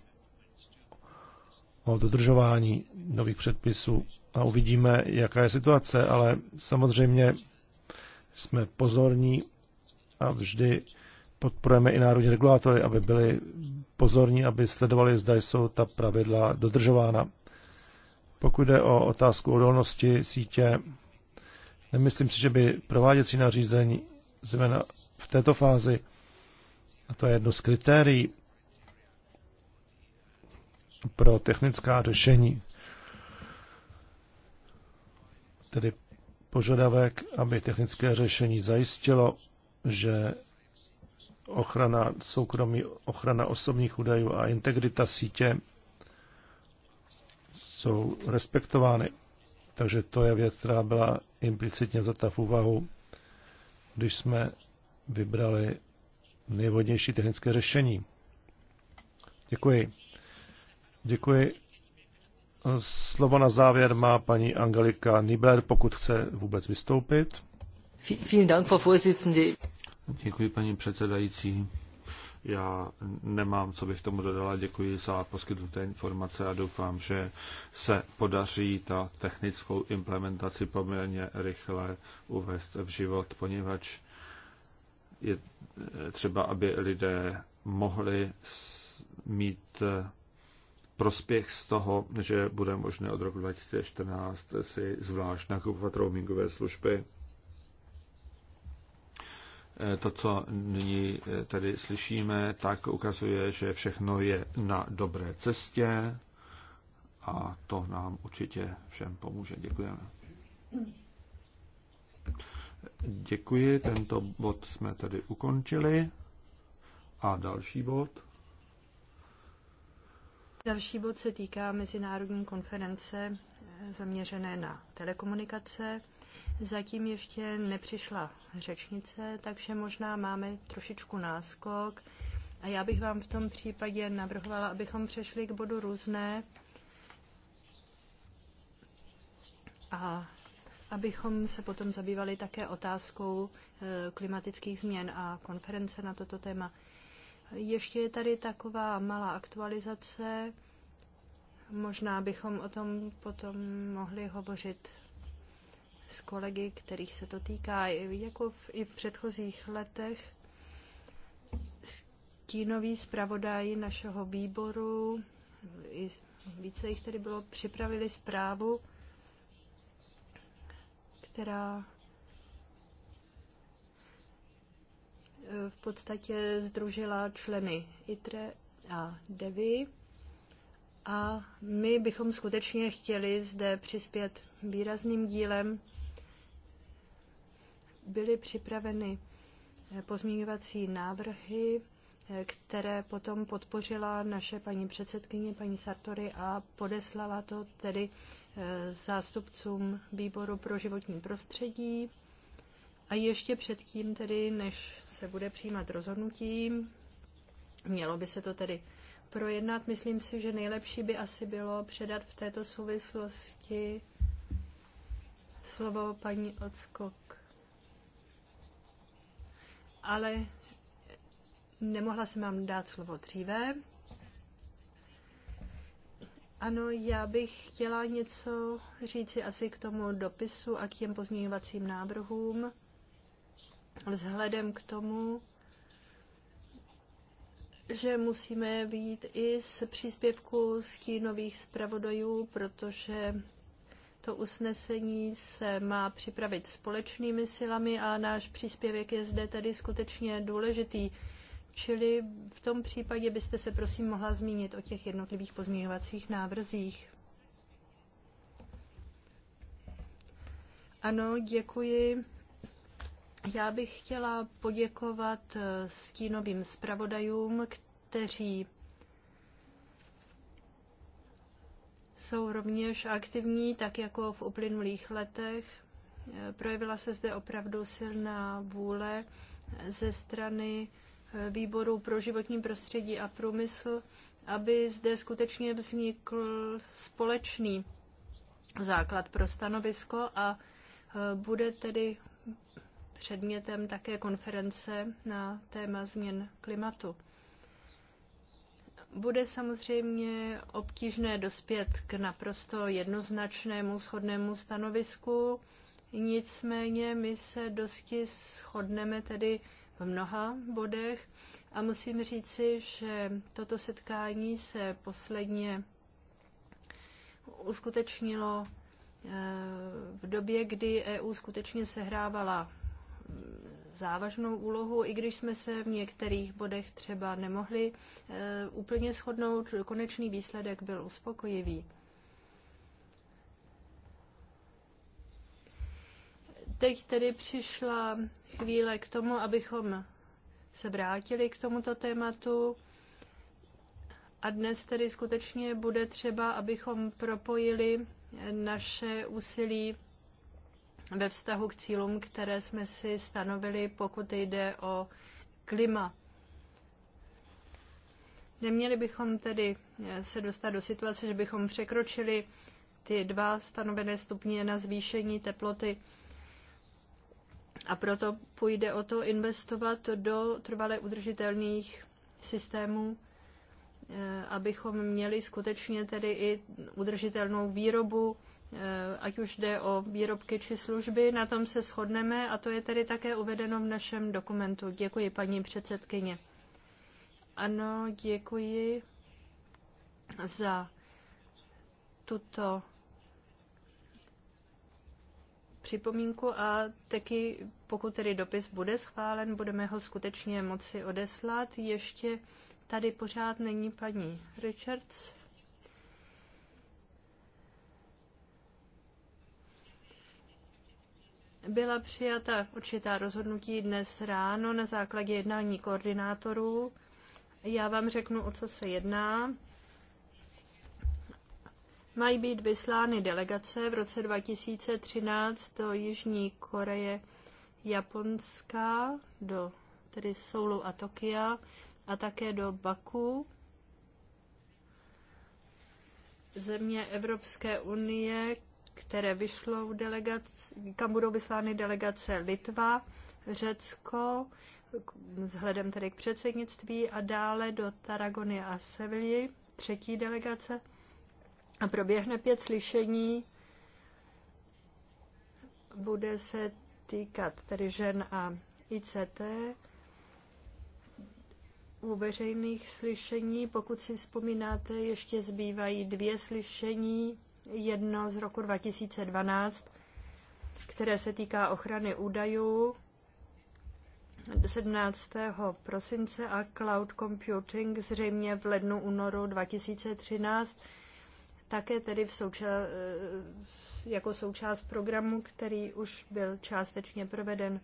o dodržování nových předpisů a uvidíme, jaká je situace, ale samozřejmě jsme pozorní a vždy podporujeme i národní regulátory, aby byli pozorní, aby sledovali, zda jsou ta pravidla dodržována. Pokud jde o otázku odolnosti sítě, Nemyslím si, že by prováděcí nařízení, zejména v této fázi, a to je jedno z kritérií pro technická řešení, tedy požadavek, aby technické řešení zajistilo, že ochrana soukromí, ochrana osobních údajů a integrita sítě jsou respektovány. Takže to je věc, která byla implicitně vzata v úvahu, když jsme vybrali nejvhodnější technické řešení. Děkuji. Děkuji. Slovo na závěr má paní Angelika Nibler, pokud chce vůbec vystoupit. Vielen Dank, Vorsitzende. Děkuji, paní předsedající. Já nemám, co bych tomu dodala. Děkuji za poskytnuté informace a doufám, že se podaří ta technickou implementaci poměrně rychle uvést v život, poněvadž je třeba, aby lidé mohli mít eh, prospěch z toho, že bude možné od roku 2014 si zvlášť nakupovat roamingové služby. To, co nyní eh, tedy slyšíme, tak ukazuje, že všechno je na dobré cestě a to nám určitě všem pomůže. Děkujeme. Děkuji, tento bod jsme tady ukončili. A další bod. Další bod se týká mezinárodní konference eh, zaměřené na telekomunikace. Zatím ještě nepřišla řečnice, takže možná máme trošičku náskok. A já bych vám v tom případě navrhovala, abychom přešli k bodu různé a abychom se potom zabývali také otázkou e, klimatických změn a konference na toto téma. Ještě je tady taková malá aktualizace. Možná bychom o tom potom mohli hovořit s kolegy, kterých se to týká. Jako v, i v předchozích letech Stínový zpravodaj našeho výboru, i více jich tady bylo, připravili zprávu, která eh, v podstatě združila členy ITRE a DEVI. A my bychom skutečně chtěli zde přispět výrazným dílem byly připraveny eh, pozměňovací návrhy, eh, které potom podpořila naše paní předsedkyně, paní Sartory a podeslala to tedy eh, zástupcům výboru pro životní prostředí. A ještě předtím tedy, než se bude přijímat rozhodnutí, mělo by se to tedy projednat. Myslím si, že nejlepší by asi bylo předat v této souvislosti slovo paní Odskok ale nemohla jsem vám dát slovo dříve. Ano, já bych chtěla něco říci asi k tomu dopisu a k těm pozměňovacím návrhům. Vzhledem k tomu, že musíme být i z příspěvku stínových zpravodajů, protože to usnesení se má připravit společnými silami a náš příspěvek je zde tedy skutečně důležitý. Čili v tom případě byste se prosím mohla zmínit o těch jednotlivých pozměňovacích návrzích. Ano, děkuji. Já bych chtěla poděkovat stínovým zpravodajům, kteří jsou rovněž aktivní, tak jako v uplynulých letech. Projevila se zde opravdu silná vůle ze strany eh, Výboru pro životní prostředí a průmysl, aby zde skutečně vznikl společný základ pro stanovisko a eh, bude tedy předmětem také konference na téma změn klimatu. Bude samozřejmě obtížné dospět k naprosto jednoznačnému shodnému stanovisku, nicméně my se dosti shodneme tedy v mnoha bodech a musím říci, že toto setkání se posledně uskutečnilo eh, v době, kdy EU skutečně sehrávala závažnou úlohu, i když jsme se v některých bodech třeba nemohli eh, úplně shodnout, konečný výsledek byl uspokojivý. Teď tedy přišla chvíle k tomu, abychom se vrátili k tomuto tématu. A dnes tedy skutečně bude třeba, abychom propojili naše úsilí ve vztahu k cílům, které jsme si stanovili, pokud jde o klima. Neměli bychom tedy eh, se dostat do situace, že bychom překročili ty dva stanovené stupně na zvýšení teploty. A proto půjde o to investovat do trvale udržitelných systémů, eh, abychom měli skutečně tedy i udržitelnou výrobu, Eh, ať už jde o výrobky či služby, na tom se shodneme a to je tedy také uvedeno v našem dokumentu. Děkuji, paní předsedkyně. Ano, děkuji za tuto připomínku a taky, pokud tedy dopis bude schválen, budeme ho skutečně moci odeslat. Ještě tady pořád není paní Richards. byla přijata určitá rozhodnutí dnes ráno na základě jednání koordinátorů. Já vám řeknu, o co se jedná. Mají být vyslány delegace v roce 2013 do Jižní Koreje, Japonska, do tedy Soulu a Tokia a také do Baku země Evropské unie, které vyšlou delegace, kam budou vyslány delegace Litva, Řecko, vzhledem tedy k předsednictví a dále do Taragony a Sevilly, třetí delegace. A proběhne pět slyšení. Bude se týkat tedy žen a ICT. U veřejných slyšení, pokud si vzpomínáte, ještě zbývají dvě slyšení jedno z roku 2012, které se týká ochrany údajů 17. prosince a cloud computing zřejmě v lednu únoru 2013, také tedy v souča- eh, jako součást programu, který už byl částečně proveden.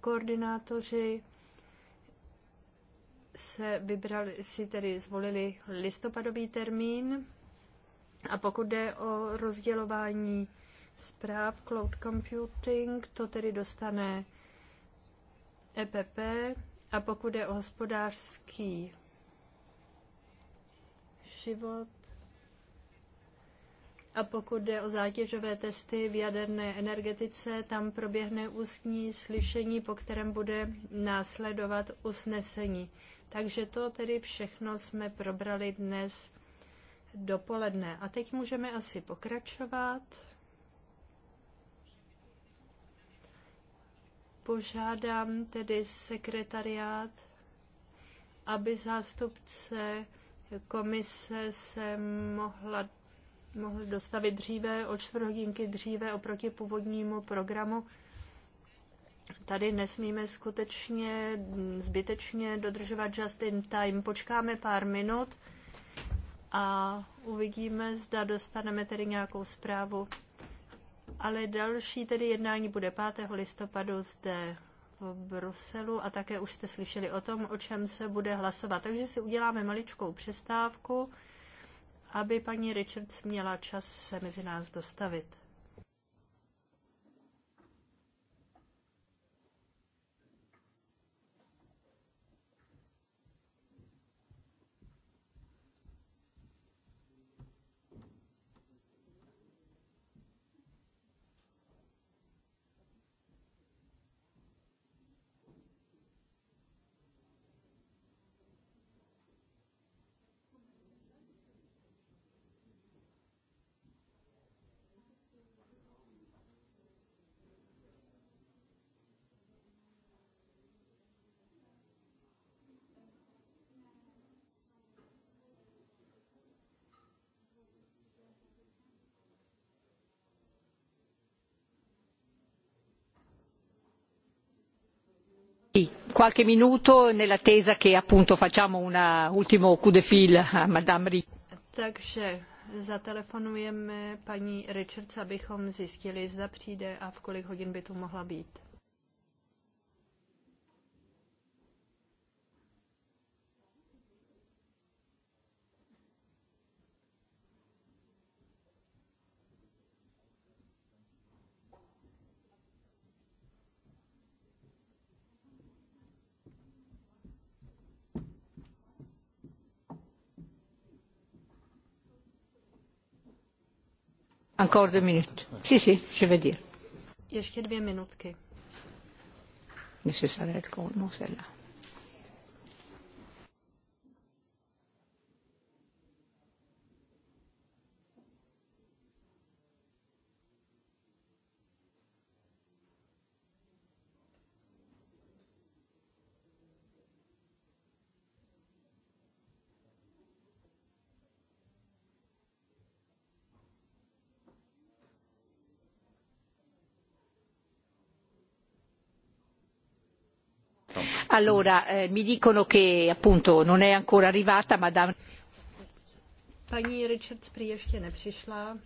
Koordinátoři se vybrali, si tedy zvolili listopadový termín a pokud jde o rozdělování zpráv cloud computing, to tedy dostane EPP. A pokud jde o hospodářský život, a pokud jde o zátěžové testy v jaderné energetice, tam proběhne ústní slyšení, po kterém bude následovat usnesení. Takže to tedy všechno jsme probrali dnes dopoledne. A teď můžeme asi pokračovat. Požádám tedy sekretariát, aby zástupce komise se mohla, mohl dostavit dříve, o čtvrt hodinky dříve oproti původnímu programu. Tady nesmíme skutečně zbytečně dodržovat just in time. Počkáme pár minut a uvidíme, zda dostaneme tedy nějakou zprávu. Ale další tedy jednání bude 5. listopadu zde v Bruselu a také už jste slyšeli o tom, o čem se bude hlasovat. Takže si uděláme maličkou přestávku, aby paní Richards měla čas se mezi nás dostavit. qualche minuto nell'attesa che appunto facciamo un ultimo coup de fil a Madame ries. Takže zatelefonujeme paní Richards, abychom zjistili, zda přijde a v kolik hodin by tu mohla být. Encore deux minutes. Si, si, Ještě dvě minutky. Necessaire Allora, eh, mi dicono che appunto non è ancora arrivata Madame... Paní Richards prý ještě nepřišla.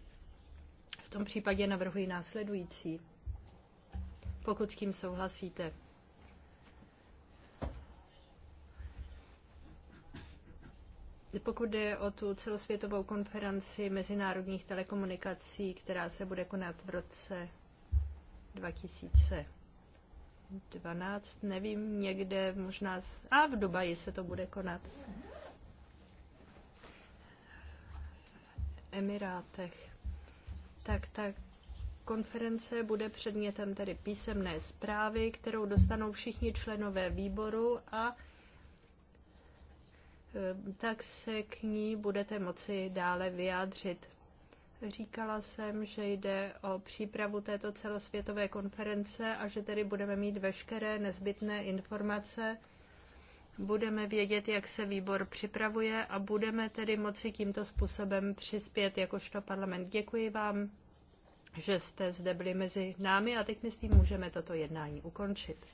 V tom případě navrhuji následující. Pokud s tím souhlasíte. Pokud jde o tu celosvětovou konferenci mezinárodních telekomunikací, která se bude konat v roce 2000. 12, nevím, někde možná z... a v Dubaji se to bude konat. V Emirátech. Tak, tak. Konference bude předmětem tedy písemné zprávy, kterou dostanou všichni členové výboru a e, tak se k ní budete moci dále vyjádřit. Říkala jsem, že jde o přípravu této celosvětové konference a že tedy budeme mít veškeré nezbytné informace. Budeme vědět, jak se výbor připravuje a budeme tedy moci tímto způsobem přispět jakožto parlament. Děkuji vám, že jste zde byli mezi námi a teď myslím, můžeme toto jednání ukončit.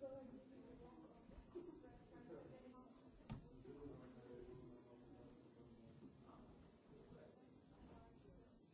Thank you.